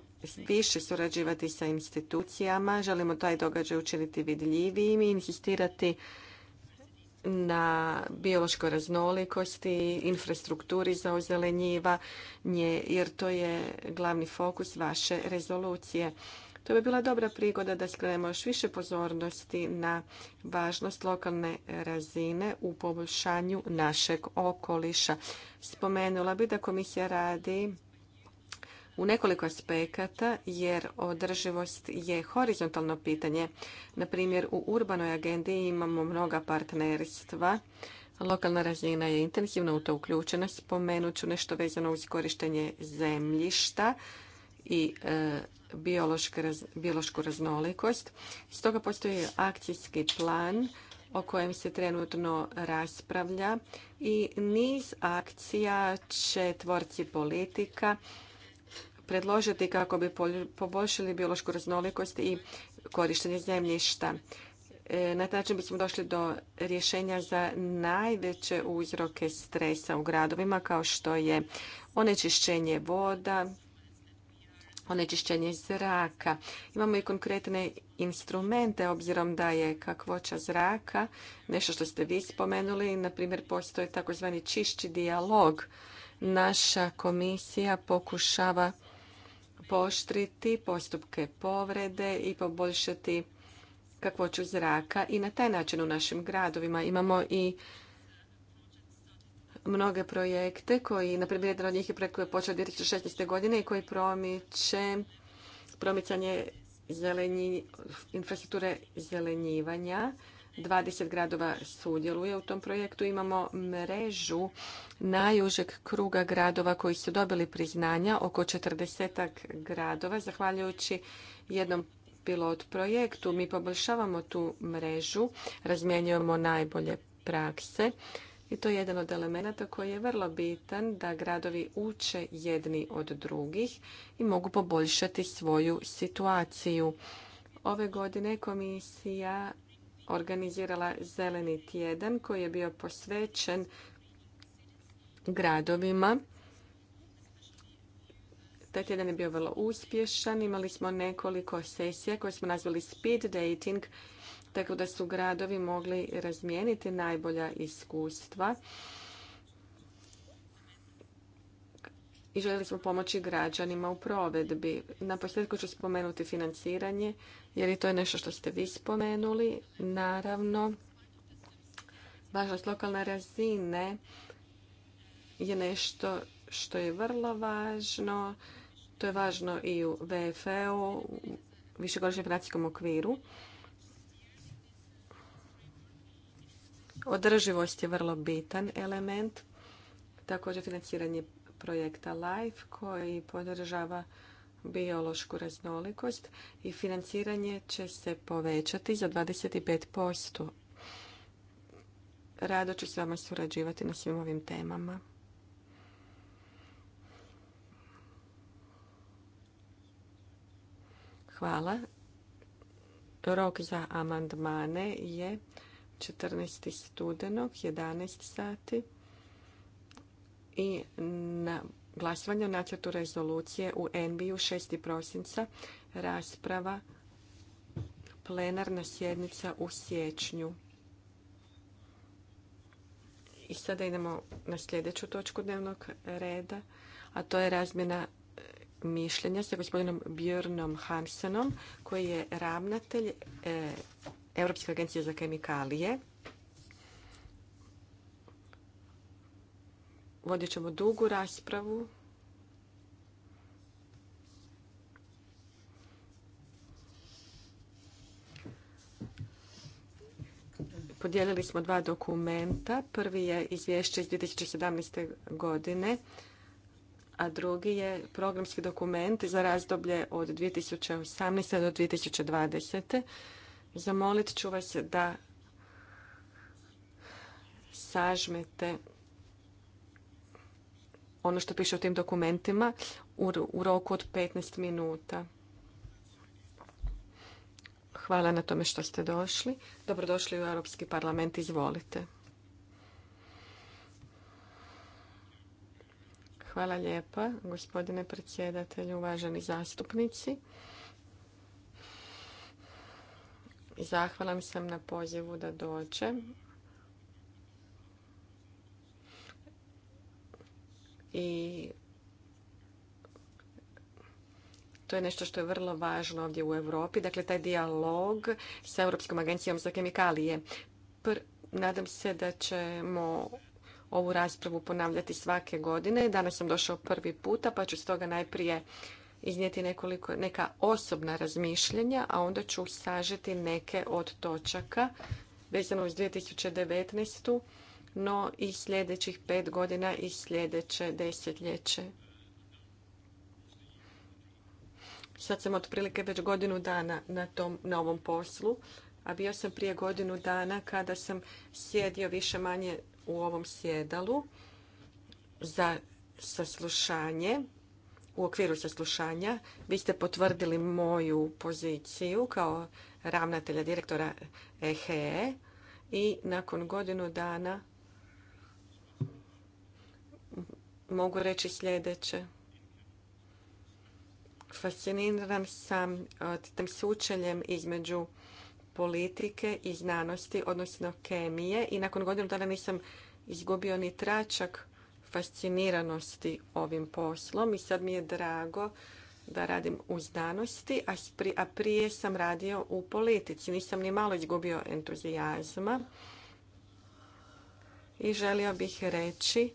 više surađivati sa institucijama, želimo taj događaj učiniti vidljivijim i insistirati na biološkoj raznolikosti, infrastrukturi za ozelenjivanje, jer to je glavni fokus vaše rezolucije. To bi bila dobra prigoda da skrenemo još više pozornosti na važnost lokalne razine u poboljšanju našeg okoliša. Spomenula bi da komisija radi u nekoliko aspekata jer održivost je horizontalno pitanje. Na primjer, u urbanoj agendi imamo mnoga partnerstva. Lokalna razina je intenzivno u to uključena. Spomenut ću nešto vezano uz korištenje zemljišta i e, biološku raznolikost. Stoga postoji akcijski plan o kojem se trenutno raspravlja i niz akcija će tvorci politika predložiti kako bi poboljšali biološku raznolikost i korištenje zemljišta. E, na taj način bismo došli do rješenja za najveće uzroke stresa u gradovima kao što je onečišćenje voda, onečišćenje zraka. Imamo i konkretne instrumente obzirom da je kakvoća zraka, nešto što ste vi spomenuli, na primjer postoji takozvani čišći dijalog. Naša komisija pokušava poštriti postupke povrede i poboljšati kakvoću zraka i na taj način u našim gradovima imamo i mnoge projekte koji, na primjer, jedan od njih je projekt koji je počeo 2016. godine i koji promiče promicanje infrastrukture zelenjivanja 20 gradova sudjeluje u tom projektu. Imamo mrežu najužeg kruga gradova koji su dobili priznanja, oko 40 gradova. Zahvaljujući jednom pilot projektu mi poboljšavamo tu mrežu, razmjenjujemo najbolje prakse. I to je jedan od elemenata koji je vrlo bitan da gradovi uče jedni od drugih i mogu poboljšati svoju situaciju. Ove godine komisija organizirala Zeleni tjedan koji je bio posvećen gradovima. Taj tjedan je bio vrlo uspješan. Imali smo nekoliko sesija koje smo nazvali speed dating, tako da su gradovi mogli razmijeniti najbolja iskustva. I željeli smo pomoći građanima u provedbi. Na posljedku ću spomenuti financiranje jer i to je nešto što ste vi spomenuli. Naravno, važnost lokalne razine je nešto što je vrlo važno. To je važno i u VFE-u, u višegodišnjem financijskom okviru. Održivost je vrlo bitan element. Također financiranje projekta LIFE koji podržava biološku raznolikost i financiranje će se povećati za 25%. Rado ću s vama surađivati na svim ovim temama. Hvala. Rok za amandmane je 14. studenog, 11 sati. I na glasovanje o nacrtu rezolucije u u 6. prosinca, rasprava plenarna sjednica u siječnju. I sada idemo na sljedeću točku dnevnog reda, a to je razmjena e, mišljenja sa gospodinom Björnom Hansenom, koji je ravnatelj e, Europske agencije za kemikalije. Vodit ćemo dugu raspravu. Podijelili smo dva dokumenta. Prvi je izvješće iz 2017. godine, a drugi je programski dokument za razdoblje od 2018. do 2020. Zamolit ću vas da sažmete ono što piše u tim dokumentima u roku od 15 minuta. Hvala na tome što ste došli. Dobrodošli u Europski parlament, izvolite. Hvala lijepa, gospodine predsjedatelju, uvaženi zastupnici. Zahvalam sam na pozivu da dođem i to je nešto što je vrlo važno ovdje u Europi. Dakle, taj dijalog sa Europskom agencijom za kemikalije. Pr nadam se da ćemo ovu raspravu ponavljati svake godine. Danas sam došao prvi puta, pa ću stoga najprije iznijeti nekoliko, neka osobna razmišljenja, a onda ću sažeti neke od točaka vezano uz 2019 no i sljedećih pet godina i sljedeće desetljeće. Sad sam otprilike već godinu dana na, tom, na ovom poslu, a bio sam prije godinu dana kada sam sjedio više manje u ovom sjedalu za saslušanje, u okviru saslušanja. Vi ste potvrdili moju poziciju kao ravnatelja direktora EHE e i nakon godinu dana mogu reći sljedeće. Fasciniran sam e, tim sučeljem između politike i znanosti, odnosno kemije. I nakon godinu dana nisam izgubio ni tračak fasciniranosti ovim poslom. I sad mi je drago da radim u znanosti, a prije sam radio u politici. Nisam ni malo izgubio entuzijazma. I želio bih reći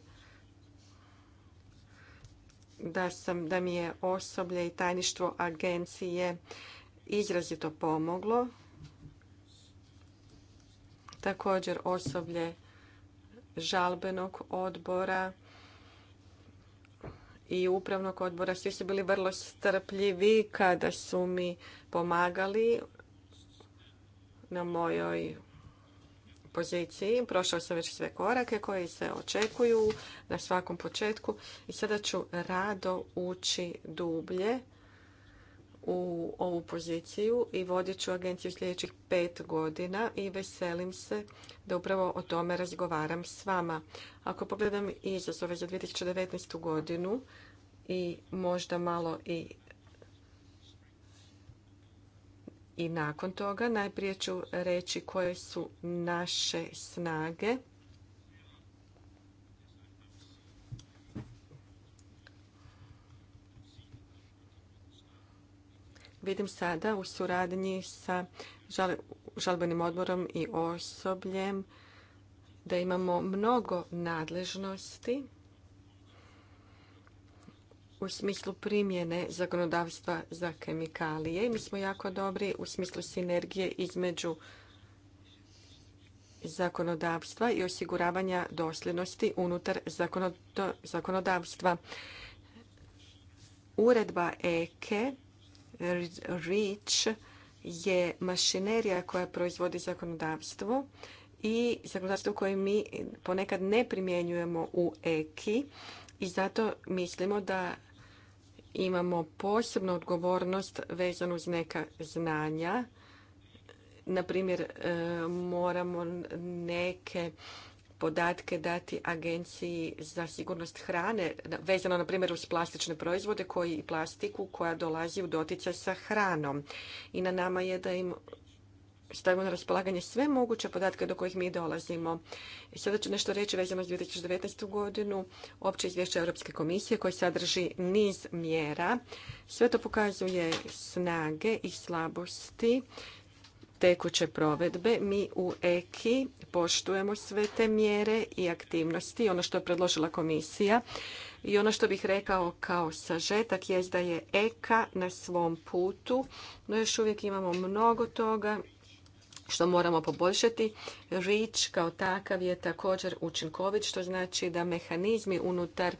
da, sam, da mi je osoblje i tajništvo agencije izrazito pomoglo. Također osoblje žalbenog odbora i upravnog odbora. Svi su bili vrlo strpljivi kada su mi pomagali na mojoj poziciji. Prošao sam već sve korake koji se očekuju na svakom početku i sada ću rado ući dublje u ovu poziciju i vodit ću agenciju sljedećih pet godina i veselim se da upravo o tome razgovaram s vama. Ako pogledam izazove za 2019. godinu i možda malo i i nakon toga. Najprije ću reći koje su naše snage. Vidim sada u suradnji sa žalbenim odborom i osobljem da imamo mnogo nadležnosti u smislu primjene zakonodavstva za kemikalije. Mi smo jako dobri u smislu sinergije između zakonodavstva i osiguravanja dosljednosti unutar zakonodavstva. Uredba EKE, REACH, je mašinerija koja proizvodi zakonodavstvo i zakonodavstvo koje mi ponekad ne primjenjujemo u EKI i zato mislimo da imamo posebnu odgovornost vezanu uz neka znanja. Na primjer, e, moramo neke podatke dati agenciji za sigurnost hrane, vezano na primjer uz plastične proizvode koji i plastiku koja dolazi u doticaj sa hranom. I na nama je da im stavimo na raspolaganje sve moguće podatke do kojih mi dolazimo. Sada ću nešto reći vezano s 2019. godinu, opće izvješće Europske komisije koje sadrži niz mjera. Sve to pokazuje snage i slabosti tekuće provedbe. Mi u EKI poštujemo sve te mjere i aktivnosti, ono što je predložila komisija. I ono što bih rekao kao sažetak je da je EKA na svom putu, no još uvijek imamo mnogo toga što moramo poboljšati. Rič kao takav je također učinkovit, što znači da mehanizmi unutar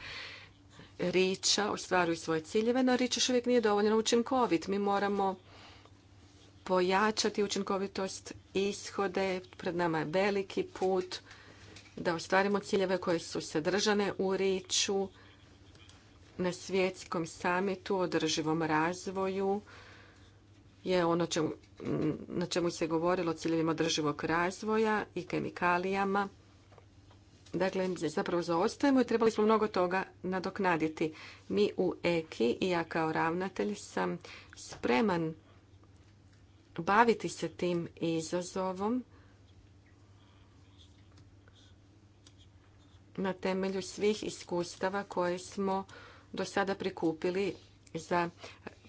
riča ostvaruju svoje ciljeve, no rič još uvijek nije dovoljno učinkovit. Mi moramo pojačati učinkovitost ishode, pred nama je veliki put da ostvarimo ciljeve koje su sadržane u riču na svjetskom samitu o održivom razvoju je ono na čemu se govorilo o ciljevima održivog razvoja i kemikalijama. Dakle, zapravo zaostajemo i trebali smo mnogo toga nadoknaditi. Mi u EKI i ja kao ravnatelj sam spreman baviti se tim izazovom na temelju svih iskustava koje smo do sada prikupili za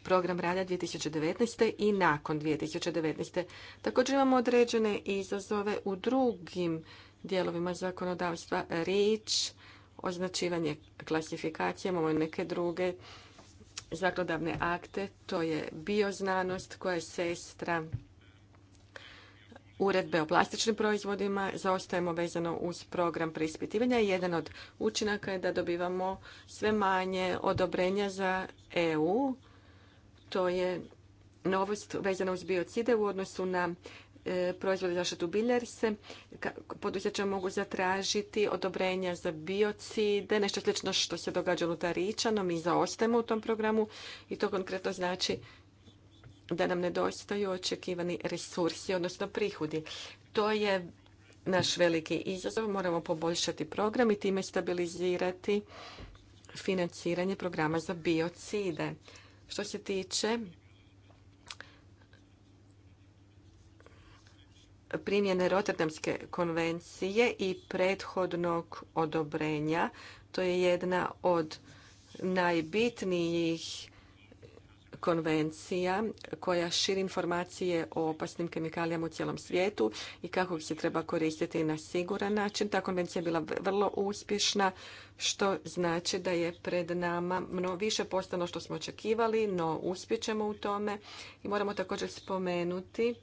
program rada 2019. i nakon 2019. Također imamo određene izazove u drugim dijelovima zakonodavstva Rič, označivanje klasifikacije, imamo neke druge zakonodavne akte, to je bioznanost koja je sestra uredbe o plastičnim proizvodima, zaostajemo vezano uz program preispitivanja. Jedan od učinaka je da dobivamo sve manje odobrenja za EU to je novost vezana uz biocide u odnosu na e, proizvode zaštitu se Poduzeća mogu zatražiti odobrenja za biocide, nešto slično što se događa u Taričano. Mi zaostajemo u tom programu i to konkretno znači da nam nedostaju očekivani resursi, odnosno prihodi. To je naš veliki izazov. Moramo poboljšati program i time stabilizirati financiranje programa za biocide. Što se tiče primjene Rotterdamske konvencije i prethodnog odobrenja, to je jedna od najbitnijih konvencija koja širi informacije o opasnim kemikalijama u cijelom svijetu i kako ih se treba koristiti na siguran način. Ta konvencija je bila vrlo uspješna, što znači da je pred nama mnogo više postano što smo očekivali, no uspjećemo u tome. I moramo također spomenuti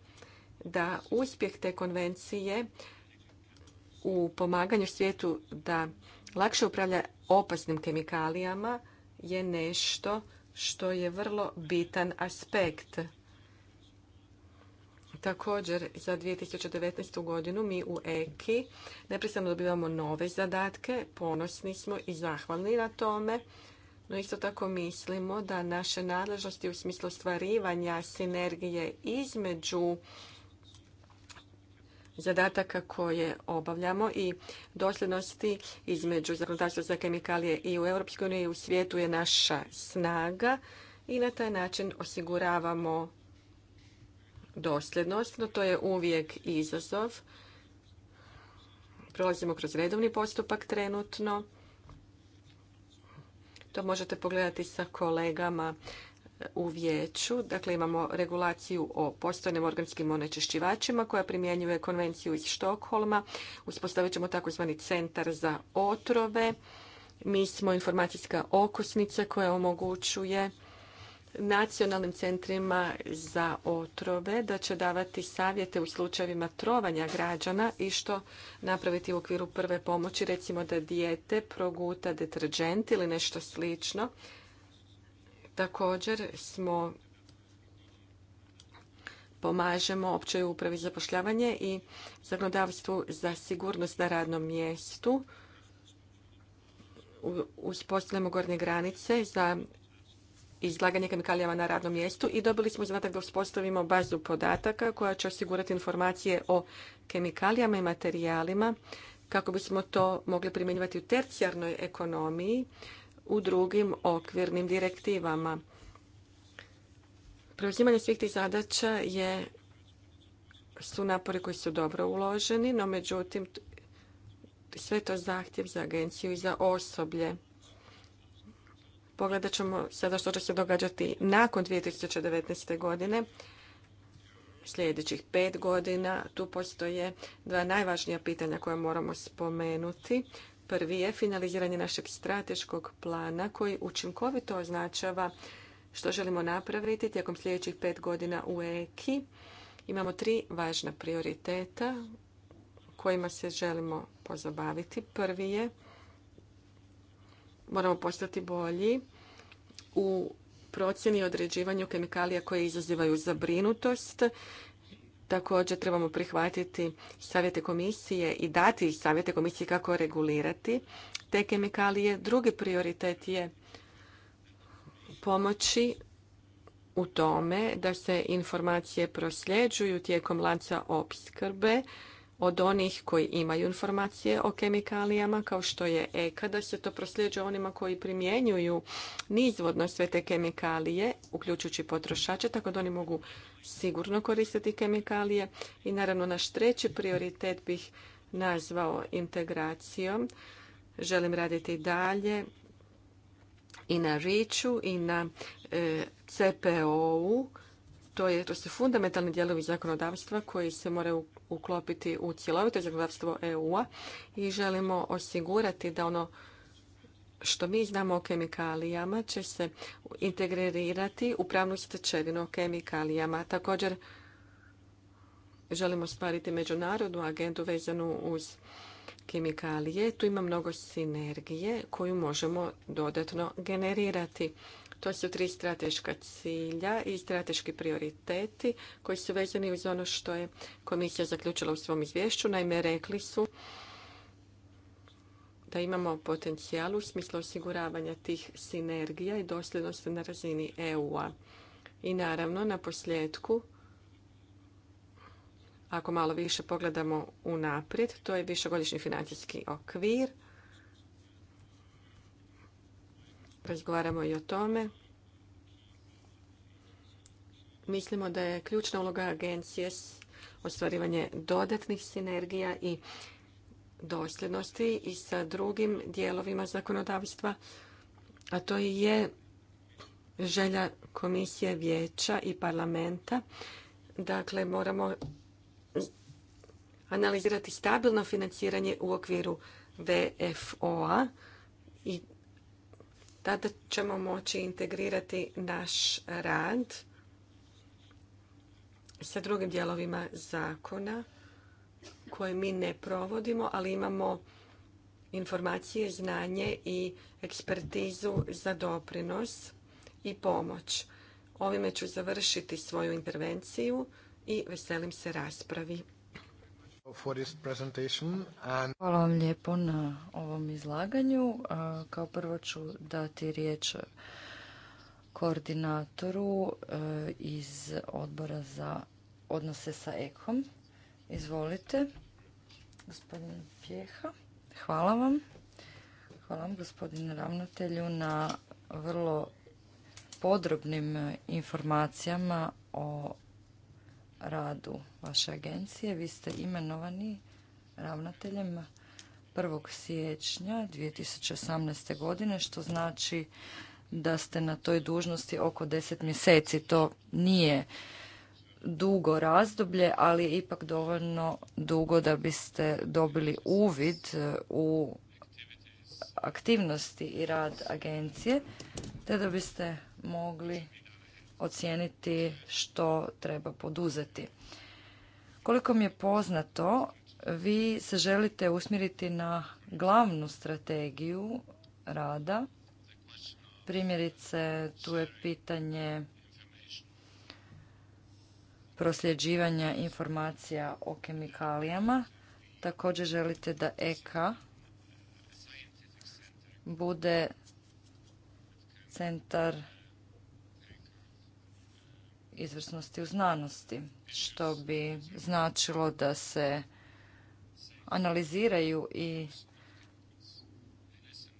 da uspjeh te konvencije u pomaganju svijetu da lakše upravlja opasnim kemikalijama je nešto što je vrlo bitan aspekt. Također, za 2019. godinu mi u EKI neprestano dobivamo nove zadatke, ponosni smo i zahvalni na tome, no isto tako mislimo da naše nadležnosti u smislu stvarivanja sinergije između zadataka koje obavljamo i dosljednosti između zakonodavstva za kemikalije i u EU i u svijetu je naša snaga i na taj način osiguravamo dosljednost, no to je uvijek izazov. Prolazimo kroz redovni postupak trenutno. To možete pogledati sa kolegama u vijeću. Dakle, imamo regulaciju o postojnim organskim onečišćivačima koja primjenjuje konvenciju iz Štokholma. Uspostavit ćemo takozvani centar za otrove. Mi smo informacijska okosnica koja omogućuje nacionalnim centrima za otrove da će davati savjete u slučajevima trovanja građana i što napraviti u okviru prve pomoći, recimo da dijete proguta deterđent ili nešto slično Također smo pomažemo općoj upravi zapošljavanje i zakonodavstvu za sigurnost na radnom mjestu. Uspostavljamo gornje granice za izlaganje kemikalijama na radnom mjestu i dobili smo zadatak da uspostavimo bazu podataka koja će osigurati informacije o kemikalijama i materijalima kako bismo to mogli primjenjivati u tercijarnoj ekonomiji u drugim okvirnim direktivama. Preuzimanje svih tih zadaća je, su napori koji su dobro uloženi, no međutim sve to zahtjev za agenciju i za osoblje. Pogledat ćemo sada što će se događati nakon 2019. godine. Sljedećih pet godina tu postoje dva najvažnija pitanja koja moramo spomenuti. Prvi je finaliziranje našeg strateškog plana koji učinkovito označava što želimo napraviti tijekom sljedećih pet godina u EKI. Imamo tri važna prioriteta kojima se želimo pozabaviti. Prvi je moramo postati bolji u procjeni i određivanju kemikalija koje izazivaju zabrinutost. Također trebamo prihvatiti savjete komisije i dati savjete komisije kako regulirati te kemikalije. Drugi prioritet je pomoći u tome da se informacije prosljeđuju tijekom lanca opskrbe od onih koji imaju informacije o kemikalijama, kao što je EKA, da se to prosljeđuje onima koji primjenjuju nizvodno sve te kemikalije, uključujući potrošače, tako da oni mogu sigurno koristiti kemikalije. I naravno naš treći prioritet bih nazvao integracijom. Želim raditi dalje i na Riču i na e, CPO-u to, je, to su fundamentalni dijelovi zakonodavstva koji se moraju uklopiti u cjelovito zakonodavstvo EU-a i želimo osigurati da ono što mi znamo o kemikalijama će se integrirati u pravnu stečevinu o kemikalijama. Također želimo stvariti međunarodnu agendu vezanu uz kemikalije. Tu ima mnogo sinergije koju možemo dodatno generirati. To su tri strateška cilja i strateški prioriteti koji su vezani uz ono što je komisija zaključila u svom izvješću. Naime, rekli su da imamo potencijal u smislu osiguravanja tih sinergija i dosljednosti na razini EU-a. I naravno, na posljedku, ako malo više pogledamo unaprijed, to je višegodišnji financijski okvir – razgovaramo i o tome. Mislimo da je ključna uloga agencije ostvarivanje dodatnih sinergija i dosljednosti i sa drugim dijelovima zakonodavstva, a to je želja komisije vijeća i parlamenta. Dakle, moramo analizirati stabilno financiranje u okviru VFO-a i tada ćemo moći integrirati naš rad sa drugim dijelovima zakona koje mi ne provodimo, ali imamo informacije, znanje i ekspertizu za doprinos i pomoć. Ovime ću završiti svoju intervenciju i veselim se raspravi. Hvala vam lijepo na ovom izlaganju. Kao prvo ću dati riječ koordinatoru e, iz odbora za odnose sa ekom. Izvolite, gospodin Pjeha. Hvala vam. Hvala vam, gospodine ravnatelju, na vrlo podrobnim informacijama o radu vaše agencije. Vi ste imenovani ravnateljem 1. siječnja 2018. godine, što znači da ste na toj dužnosti oko 10 mjeseci. To nije dugo razdoblje, ali je ipak dovoljno dugo da biste dobili uvid uh, u aktivnosti i rad agencije, te da biste mogli ocijeniti što treba poduzeti. Koliko mi je poznato, vi se želite usmjeriti na glavnu strategiju rada. Primjerice, tu je pitanje prosljeđivanja informacija o kemikalijama. Također želite da eka bude centar izvrsnosti u znanosti, što bi značilo da se analiziraju i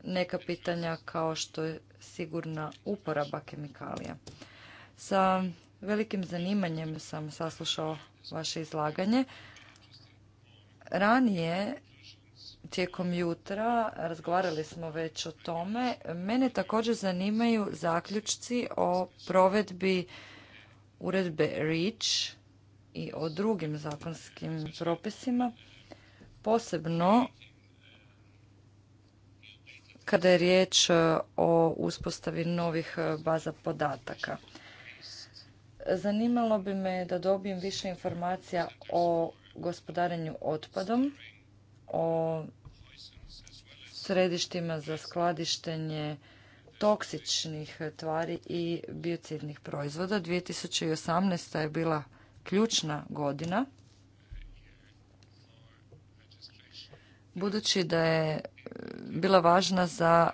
neka pitanja kao što je sigurna uporaba kemikalija. Sa velikim zanimanjem sam saslušao vaše izlaganje. Ranije tijekom jutra razgovarali smo već o tome. Mene također zanimaju zaključci o provedbi uredbe REACH i o drugim zakonskim propisima, posebno kada je riječ e, o uspostavi novih e, baza podataka. Zanimalo bi me da dobijem više informacija o gospodarenju otpadom, o središtima za skladištenje toksičnih tvari i biocidnih proizvoda. 2018. je bila ključna godina. Budući da je e, bila važna za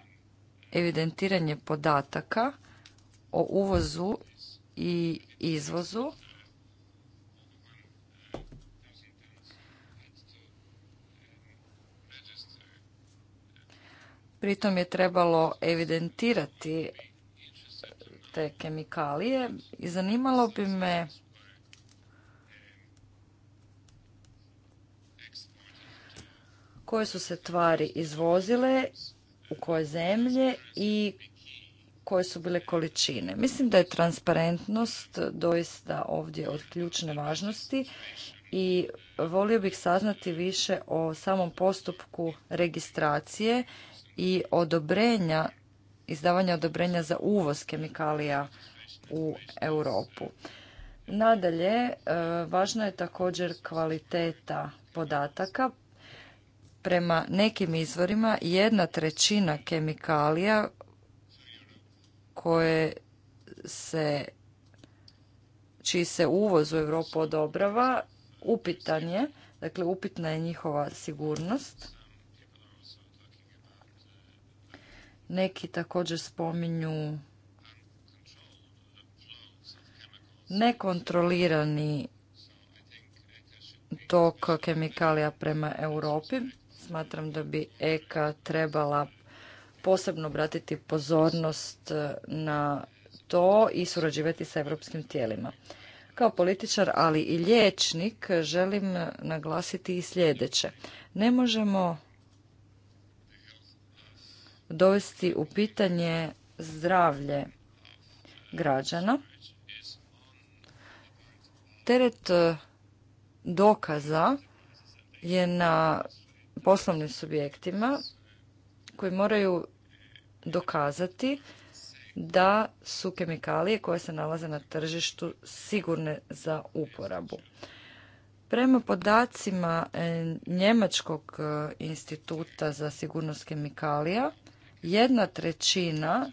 evidentiranje podataka o uvozu i izvozu Pritom je trebalo evidentirati te kemikalije i zanimalo bi me koje su se tvari izvozile, u koje zemlje i koje su bile količine. Mislim da je transparentnost doista ovdje od ključne važnosti i volio bih saznati više o samom postupku registracije i odobrenja, izdavanja odobrenja za uvoz kemikalija u Europu. Nadalje, e, važna je također kvaliteta podataka. Prema nekim izvorima jedna trećina kemikalija koje se čiji se uvoz u Europu odobrava upitan je, dakle upitna je njihova sigurnost. Neki također spominju nekontrolirani tok kemikalija prema Europi. Smatram da bi EKA trebala posebno obratiti pozornost na to i surađivati sa europskim tijelima. Kao političar, ali i liječnik, želim naglasiti i sljedeće. Ne možemo dovesti u pitanje zdravlje građana. Teret e, dokaza je na poslovnim subjektima koji moraju dokazati da su kemikalije koje se nalaze na tržištu sigurne za uporabu. Prema podacima e, Njemačkog e, instituta za sigurnost kemikalija, jedna trećina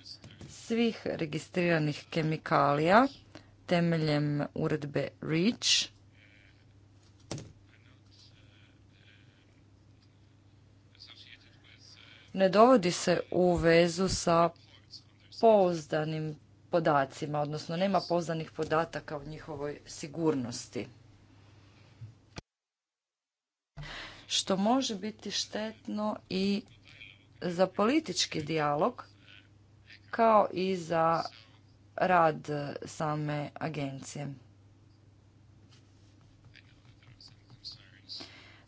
svih registriranih kemikalija temeljem uredbe REACH ne dovodi se u vezu sa pouzdanim podacima, odnosno nema pouzdanih podataka o njihovoj sigurnosti. Što može biti štetno i za politički dijalog kao i za rad same agencije.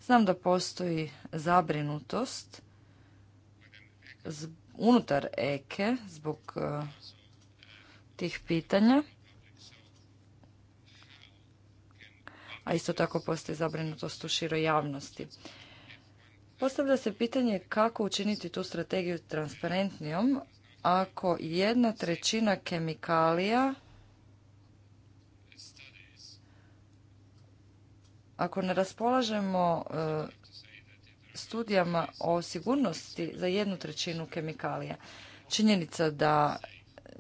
Znam da postoji zabrinutost unutar EKE e zbog e, tih pitanja. A isto tako postoji zabrinutost u široj javnosti. Postavlja se pitanje kako učiniti tu strategiju transparentnijom ako jedna trećina kemikalija ako ne raspolažemo e, studijama o sigurnosti za jednu trećinu kemikalija. Činjenica da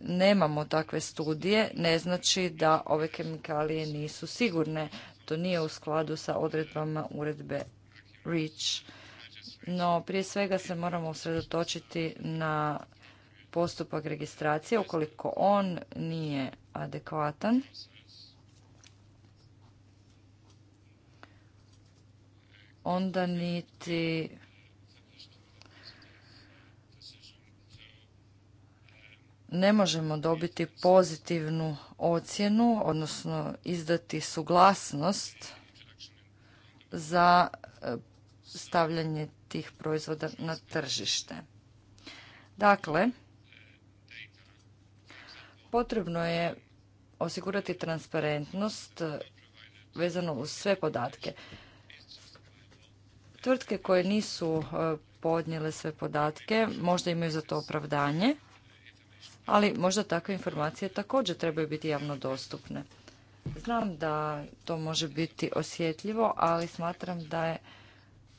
nemamo takve studije ne znači da ove kemikalije nisu sigurne. To nije u skladu sa odredbama uredbe REACH no, prije svega se moramo usredotočiti na postupak registracije. Ukoliko on nije adekvatan, onda niti ne možemo dobiti pozitivnu ocjenu, odnosno izdati suglasnost za e, stavljanje tih proizvoda na tržište. Dakle, potrebno je osigurati transparentnost vezano uz sve podatke. Tvrtke koje nisu e, podnijele sve podatke možda imaju za to opravdanje, ali možda takve informacije također trebaju biti javno dostupne. Znam da to može biti osjetljivo, ali smatram da je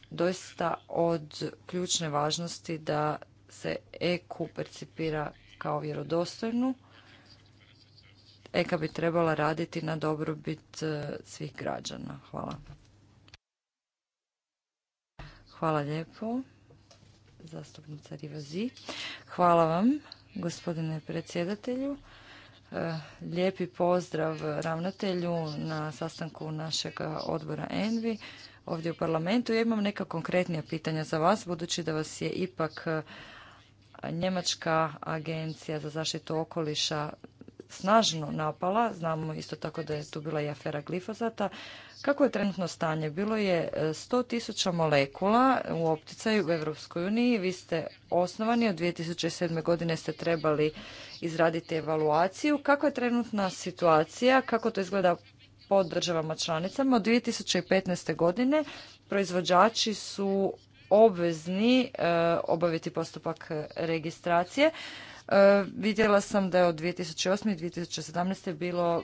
doista od ključne važnosti da se EQ percipira kao vjerodostojnu. EKA bi trebala raditi na dobrobit e, svih građana. Hvala. Hvala lijepo, zastupnica Rivazi. Hvala vam, gospodine predsjedatelju. E, lijepi pozdrav ravnatelju na sastanku našeg odbora ENVI ovdje u parlamentu. Ja imam neka konkretnija pitanja za vas, budući da vas je ipak e, Njemačka agencija za zaštitu okoliša snažno napala. Znamo isto tako da je tu bila i afera glifozata. Kako je trenutno stanje? Bilo je 100.000 e, molekula u opticaju u Europskoj uniji. Vi ste osnovani, od 2007. godine ste trebali izraditi evaluaciju. Kako je trenutna situacija? Kako to izgleda po državama članicama. Od 2015. godine proizvođači su obvezni e, obaviti postupak registracije. E, vidjela sam da je od 2008. i 2017. bilo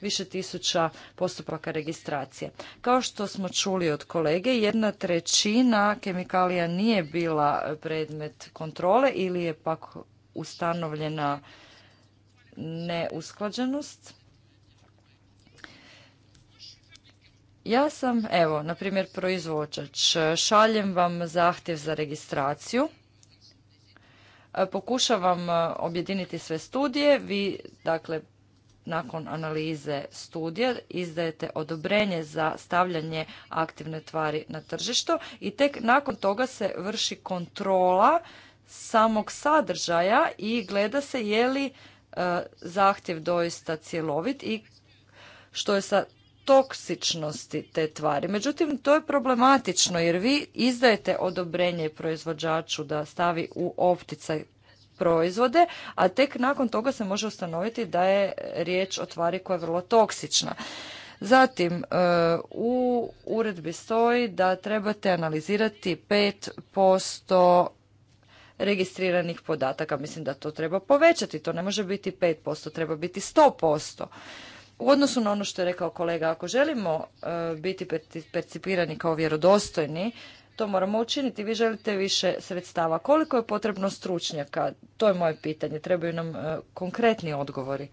više tisuća postupaka registracije. Kao što smo čuli od kolege, jedna trećina kemikalija nije bila predmet kontrole ili je pak ustanovljena neusklađenost. Ja sam, evo, na primjer, proizvođač. Šaljem vam zahtjev za registraciju. Pokušavam e, objediniti sve studije. Vi, dakle, nakon analize studija izdajete odobrenje za stavljanje aktivne tvari na tržištu i tek nakon toga se vrši kontrola samog sadržaja i gleda se je li e, zahtjev doista cjelovit i što je sa toksičnosti te tvari. Međutim, to je problematično jer vi izdajete odobrenje proizvođaču da stavi u opticaj proizvode, a tek nakon toga se može ustanoviti da je riječ o tvari koja je vrlo toksična. Zatim, e, u uredbi stoji da trebate analizirati 5% registriranih podataka. Mislim da to treba povećati, to ne može biti 5%, treba biti 100%. U odnosu na ono što je rekao kolega, ako želimo e, biti percipirani kao vjerodostojni, to moramo učiniti. Vi želite više sredstava. Koliko je potrebno stručnjaka? To je moje pitanje. Trebaju nam e, konkretni odgovori.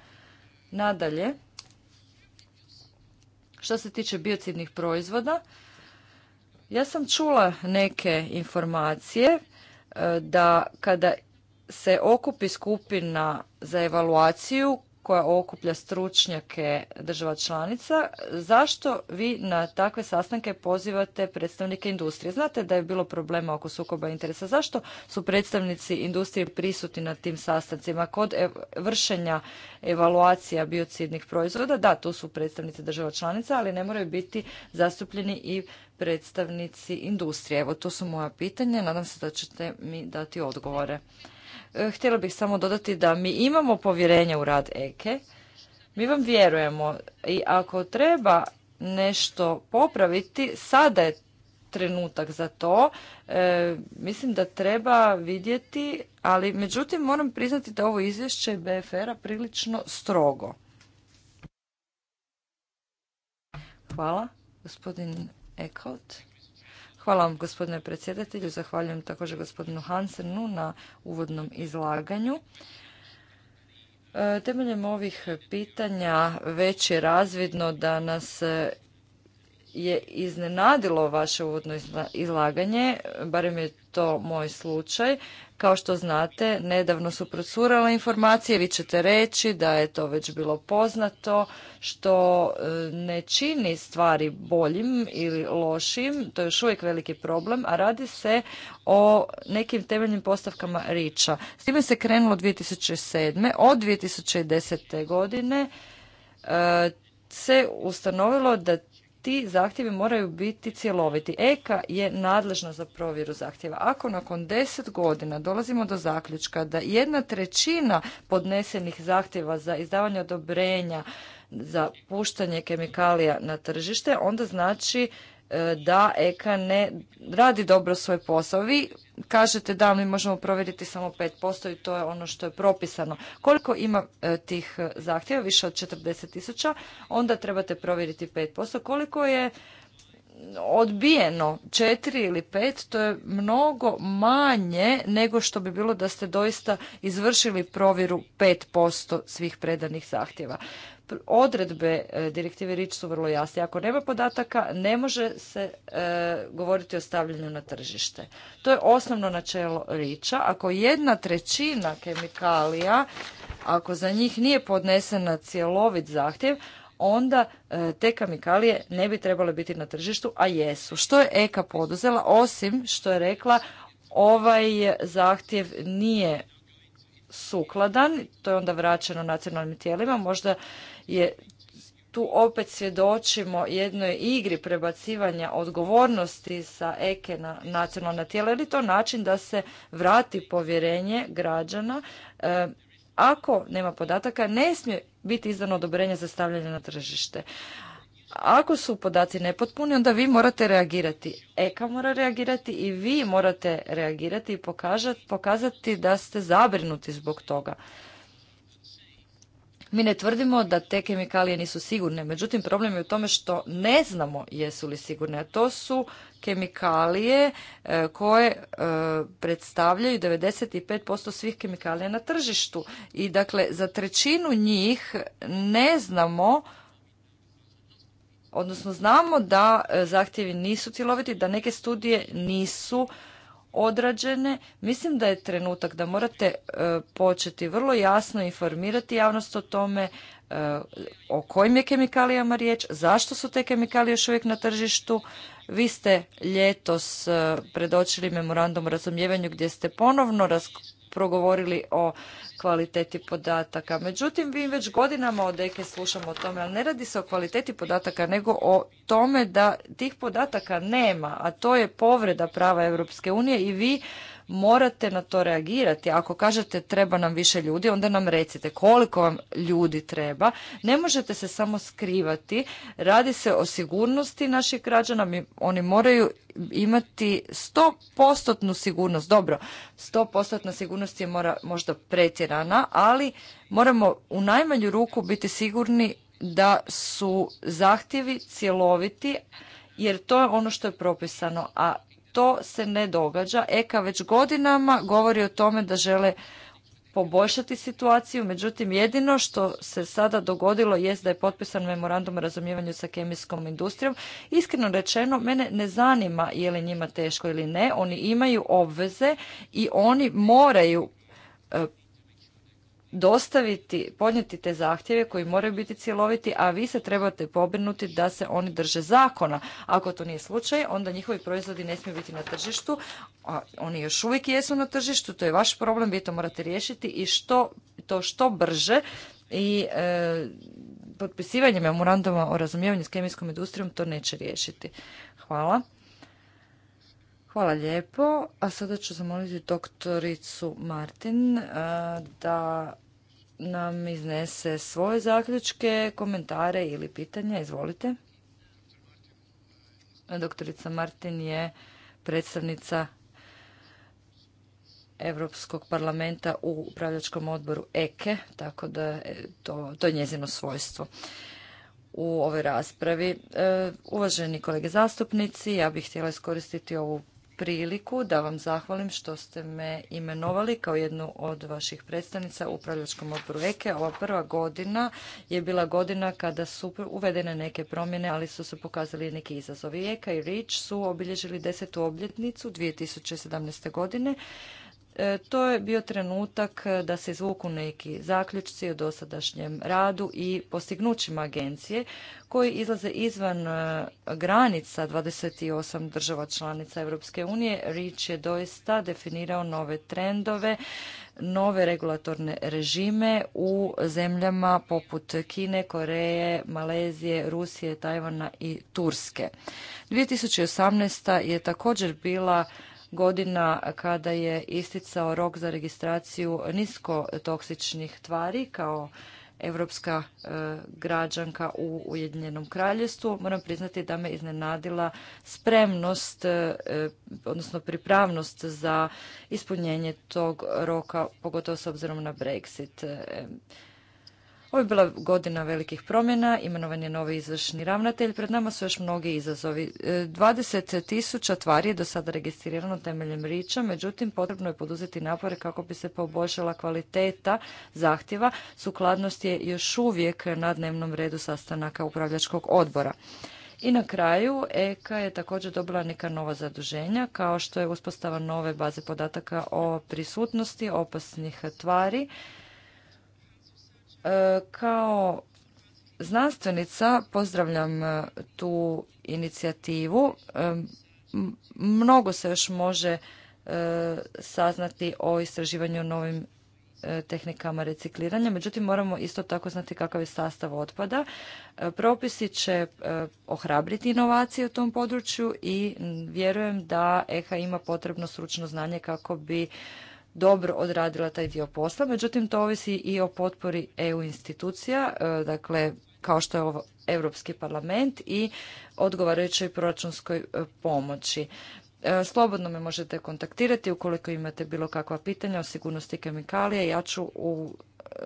Nadalje, što se tiče biocidnih proizvoda, ja sam čula neke informacije e, da kada se okupi skupina za evaluaciju koja okuplja stručnjake država članica, zašto vi na takve sastanke pozivate predstavnike industrije? Znate da je bilo problema oko sukoba interesa. Zašto su predstavnici industrije prisutni na tim sastancima? Kod vršenja evaluacija biocidnih proizvoda, da, tu su predstavnici država članica, ali ne moraju biti zastupljeni i predstavnici industrije. Evo, to su moja pitanja. Nadam se da ćete mi dati odgovore. E, htjela bih samo dodati da mi imamo povjerenje u rad Eke. E. Mi vam vjerujemo i ako treba nešto popraviti, sada je trenutak za to. E, mislim da treba vidjeti, ali međutim moram priznati da ovo izvješće BFR-a prilično strogo. Hvala, gospodin Ekot. Hvala vam gospodine predsjedatelju, zahvaljujem također gospodinu Hansenu na uvodnom izlaganju. E, temeljem ovih pitanja već je razvidno da nas je iznenadilo vaše uvodno izlaganje, barem je to moj slučaj. Kao što znate, nedavno su procurale informacije, vi ćete reći da je to već bilo poznato, što e, ne čini stvari boljim ili lošim, to je još uvijek veliki problem, a radi se o nekim temeljnim postavkama Riča. S time se krenulo 2007. Od 2010. godine e, se ustanovilo da ti zahtjevi moraju biti cjeloviti. EKA je nadležna za provjeru zahtjeva. Ako nakon deset godina dolazimo do zaključka da jedna trećina podnesenih zahtjeva za izdavanje odobrenja za puštanje kemikalija na tržište, onda znači E, da EKA ne radi dobro svoj posao. Vi kažete da mi možemo provjeriti samo 5% i to je ono što je propisano. Koliko ima e, tih e, zahtjeva, više od 40 tisuća, onda trebate provjeriti 5%. Koliko je odbijeno 4 ili 5, to je mnogo manje nego što bi bilo da ste doista izvršili provjeru 5% svih predanih zahtjeva odredbe e, direktive Rič su vrlo jasne. Ako nema podataka, ne može se e, govoriti o stavljanju na tržište. To je osnovno načelo Riča. Ako jedna trećina kemikalija, ako za njih nije podnesena cjelovit zahtjev, onda e, te kemikalije ne bi trebale biti na tržištu, a jesu. Što je EKA poduzela, osim što je rekla ovaj zahtjev nije sukladan, to je onda vraćeno nacionalnim tijelima, možda je tu opet svjedočimo jednoj igri prebacivanja odgovornosti sa EKE e na nacionalna tijela. ili to način da se vrati povjerenje građana? E, ako nema podataka, ne smije biti izdano odobrenje za stavljanje na tržište. Ako su podaci nepotpuni, onda vi morate reagirati. EKA e mora reagirati i vi morate reagirati i pokazati da ste zabrinuti zbog toga. Mi ne tvrdimo da te kemikalije nisu sigurne, međutim problem je u tome što ne znamo jesu li sigurne, a to su kemikalije e, koje e, predstavljaju 95% svih kemikalija na tržištu i dakle za trećinu njih ne znamo odnosno znamo da e, zahtjevi nisu cjeloviti, da neke studije nisu odrađene, mislim da je trenutak da morate e, početi vrlo jasno informirati javnost o tome e, o kojim je kemikalijama riječ, zašto su te kemikalije još uvijek na tržištu. Vi ste ljetos e, predočili memorandum o razumijevanju gdje ste ponovno progovorili o kvaliteti podataka. Međutim, vi već godinama od Eke e slušamo o tome, ali ne radi se o kvaliteti podataka, nego o tome da tih podataka nema, a to je povreda prava Europske unije i vi morate na to reagirati. Ako kažete treba nam više ljudi, onda nam recite koliko vam ljudi treba. Ne možete se samo skrivati. Radi se o sigurnosti naših građana. Oni moraju imati 100% sigurnost. Dobro, 100% sigurnost je možda pretjerana, ali moramo u najmanju ruku biti sigurni da su zahtjevi cjeloviti jer to je ono što je propisano, a to se ne događa. Eka već godinama govori o tome da žele poboljšati situaciju, međutim jedino što se sada dogodilo jest da je potpisan memorandum o razumijevanju sa kemijskom industrijom. Iskreno rečeno, mene ne zanima je li njima teško ili ne, oni imaju obveze i oni moraju e, dostaviti, podnijeti te zahtjeve koji moraju biti cjeloviti, a vi se trebate pobrinuti da se oni drže zakona. Ako to nije slučaj, onda njihovi proizvodi ne smiju biti na tržištu, a oni još uvijek jesu na tržištu, to je vaš problem, vi to morate riješiti i što, to što brže i e, potpisivanje memoranduma o razumijevanju s kemijskom industrijom to neće riješiti. Hvala. Hvala lijepo. A sada ću zamoliti doktoricu Martin e, da nam iznese svoje zaključke, komentare ili pitanja. Izvolite. Doktorica Martin je predstavnica Europskog parlamenta u upravljačkom odboru EKE, e, tako da to, to je njezino svojstvo u ovoj raspravi. E, uvaženi kolege zastupnici, ja bih htjela iskoristiti ovu priliku da vam zahvalim što ste me imenovali kao jednu od vaših predstavnica u upravljačkom odboru EKE. Ova prva godina je bila godina kada su uvedene neke promjene, ali su se pokazali neki izazovi. EKA i REACH su obilježili desetu obljetnicu 2017. godine E, to je bio trenutak e, da se izvuku neki zaključci o dosadašnjem radu i postignućima agencije koji izlaze izvan e, granica 28 država članica Europske unije. Rič je doista definirao nove trendove, nove regulatorne režime u zemljama poput Kine, Koreje, Malezije, Rusije, Tajvana i Turske. 2018. je također bila godina kada je isticao rok za registraciju niskotoksičnih tvari kao europska e, građanka u Ujedinjenom kraljevstvu. Moram priznati da me iznenadila spremnost, e, odnosno pripravnost za ispunjenje tog roka, pogotovo s obzirom na Brexit. E, ovo je bila godina velikih promjena, imenovan je novi izvršni ravnatelj, pred nama su još mnogi izazovi. 20 e, tisuća tvari je do sada registrirano temeljem riča, međutim potrebno je poduzeti napore kako bi se poboljšala kvaliteta zahtjeva. Sukladnost je još uvijek na dnevnom redu sastanaka upravljačkog odbora. I na kraju, EKA je također dobila neka nova zaduženja, kao što je uspostava nove baze podataka o prisutnosti opasnih tvari, E, kao znanstvenica pozdravljam e, tu inicijativu. E, mnogo se još može saznati o istraživanju novim tehnikama recikliranja. Međutim, moramo isto tako znati kakav je sastav otpada. Propisi će ohrabriti inovacije u tom području i vjerujem da EHA ima potrebno stručno znanje kako bi dobro odradila taj dio posla, međutim to ovisi i o potpori EU institucija, e, dakle kao što je ovo Europski parlament i odgovarajućoj proračunskoj e, pomoći. E, slobodno me možete kontaktirati ukoliko imate bilo kakva pitanja o sigurnosti kemikalija. Ja ću u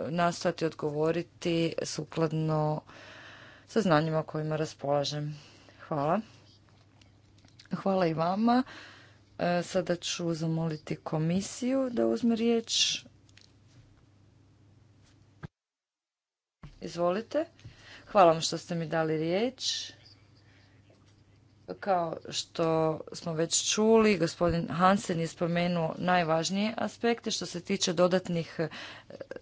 nastojati odgovoriti sukladno sa znanjima kojima raspolažem. Hvala. Hvala i vama. Sada ću zamoliti komisiju da uzme riječ. Izvolite. Hvala vam što ste mi dali riječ. Kao što smo već čuli, gospodin Hansen je spomenuo najvažnije aspekte što se tiče dodatnih e,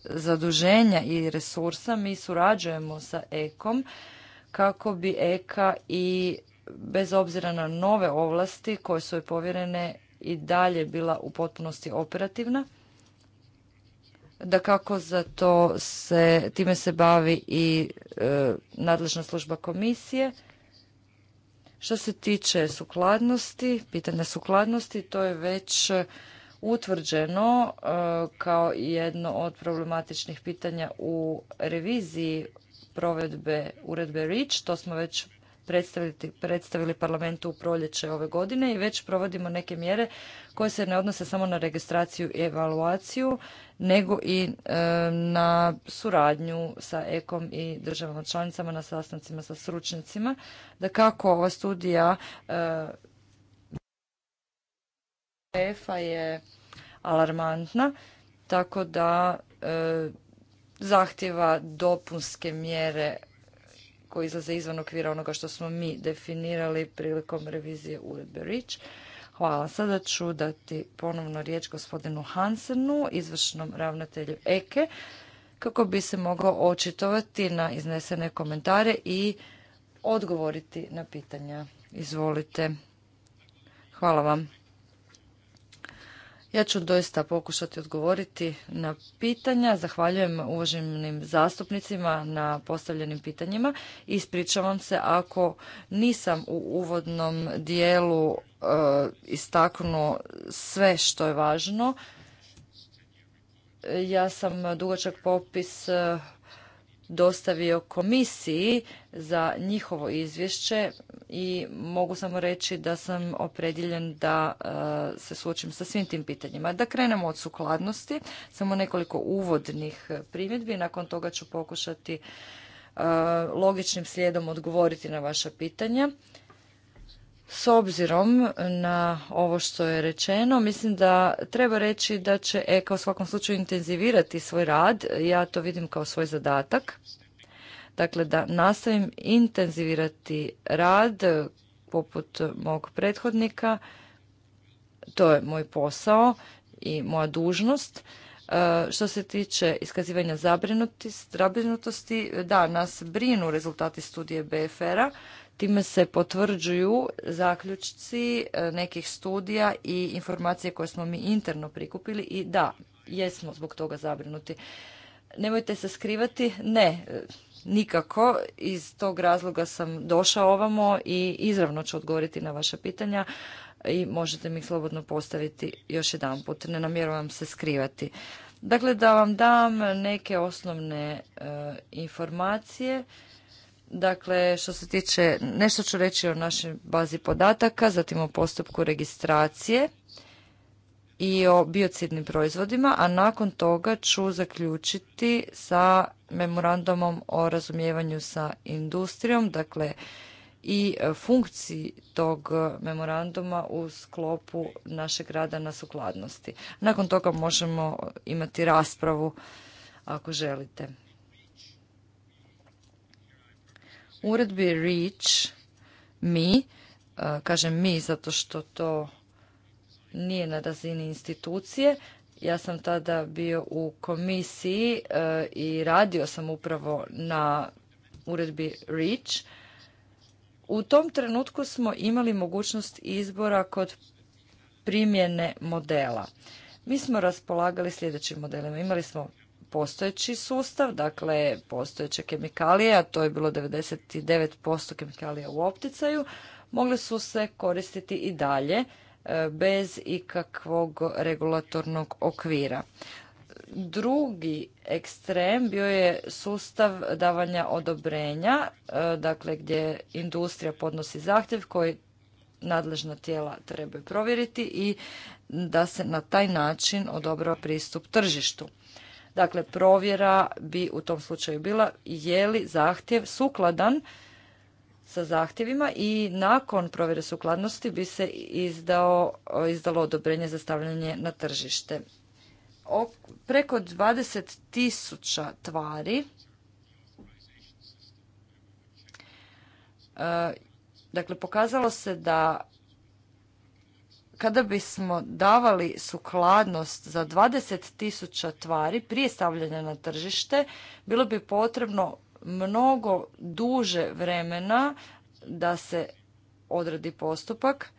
zaduženja i resursa. Mi surađujemo sa EKOM kako bi EKA i bez obzira na nove ovlasti koje su joj povjerene i dalje bila u potpunosti operativna. Da kako za to se, time se bavi i e, nadležna služba komisije. Što se tiče sukladnosti, pitanja sukladnosti, to je već utvrđeno e, kao jedno od problematičnih pitanja u reviziji provedbe uredbe REACH, to smo već predstavili parlamentu u proljeće ove godine i već provodimo neke mjere koje se ne odnose samo na registraciju i evaluaciju, nego i e, na suradnju sa EKOM i državama članicama na sastancima sa stručnjacima. Da kako ova studija EFA e je alarmantna, tako da e, zahtjeva dopunske mjere koji izlaze izvan okvira onoga što smo mi definirali prilikom revizije uredbe REACH. Hvala. Sada ću dati ponovno riječ gospodinu Hansenu, izvršnom ravnatelju EKE, e, kako bi se mogao očitovati na iznesene komentare i odgovoriti na pitanja. Izvolite. Hvala vam. Ja ću doista pokušati odgovoriti na pitanja. Zahvaljujem uvaženim zastupnicima na postavljenim pitanjima. Ispričavam se ako nisam u uvodnom dijelu e, istaknuo sve što je važno. Ja sam dugačak popis dostavio komisiji za njihovo izvješće i mogu samo reći da sam opredjeljen da e, se suočim sa svim tim pitanjima. Da krenemo od sukladnosti, samo nekoliko uvodnih primjedbi, nakon toga ću pokušati e, logičnim slijedom odgovoriti na vaša pitanja. S obzirom na ovo što je rečeno, mislim da treba reći da će EKA u svakom slučaju intenzivirati svoj rad. Ja to vidim kao svoj zadatak. Dakle, da nastavim intenzivirati rad poput mog prethodnika. To je moj posao i moja dužnost. E, što se tiče iskazivanja zabrinutosti, da, nas brinu rezultati studije BFR-a. Time se potvrđuju zaključci e, nekih studija i informacije koje smo mi interno prikupili i da, jesmo zbog toga zabrinuti. Nemojte se skrivati, ne, e, nikako. Iz tog razloga sam došao ovamo i izravno ću odgovoriti na vaša pitanja i možete mi slobodno postaviti još jedan put. Ne namjeravam se skrivati. Dakle, da vam dam neke osnovne e, informacije Dakle, što se tiče, nešto ću reći o našoj bazi podataka, zatim o postupku registracije i o biocidnim proizvodima, a nakon toga ću zaključiti sa memorandumom o razumijevanju sa industrijom, dakle i funkciji tog memoranduma u sklopu našeg rada na sukladnosti. Nakon toga možemo imati raspravu ako želite. uredbi REACH mi, e, kažem mi zato što to nije na razini institucije, ja sam tada bio u komisiji e, i radio sam upravo na uredbi REACH. U tom trenutku smo imali mogućnost izbora kod primjene modela. Mi smo raspolagali sljedećim modelima. Imali smo postojeći sustav, dakle postojeće kemikalije, a to je bilo 99% kemikalija u opticaju, mogle su se koristiti i dalje e, bez ikakvog regulatornog okvira. Drugi ekstrem bio je sustav davanja odobrenja, e, dakle gdje industrija podnosi zahtjev koji nadležna tijela trebaju provjeriti i da se na taj način odobrava pristup tržištu. Dakle, provjera bi u tom slučaju bila je li zahtjev sukladan sa zahtjevima i nakon provjere sukladnosti bi se izdao, izdalo odobrenje za stavljanje na tržište. preko 20 tvari e, Dakle, pokazalo se da kada bismo davali sukladnost za 20.000 tvari prije stavljanja na tržište, bilo bi potrebno mnogo duže vremena da se odradi postupak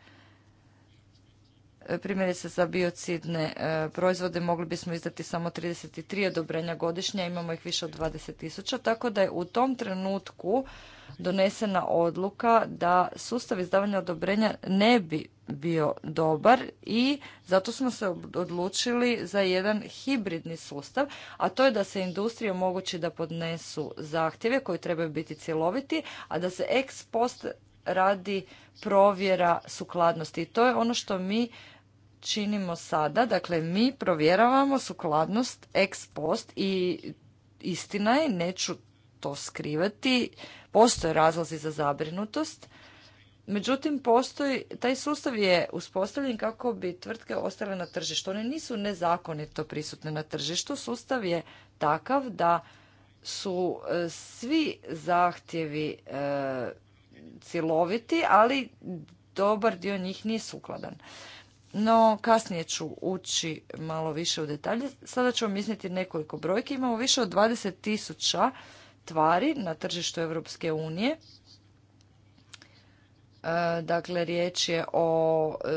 Primjerice za biocidne e, proizvode mogli bismo izdati samo 33 odobrenja godišnje, imamo ih više od 20 tisuća, tako da je u tom trenutku donesena odluka da sustav izdavanja odobrenja ne bi bio dobar i zato smo se odlučili za jedan hibridni sustav, a to je da se industrija omogući da podnesu zahtjeve koji trebaju biti cjeloviti, a da se ex post radi provjera sukladnosti. I to je ono što mi činimo sada, dakle mi provjeravamo sukladnost ex post i istina je, neću to skrivati, postoje razlozi za zabrinutost. Međutim, postoji, taj sustav je uspostavljen kako bi tvrtke ostale na tržištu. One nisu nezakonito prisutne na tržištu. Sustav je takav da su e, svi zahtjevi e, ciloviti, ali dobar dio njih nije sukladan no kasnije ću ući malo više u detalje. Sada ću vam iznijeti nekoliko brojki. Imamo više od 20 tvari na tržištu Europske unije. E, dakle, riječ je o e,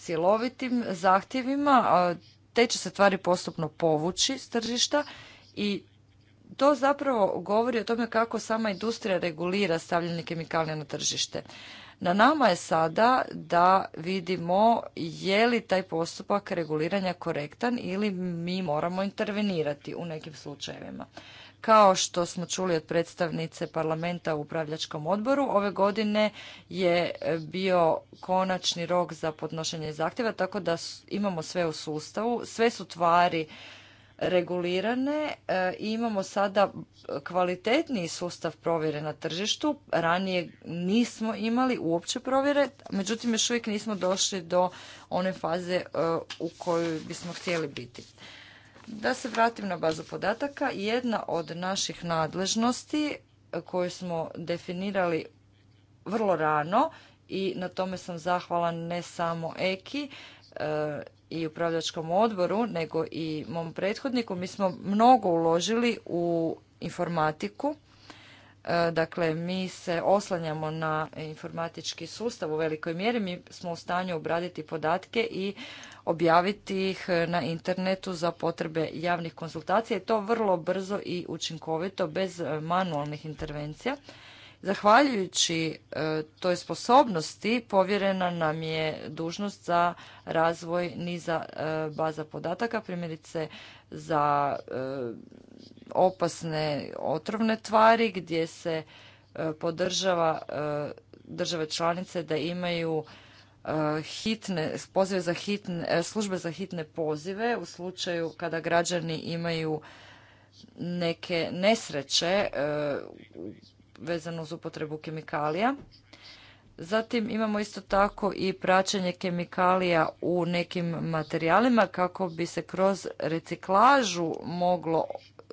cjelovitim zahtjevima. Te će se tvari postupno povući s tržišta i to zapravo govori o tome kako sama industrija regulira stavljanje kemikalija na tržište. Na nama je sada da vidimo je li taj postupak reguliranja korektan ili mi moramo intervenirati u nekim slučajevima. Kao što smo čuli od predstavnice parlamenta u upravljačkom odboru, ove godine je bio konačni rok za podnošenje zahtjeva, tako da imamo sve u sustavu. Sve su tvari regulirane i e, imamo sada kvalitetniji sustav provjere na tržištu. Ranije nismo imali uopće provjere, međutim još uvijek nismo došli do one faze e, u kojoj bismo htjeli biti. Da se vratim na bazu podataka, jedna od naših nadležnosti e, koju smo definirali vrlo rano i na tome sam zahvalan ne samo EKI, i upravljačkom odboru, nego i mom prethodniku. Mi smo mnogo uložili u informatiku. E, dakle, mi se oslanjamo na informatički sustav u velikoj mjeri. Mi smo u stanju obraditi podatke i objaviti ih na internetu za potrebe javnih konsultacija i to vrlo brzo i učinkovito bez manualnih intervencija. Zahvaljujući e, toj sposobnosti povjerena nam je dužnost za razvoj niza e, baza podataka, primjerice za e, opasne otrovne tvari gdje se podržava države članice da imaju hitne, pozive za hitne, službe za hitne pozive u slučaju kada građani imaju neke nesreće vezano uz upotrebu kemikalija. Zatim imamo isto tako i praćenje kemikalija u nekim materijalima kako bi se kroz reciklažu moglo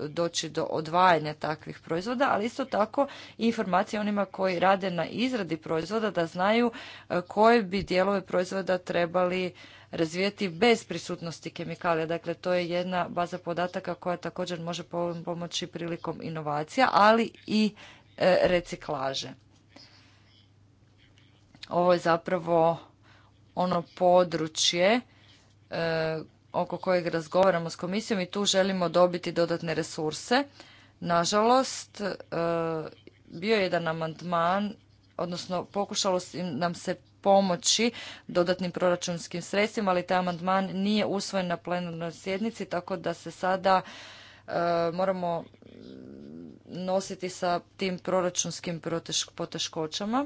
doći do odvajanja takvih proizvoda, ali isto tako i informacije onima koji rade na izradi proizvoda da znaju e, koje bi dijelove proizvoda trebali razvijeti bez prisutnosti kemikalija. Dakle, to je jedna baza podataka koja također može pomoći prilikom inovacija, ali i E, reciklaže. Ovo je zapravo ono područje e, oko kojeg razgovaramo s komisijom i tu želimo dobiti dodatne resurse. Nažalost, e, bio je jedan amandman, odnosno pokušalo nam se pomoći dodatnim proračunskim sredstvima, ali taj amandman nije usvojen na plenarnoj sjednici, tako da se sada E, moramo nositi sa tim proračunskim poteškoćama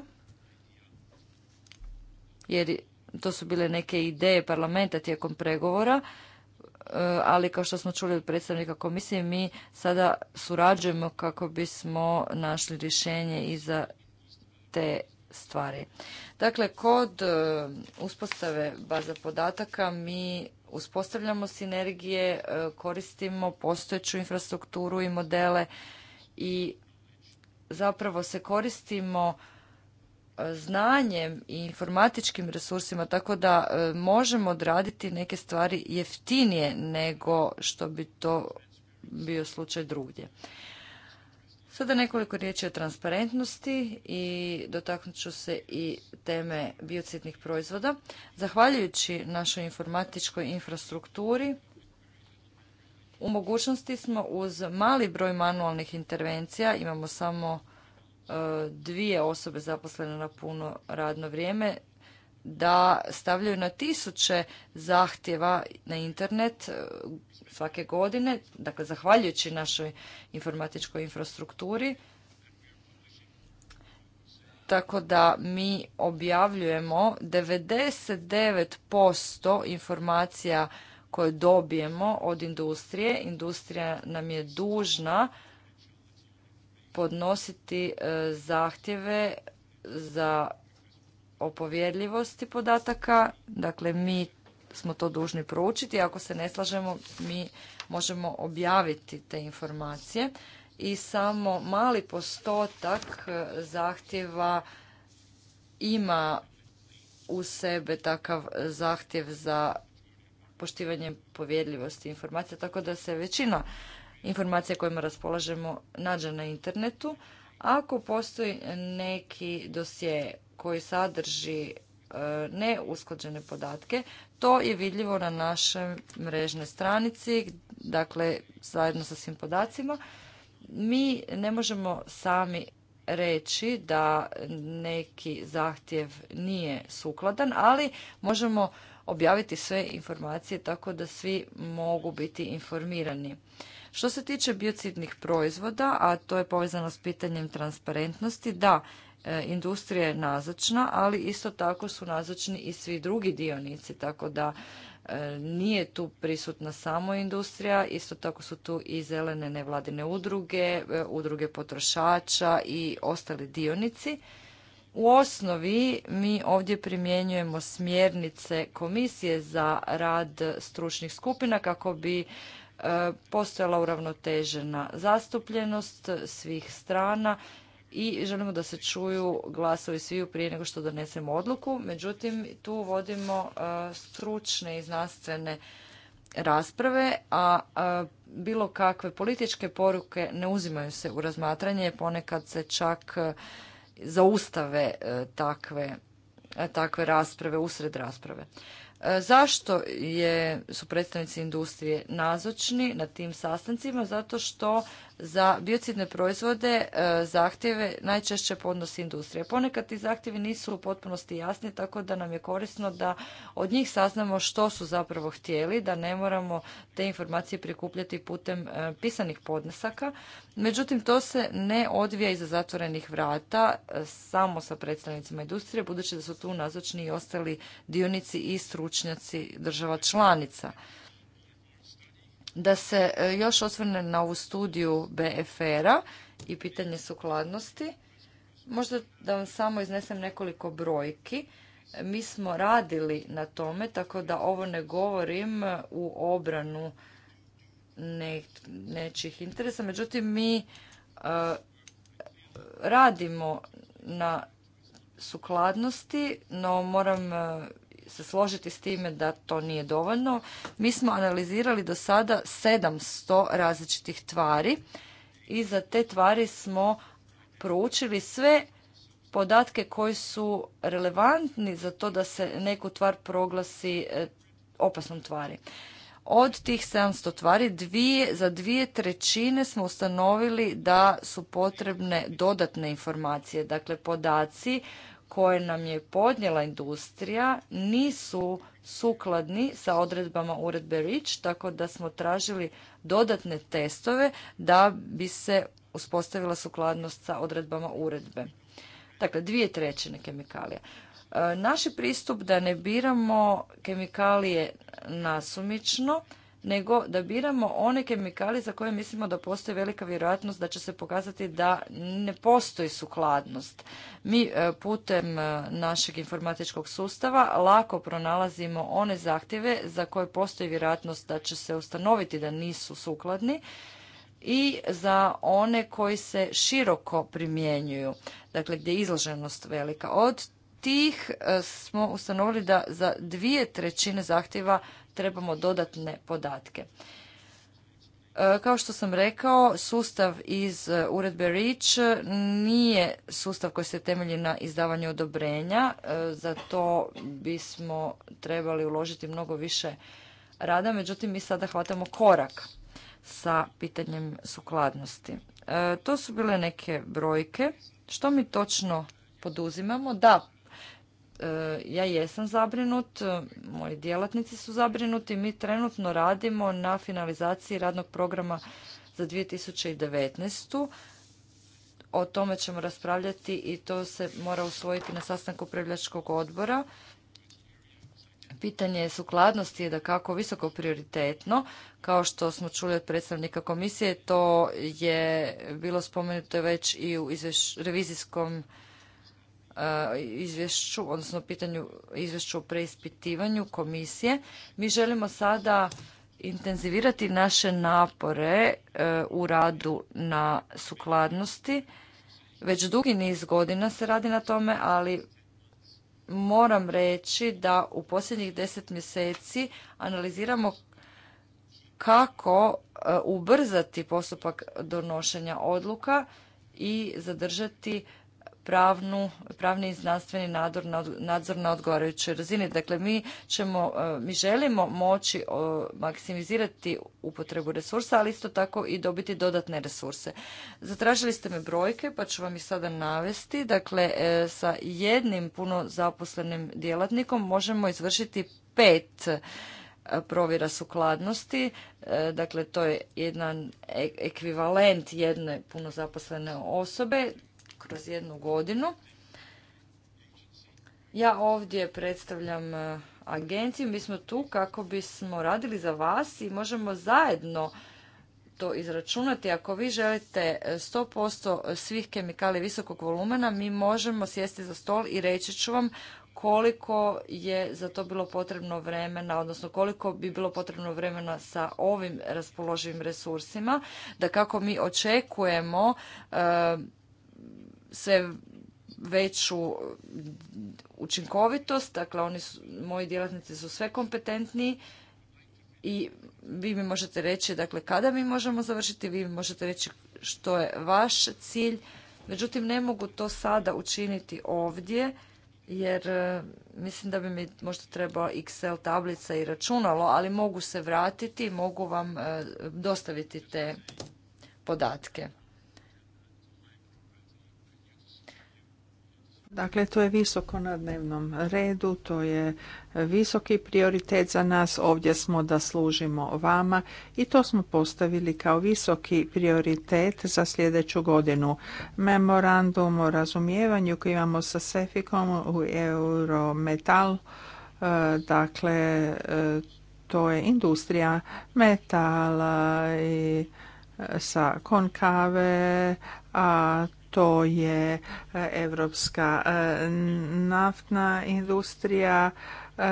jer to su bile neke ideje parlamenta tijekom pregovora e, ali kao što smo čuli od predstavnika komisije mi sada surađujemo kako bismo našli rješenje i za te stvari. Dakle, kod e, uspostave baza podataka mi uspostavljamo sinergije, e, koristimo postojeću infrastrukturu i modele i zapravo se koristimo e, znanjem i informatičkim resursima tako da e, možemo odraditi neke stvari jeftinije nego što bi to bio slučaj drugdje. Sada nekoliko riječi o transparentnosti i dotaknut ću se i teme biocidnih proizvoda. Zahvaljujući našoj informatičkoj infrastrukturi, u mogućnosti smo uz mali broj manualnih intervencija, imamo samo e, dvije osobe zaposlene na puno radno vrijeme, da stavljaju na tisuće zahtjeva na internet e, svake godine, dakle zahvaljujući našoj informatičkoj infrastrukturi. Tako da mi objavljujemo 99% informacija koje dobijemo od industrije. Industrija nam je dužna podnositi e, zahtjeve za o povjerljivosti podataka, dakle mi smo to dužni proučiti, ako se ne slažemo mi možemo objaviti te informacije i samo mali postotak e, zahtjeva ima u sebe takav zahtjev za poštivanje povjerljivosti informacija, tako da se većina informacija kojima raspolažemo nađe na internetu. Ako postoji neki dosje koji sadrži e, neusklađene podatke, to je vidljivo na našoj mrežnoj stranici, dakle zajedno sa svim podacima. Mi ne možemo sami reći da neki zahtjev nije sukladan, ali možemo objaviti sve informacije tako da svi mogu biti informirani. Što se tiče biocidnih proizvoda, a to je povezano s pitanjem transparentnosti, da, E, industrija je nazočna, ali isto tako su nazočni i svi drugi dionici, tako da e, nije tu prisutna samo industrija, isto tako su tu i zelene nevladine udruge, e, udruge potrošača i ostali dionici. U osnovi mi ovdje primjenjujemo smjernice komisije za rad stručnih skupina kako bi postojala uravnotežena zastupljenost svih strana i želimo da se čuju glasovi sviju prije nego što donesemo odluku. Međutim, tu vodimo e, stručne i znanstvene rasprave, a bilo kakve političke poruke ne uzimaju se u razmatranje, ponekad se čak e, zaustave e, takve, takve rasprave, usred rasprave. Zašto je, su predstavnici industrije nazočni na tim sastancima? Zato što za biocidne proizvode e, zahtjeve najčešće podnosi industrija. Ponekad ti zahtjevi nisu u potpunosti jasni, tako da nam je korisno da od njih saznamo što su zapravo htjeli, da ne moramo te informacije prikupljati putem e, pisanih podnesaka. Međutim, to se ne odvija iza zatvorenih vrata e, samo sa predstavnicima industrije, budući da su tu nazočni i ostali dionici i stručnjaci država članica da se e, još osvrnem na ovu studiju BFR-a i pitanje sukladnosti. Možda da vam samo iznesem nekoliko brojki. Mi smo radili na tome, tako da ovo ne govorim u obranu nečih interesa. Međutim, mi e, radimo na sukladnosti, no moram e, se složiti s time da to nije dovoljno. Mi smo analizirali do sada 700 različitih tvari i za te tvari smo proučili sve podatke koji su relevantni za to da se neku tvar proglasi e, opasnom tvari. Od tih 700 tvari dvije, za dvije trećine smo ustanovili da su potrebne dodatne informacije, dakle podaci koje nam je podnijela industrija nisu sukladni sa odredbama uredbe REACH, tako da smo tražili dodatne testove da bi se uspostavila sukladnost sa odredbama uredbe. Dakle, dvije trećine kemikalija. E, Naši pristup da ne biramo kemikalije nasumično, nego da biramo one kemikalije za koje mislimo da postoji velika vjerojatnost da će se pokazati da ne postoji sukladnost. Mi e, putem e, našeg informatičkog sustava lako pronalazimo one zahtjeve za koje postoji vjerojatnost da će se ustanoviti da nisu sukladni i za one koji se široko primjenjuju, dakle gdje je izloženost velika. Od tih e, smo ustanovili da za dvije trećine zahtjeva trebamo dodatne podatke. E, kao što sam rekao, sustav iz e, uredbe REACH nije sustav koji se temelji na izdavanju odobrenja. E, za to bismo trebali uložiti mnogo više rada, međutim mi sada hvatamo korak sa pitanjem sukladnosti. To su bile neke brojke. Što mi točno poduzimamo? Da, E, ja jesam zabrinut, e, moji djelatnici su zabrinuti, mi trenutno radimo na finalizaciji radnog programa za 2019. O tome ćemo raspravljati i to se mora usvojiti na sastanku upravljačkog odbora. Pitanje sukladnosti je da kako visoko prioritetno, kao što smo čuli od predstavnika komisije, to je bilo spomenuto već i u revizijskom E, izvješću, odnosno pitanju izvješću o preispitivanju komisije. Mi želimo sada intenzivirati naše napore e, u radu na sukladnosti. Već dugi niz godina se radi na tome, ali moram reći da u posljednjih deset mjeseci analiziramo kako e, ubrzati postupak donošenja odluka i zadržati pravni i znanstveni nadzor na, odgovarajućoj razini. Dakle, mi, ćemo, e, mi želimo moći maksimizirati upotrebu resursa, ali isto tako i dobiti dodatne resurse. Zatražili ste me brojke, pa ću vam ih sada navesti. Dakle, e, sa jednim puno zaposlenim djelatnikom možemo izvršiti pet e, provjera sukladnosti. Dakle, to je jedan ekvivalent jedne puno zaposlene osobe kroz jednu godinu. Ja ovdje predstavljam e, agenciju, mi smo tu kako bismo radili za vas i možemo zajedno to izračunati. Ako vi želite 100% e, svih kemikalija visokog volumena, mi možemo sjesti za stol i reći ću vam koliko je za to bilo potrebno vremena, odnosno koliko bi bilo potrebno vremena sa ovim raspoloživim resursima, da kako mi očekujemo e, sve veću učinkovitost, dakle oni su, moji djelatnici su sve kompetentniji i vi mi možete reći dakle kada mi možemo završiti, vi mi možete reći što je vaš cilj. Međutim, ne mogu to sada učiniti ovdje jer e, mislim da bi mi možda trebala Excel tablica i računalo, ali mogu se vratiti i mogu vam e, dostaviti te podatke. Dakle, to je visoko na dnevnom redu, to je visoki prioritet za nas, ovdje smo da služimo vama i to smo postavili kao visoki prioritet za sljedeću godinu. Memorandum o razumijevanju koji imamo sa Sefikom u Eurometal, e, dakle, e, to je industrija metala i e, sa konkave, a to je e, evropska e, naftna industrija. E,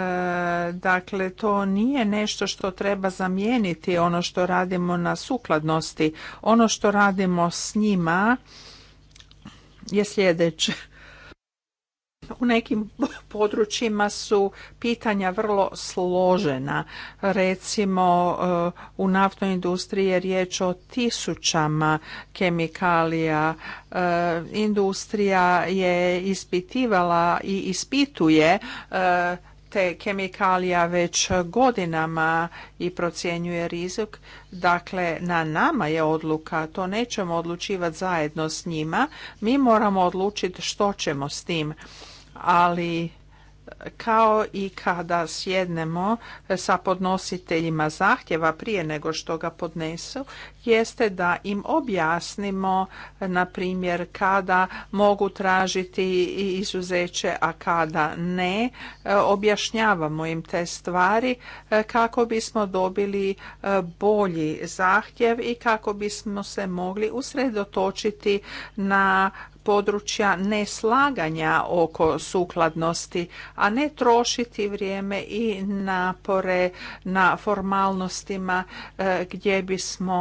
dakle, to nije nešto što treba zamijeniti ono što radimo na sukladnosti. Ono što radimo s njima je sljedeće u nekim područjima su pitanja vrlo složena. Recimo e, u naftnoj industriji je riječ o tisućama kemikalija. E, industrija je ispitivala i ispituje e, te kemikalija već godinama i procjenjuje rizik. Dakle, na nama je odluka, to nećemo odlučivati zajedno s njima. Mi moramo odlučiti što ćemo s tim ali e, kao i kada sjednemo sa podnositeljima zahtjeva prije nego što ga podnesu, jeste da im objasnimo, na primjer, kada mogu tražiti izuzeće, a kada ne. E, objašnjavamo im te stvari e, kako bismo dobili bolji zahtjev i kako bismo se mogli usredotočiti na područja neslaganja oko sukladnosti, a ne trošiti vrijeme i napore na formalnostima e, gdje bismo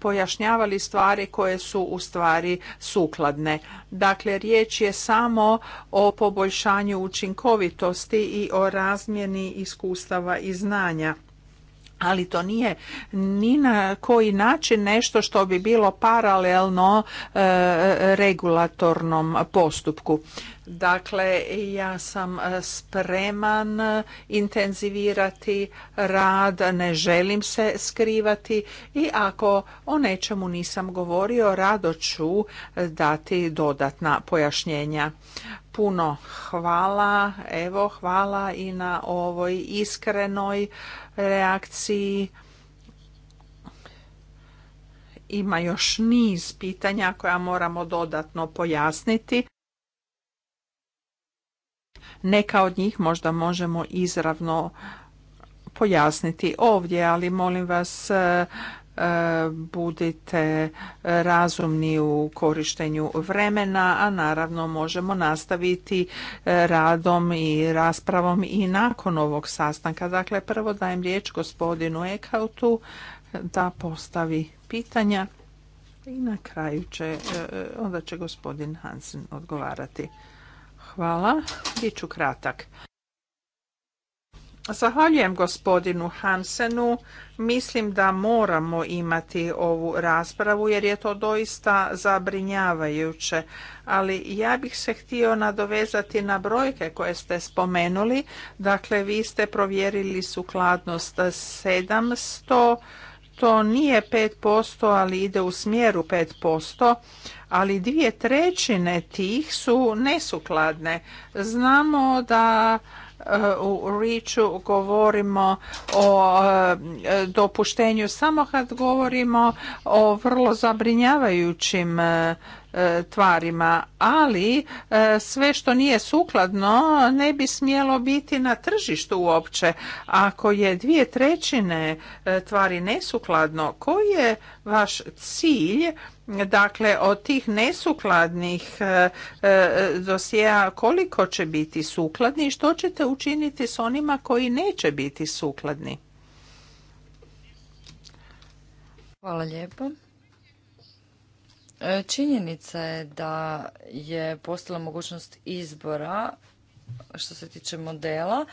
pojašnjavali stvari koje su u stvari sukladne. Dakle, riječ je samo o poboljšanju učinkovitosti i o razmjeni iskustava i znanja ali to nije ni na koji način nešto što bi bilo paralelno e, regulatornom postupku. Dakle, ja sam e, spreman intenzivirati rad, ne želim se skrivati i ako o nečemu nisam govorio, rado ću dati dodatna pojašnjenja. Puno hvala, evo hvala i na ovoj iskrenoj reakciji. Ima još niz pitanja koja moramo dodatno pojasniti. Neka od njih možda možemo izravno pojasniti ovdje, ali molim vas budite razumni u korištenju vremena, a naravno možemo nastaviti e, radom i raspravom i nakon ovog sastanka. Dakle, prvo dajem riječ gospodinu Ekautu da postavi pitanja i na kraju će, e, onda će gospodin Hansen odgovarati. Hvala, bit ću kratak. Zahvaljujem gospodinu Hansenu. Mislim da moramo imati ovu raspravu jer je to doista zabrinjavajuće. Ali ja bih se htio nadovezati na brojke koje ste spomenuli. Dakle, vi ste provjerili sukladnost 700 to nije 5%, ali ide u smjeru 5%, ali dvije trećine tih su nesukladne. Znamo da u Riču govorimo o e, dopuštenju samo kad govorimo o vrlo zabrinjavajućim e, E, tvarima, ali e, sve što nije sukladno ne bi smjelo biti na tržištu uopće. Ako je dvije trećine e, tvari nesukladno, koji je vaš cilj Dakle, od tih nesukladnih dosjeja koliko će biti sukladni i što ćete učiniti s onima koji neće biti sukladni? Hvala lijepo. E, činjenica je da je postala mogućnost izbora što se tiče modela.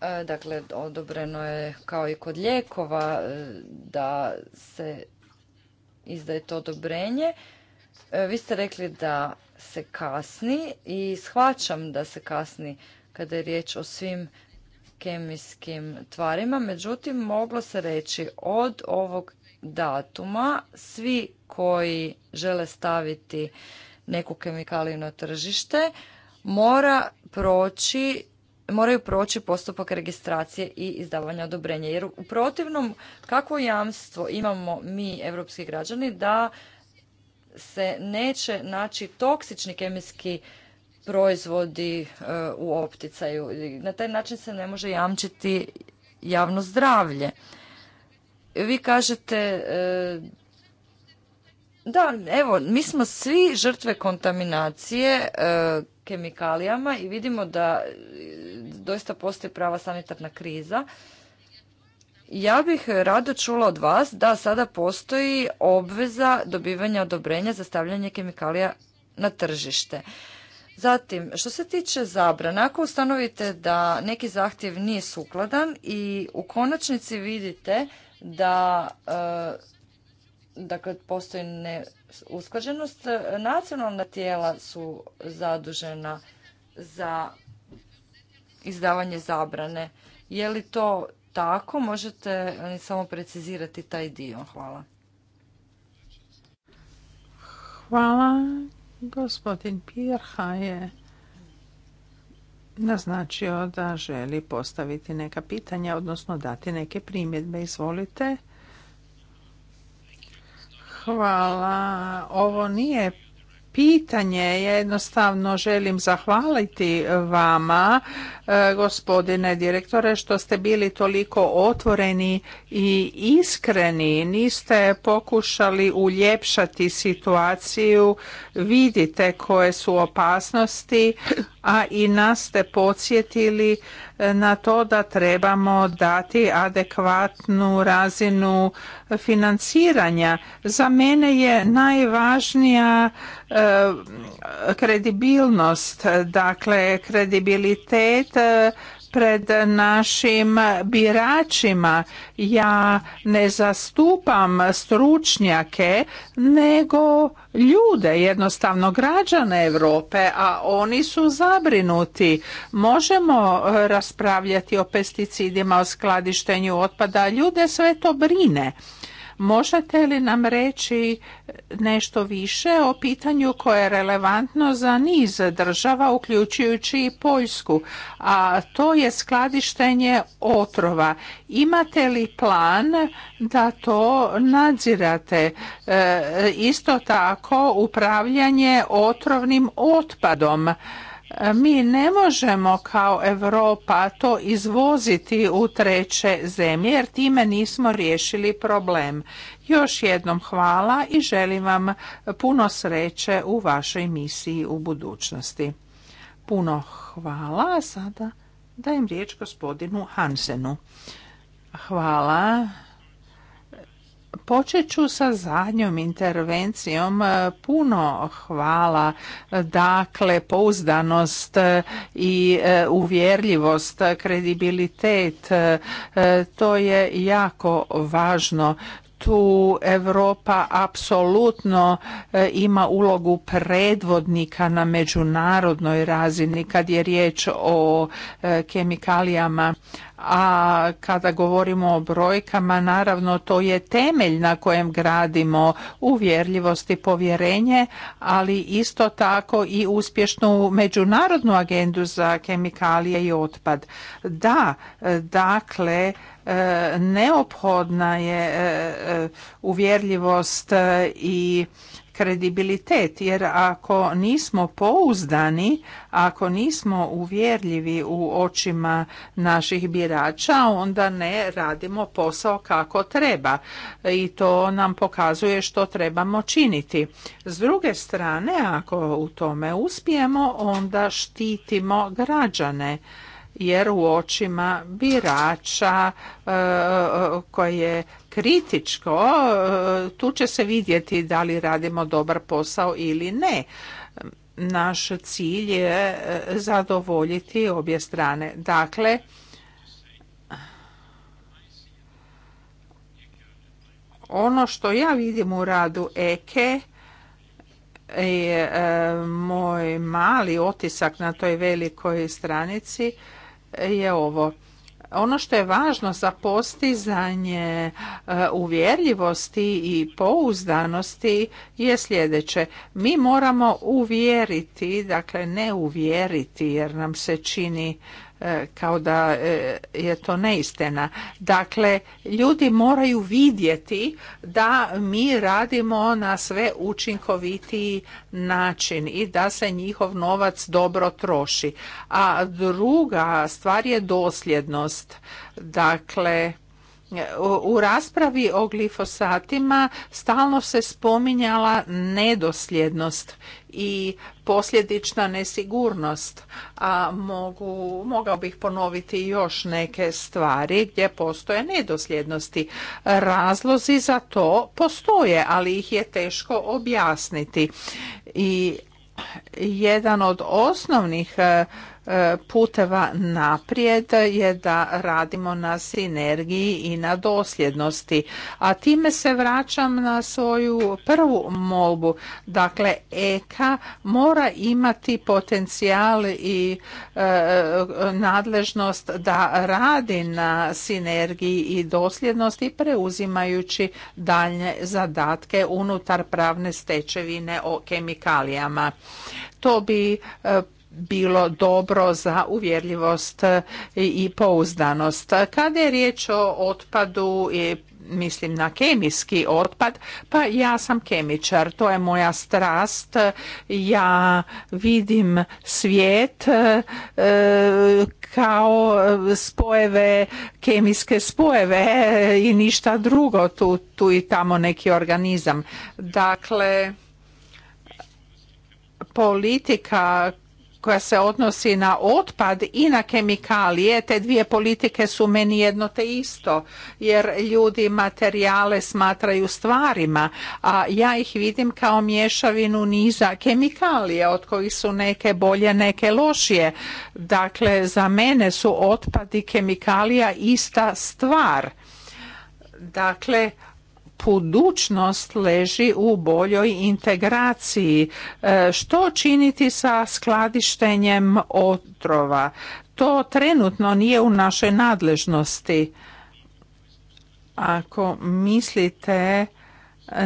E, dakle, odobreno je kao i kod lijekova e, da se izdaje to odobrenje. Vi ste rekli da se kasni i shvaćam da se kasni kada je riječ o svim kemijskim tvarima. Međutim, moglo se reći od ovog datuma svi koji žele staviti neku kemikaliju na tržište mora proći moraju proći postupak registracije i izdavanja odobrenja. Jer u protivnom, kakvo jamstvo imamo mi, evropski građani, da se neće naći toksični kemijski proizvodi e, u opticaju. Na taj način se ne može jamčiti javno zdravlje. Vi kažete e, da, evo, mi smo svi žrtve kontaminacije e, kemikalijama i vidimo da e, doista postoji prava sanitarna kriza. Ja bih rado čula od vas da sada postoji obveza dobivanja odobrenja za stavljanje kemikalija na tržište. Zatim, što se tiče zabrana, ako ustanovite da neki zahtjev nije sukladan i u konačnici vidite da e, dakle postoji neusklađenost. Nacionalna tijela su zadužena za izdavanje zabrane. Je li to tako? Možete li samo precizirati taj dio? Hvala. Hvala. Gospodin Pirha je naznačio da želi postaviti neka pitanja, odnosno dati neke primjedbe. Izvolite. Hvala. Ovo nije pitanje. Jednostavno želim zahvaliti vama, e, gospodine direktore, što ste bili toliko otvoreni i iskreni. Niste pokušali uljepšati situaciju. Vidite koje su opasnosti a i nas ste podsjetili e, na to da trebamo dati adekvatnu razinu financiranja. Za mene je najvažnija e, kredibilnost, dakle kredibilitet e, pred našim biračima. Ja ne zastupam stručnjake, nego ljude, jednostavno građane Europe, a oni su zabrinuti. Možemo raspravljati o pesticidima, o skladištenju otpada, ljude sve to brine. Možete li nam reći nešto više o pitanju koje je relevantno za niz država, uključujući i Poljsku, a to je skladištenje otrova. Imate li plan da to nadzirate? E, isto tako upravljanje otrovnim otpadom. E, mi ne možemo kao Europa to izvoziti u treće zemlje jer time nismo riješili problem. Još jednom hvala i želim vam puno sreće u vašoj misiji u budućnosti. Puno hvala, sada dajem riječ gospodinu Hansenu. Hvala. Počet ću sa zadnjom intervencijom. E, puno hvala. Dakle, pouzdanost e, i e, uvjerljivost, kredibilitet, to je jako važno tu Europa apsolutno e, ima ulogu predvodnika na međunarodnoj razini kad je riječ o e, kemikalijama a kada govorimo o brojkama naravno to je temelj na kojem gradimo uvjerljivost i povjerenje ali isto tako i uspješnu međunarodnu agendu za kemikalije i otpad da e, dakle E, neophodna je e, e, uvjerljivost i kredibilitet jer ako nismo pouzdani, ako nismo uvjerljivi u očima naših birača, onda ne radimo posao kako treba i to nam pokazuje što trebamo činiti. S druge strane, ako u tome uspijemo, onda štitimo građane jer u očima birača e, koje je kritičko, e, tu će se vidjeti da li radimo dobar posao ili ne. Naš cilj je e, zadovoljiti obje strane. Dakle, ono što ja vidim u radu Eke je moj mali otisak na toj velikoj stranici je ovo. Ono što je važno za postizanje e, uvjerljivosti i pouzdanosti je sljedeće. Mi moramo uvjeriti, dakle ne uvjeriti jer nam se čini E, kao da e, je to neistina. Dakle, ljudi moraju vidjeti da mi radimo na sve učinkovitiji način i da se njihov novac dobro troši. A druga stvar je dosljednost. Dakle, u raspravi o glifosatima stalno se spominjala nedosljednost i posljedična nesigurnost, a mogu, mogao bih ponoviti još neke stvari gdje postoje nedosljednosti. Razlozi za to postoje, ali ih je teško objasniti. I jedan od osnovnih puteva naprijed je da radimo na sinergiji i na dosljednosti. A time se vraćam na svoju prvu molbu. Dakle, EKA mora imati potencijal i e, nadležnost da radi na sinergiji i dosljednosti preuzimajući daljnje zadatke unutar pravne stečevine o kemikalijama. To bi e, bilo dobro za uvjerljivost i pouzdanost. Kada je riječ o otpadu i mislim na kemijski otpad, pa ja sam kemičar, to je moja strast, ja vidim svijet e, kao spojeve, kemijske spojeve e, i ništa drugo, tu, tu i tamo neki organizam. Dakle, politika koja se odnosi na otpad i na kemikalije, te dvije politike su meni jedno te isto, jer ljudi materijale smatraju stvarima, a ja ih vidim kao mješavinu niza kemikalije, od kojih su neke bolje, neke lošije. Dakle, za mene su otpad i kemikalija ista stvar. Dakle, budućnost leži u boljoj integraciji. E, što činiti sa skladištenjem otrova? To trenutno nije u našoj nadležnosti. Ako mislite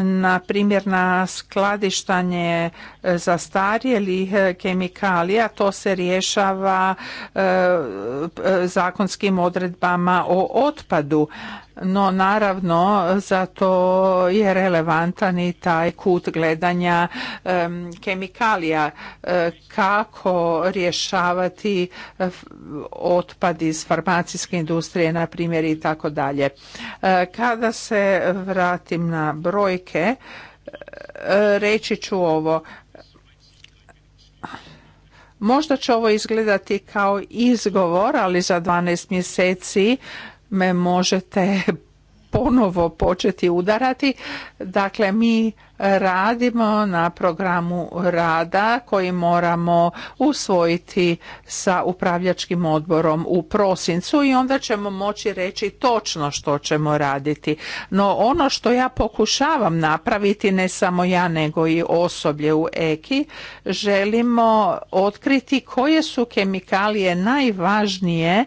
na primjer na skladištanje e, zastarjelih e, kemikalija, to se rješava zakonskim odredbama o otpadu no naravno za to je relevantan i taj kut gledanja kemikalija e, kako rješavati e, otpad iz farmacijske industrije na primjer i tako dalje e, kada se vratim na brojke reći ću ovo Možda će ovo izgledati kao izgovor, ali za 12 mjeseci me možete ponovo početi udarati. Dakle, mi radimo na programu rada koji moramo usvojiti sa upravljačkim odborom u prosincu i onda ćemo moći reći točno što ćemo raditi. No ono što ja pokušavam napraviti, ne samo ja nego i osoblje u EKI, želimo otkriti koje su kemikalije najvažnije,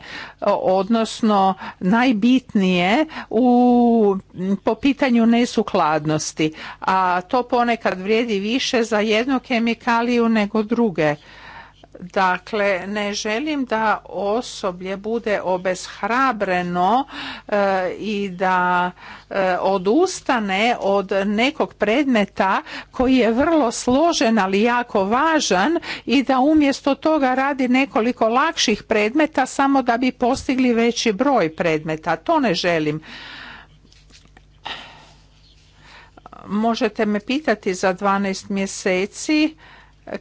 odnosno najbitnije u, po pitanju nesukladnosti. A to ponekad vrijedi više za jednu kemikaliju nego druge. Dakle, ne želim da osoblje bude obeshrabreno e, i da e, odustane od nekog predmeta koji je vrlo složen, ali jako važan i da umjesto toga radi nekoliko lakših predmeta samo da bi postigli veći broj predmeta. To ne želim možete me pitati za 12 mjeseci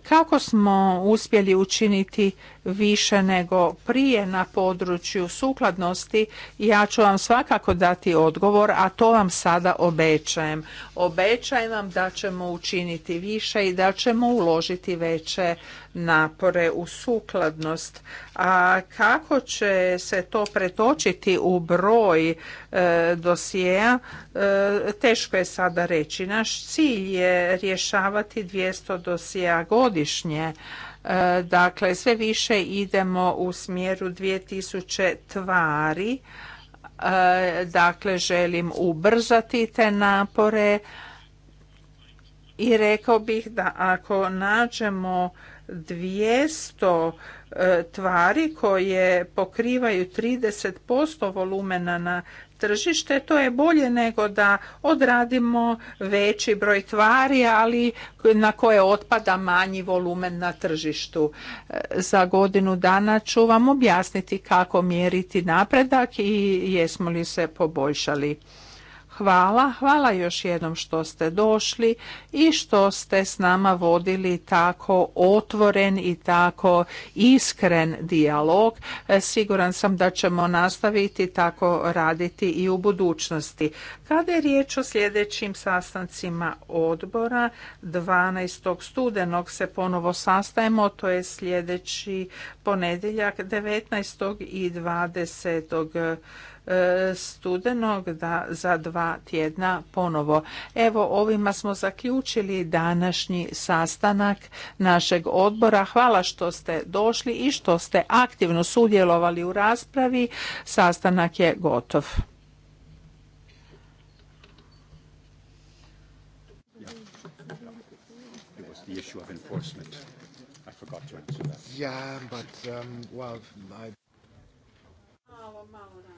kako smo uspjeli učiniti više nego prije na području sukladnosti, ja ću vam svakako dati odgovor, a to vam sada obećajem. Obećajem vam da ćemo učiniti više i da ćemo uložiti veće napore u sukladnost. A kako će se to pretočiti u broj e, dosijeja, e, teško je sada reći. Naš cilj je rješavati 200 dosija godišnje E, dakle, sve više idemo u smjeru 2000 tvari. E, dakle, želim ubrzati te napore i rekao bih da ako nađemo 200 e, tvari koje pokrivaju 30% volumena na tržište, to je bolje nego da odradimo veći broj tvari, ali na koje otpada manji volumen na tržištu. Za godinu dana ću vam objasniti kako mjeriti napredak i jesmo li se poboljšali. Hvala, hvala još jednom što ste došli i što ste s nama vodili tako otvoren i tako iskren dijalog. E, siguran sam da ćemo nastaviti tako raditi i u budućnosti. Kada je riječ o sljedećim sastancima odbora, 12. studenog se ponovo sastajemo, to je sljedeći ponedjeljak 19. i 20 E, studenog da za dva tjedna ponovo. Evo ovima smo zaključili današnji sastanak našeg odbora. Hvala što ste došli i što ste aktivno sudjelovali u raspravi. Sastanak je gotov. Yeah, but, um, well, I...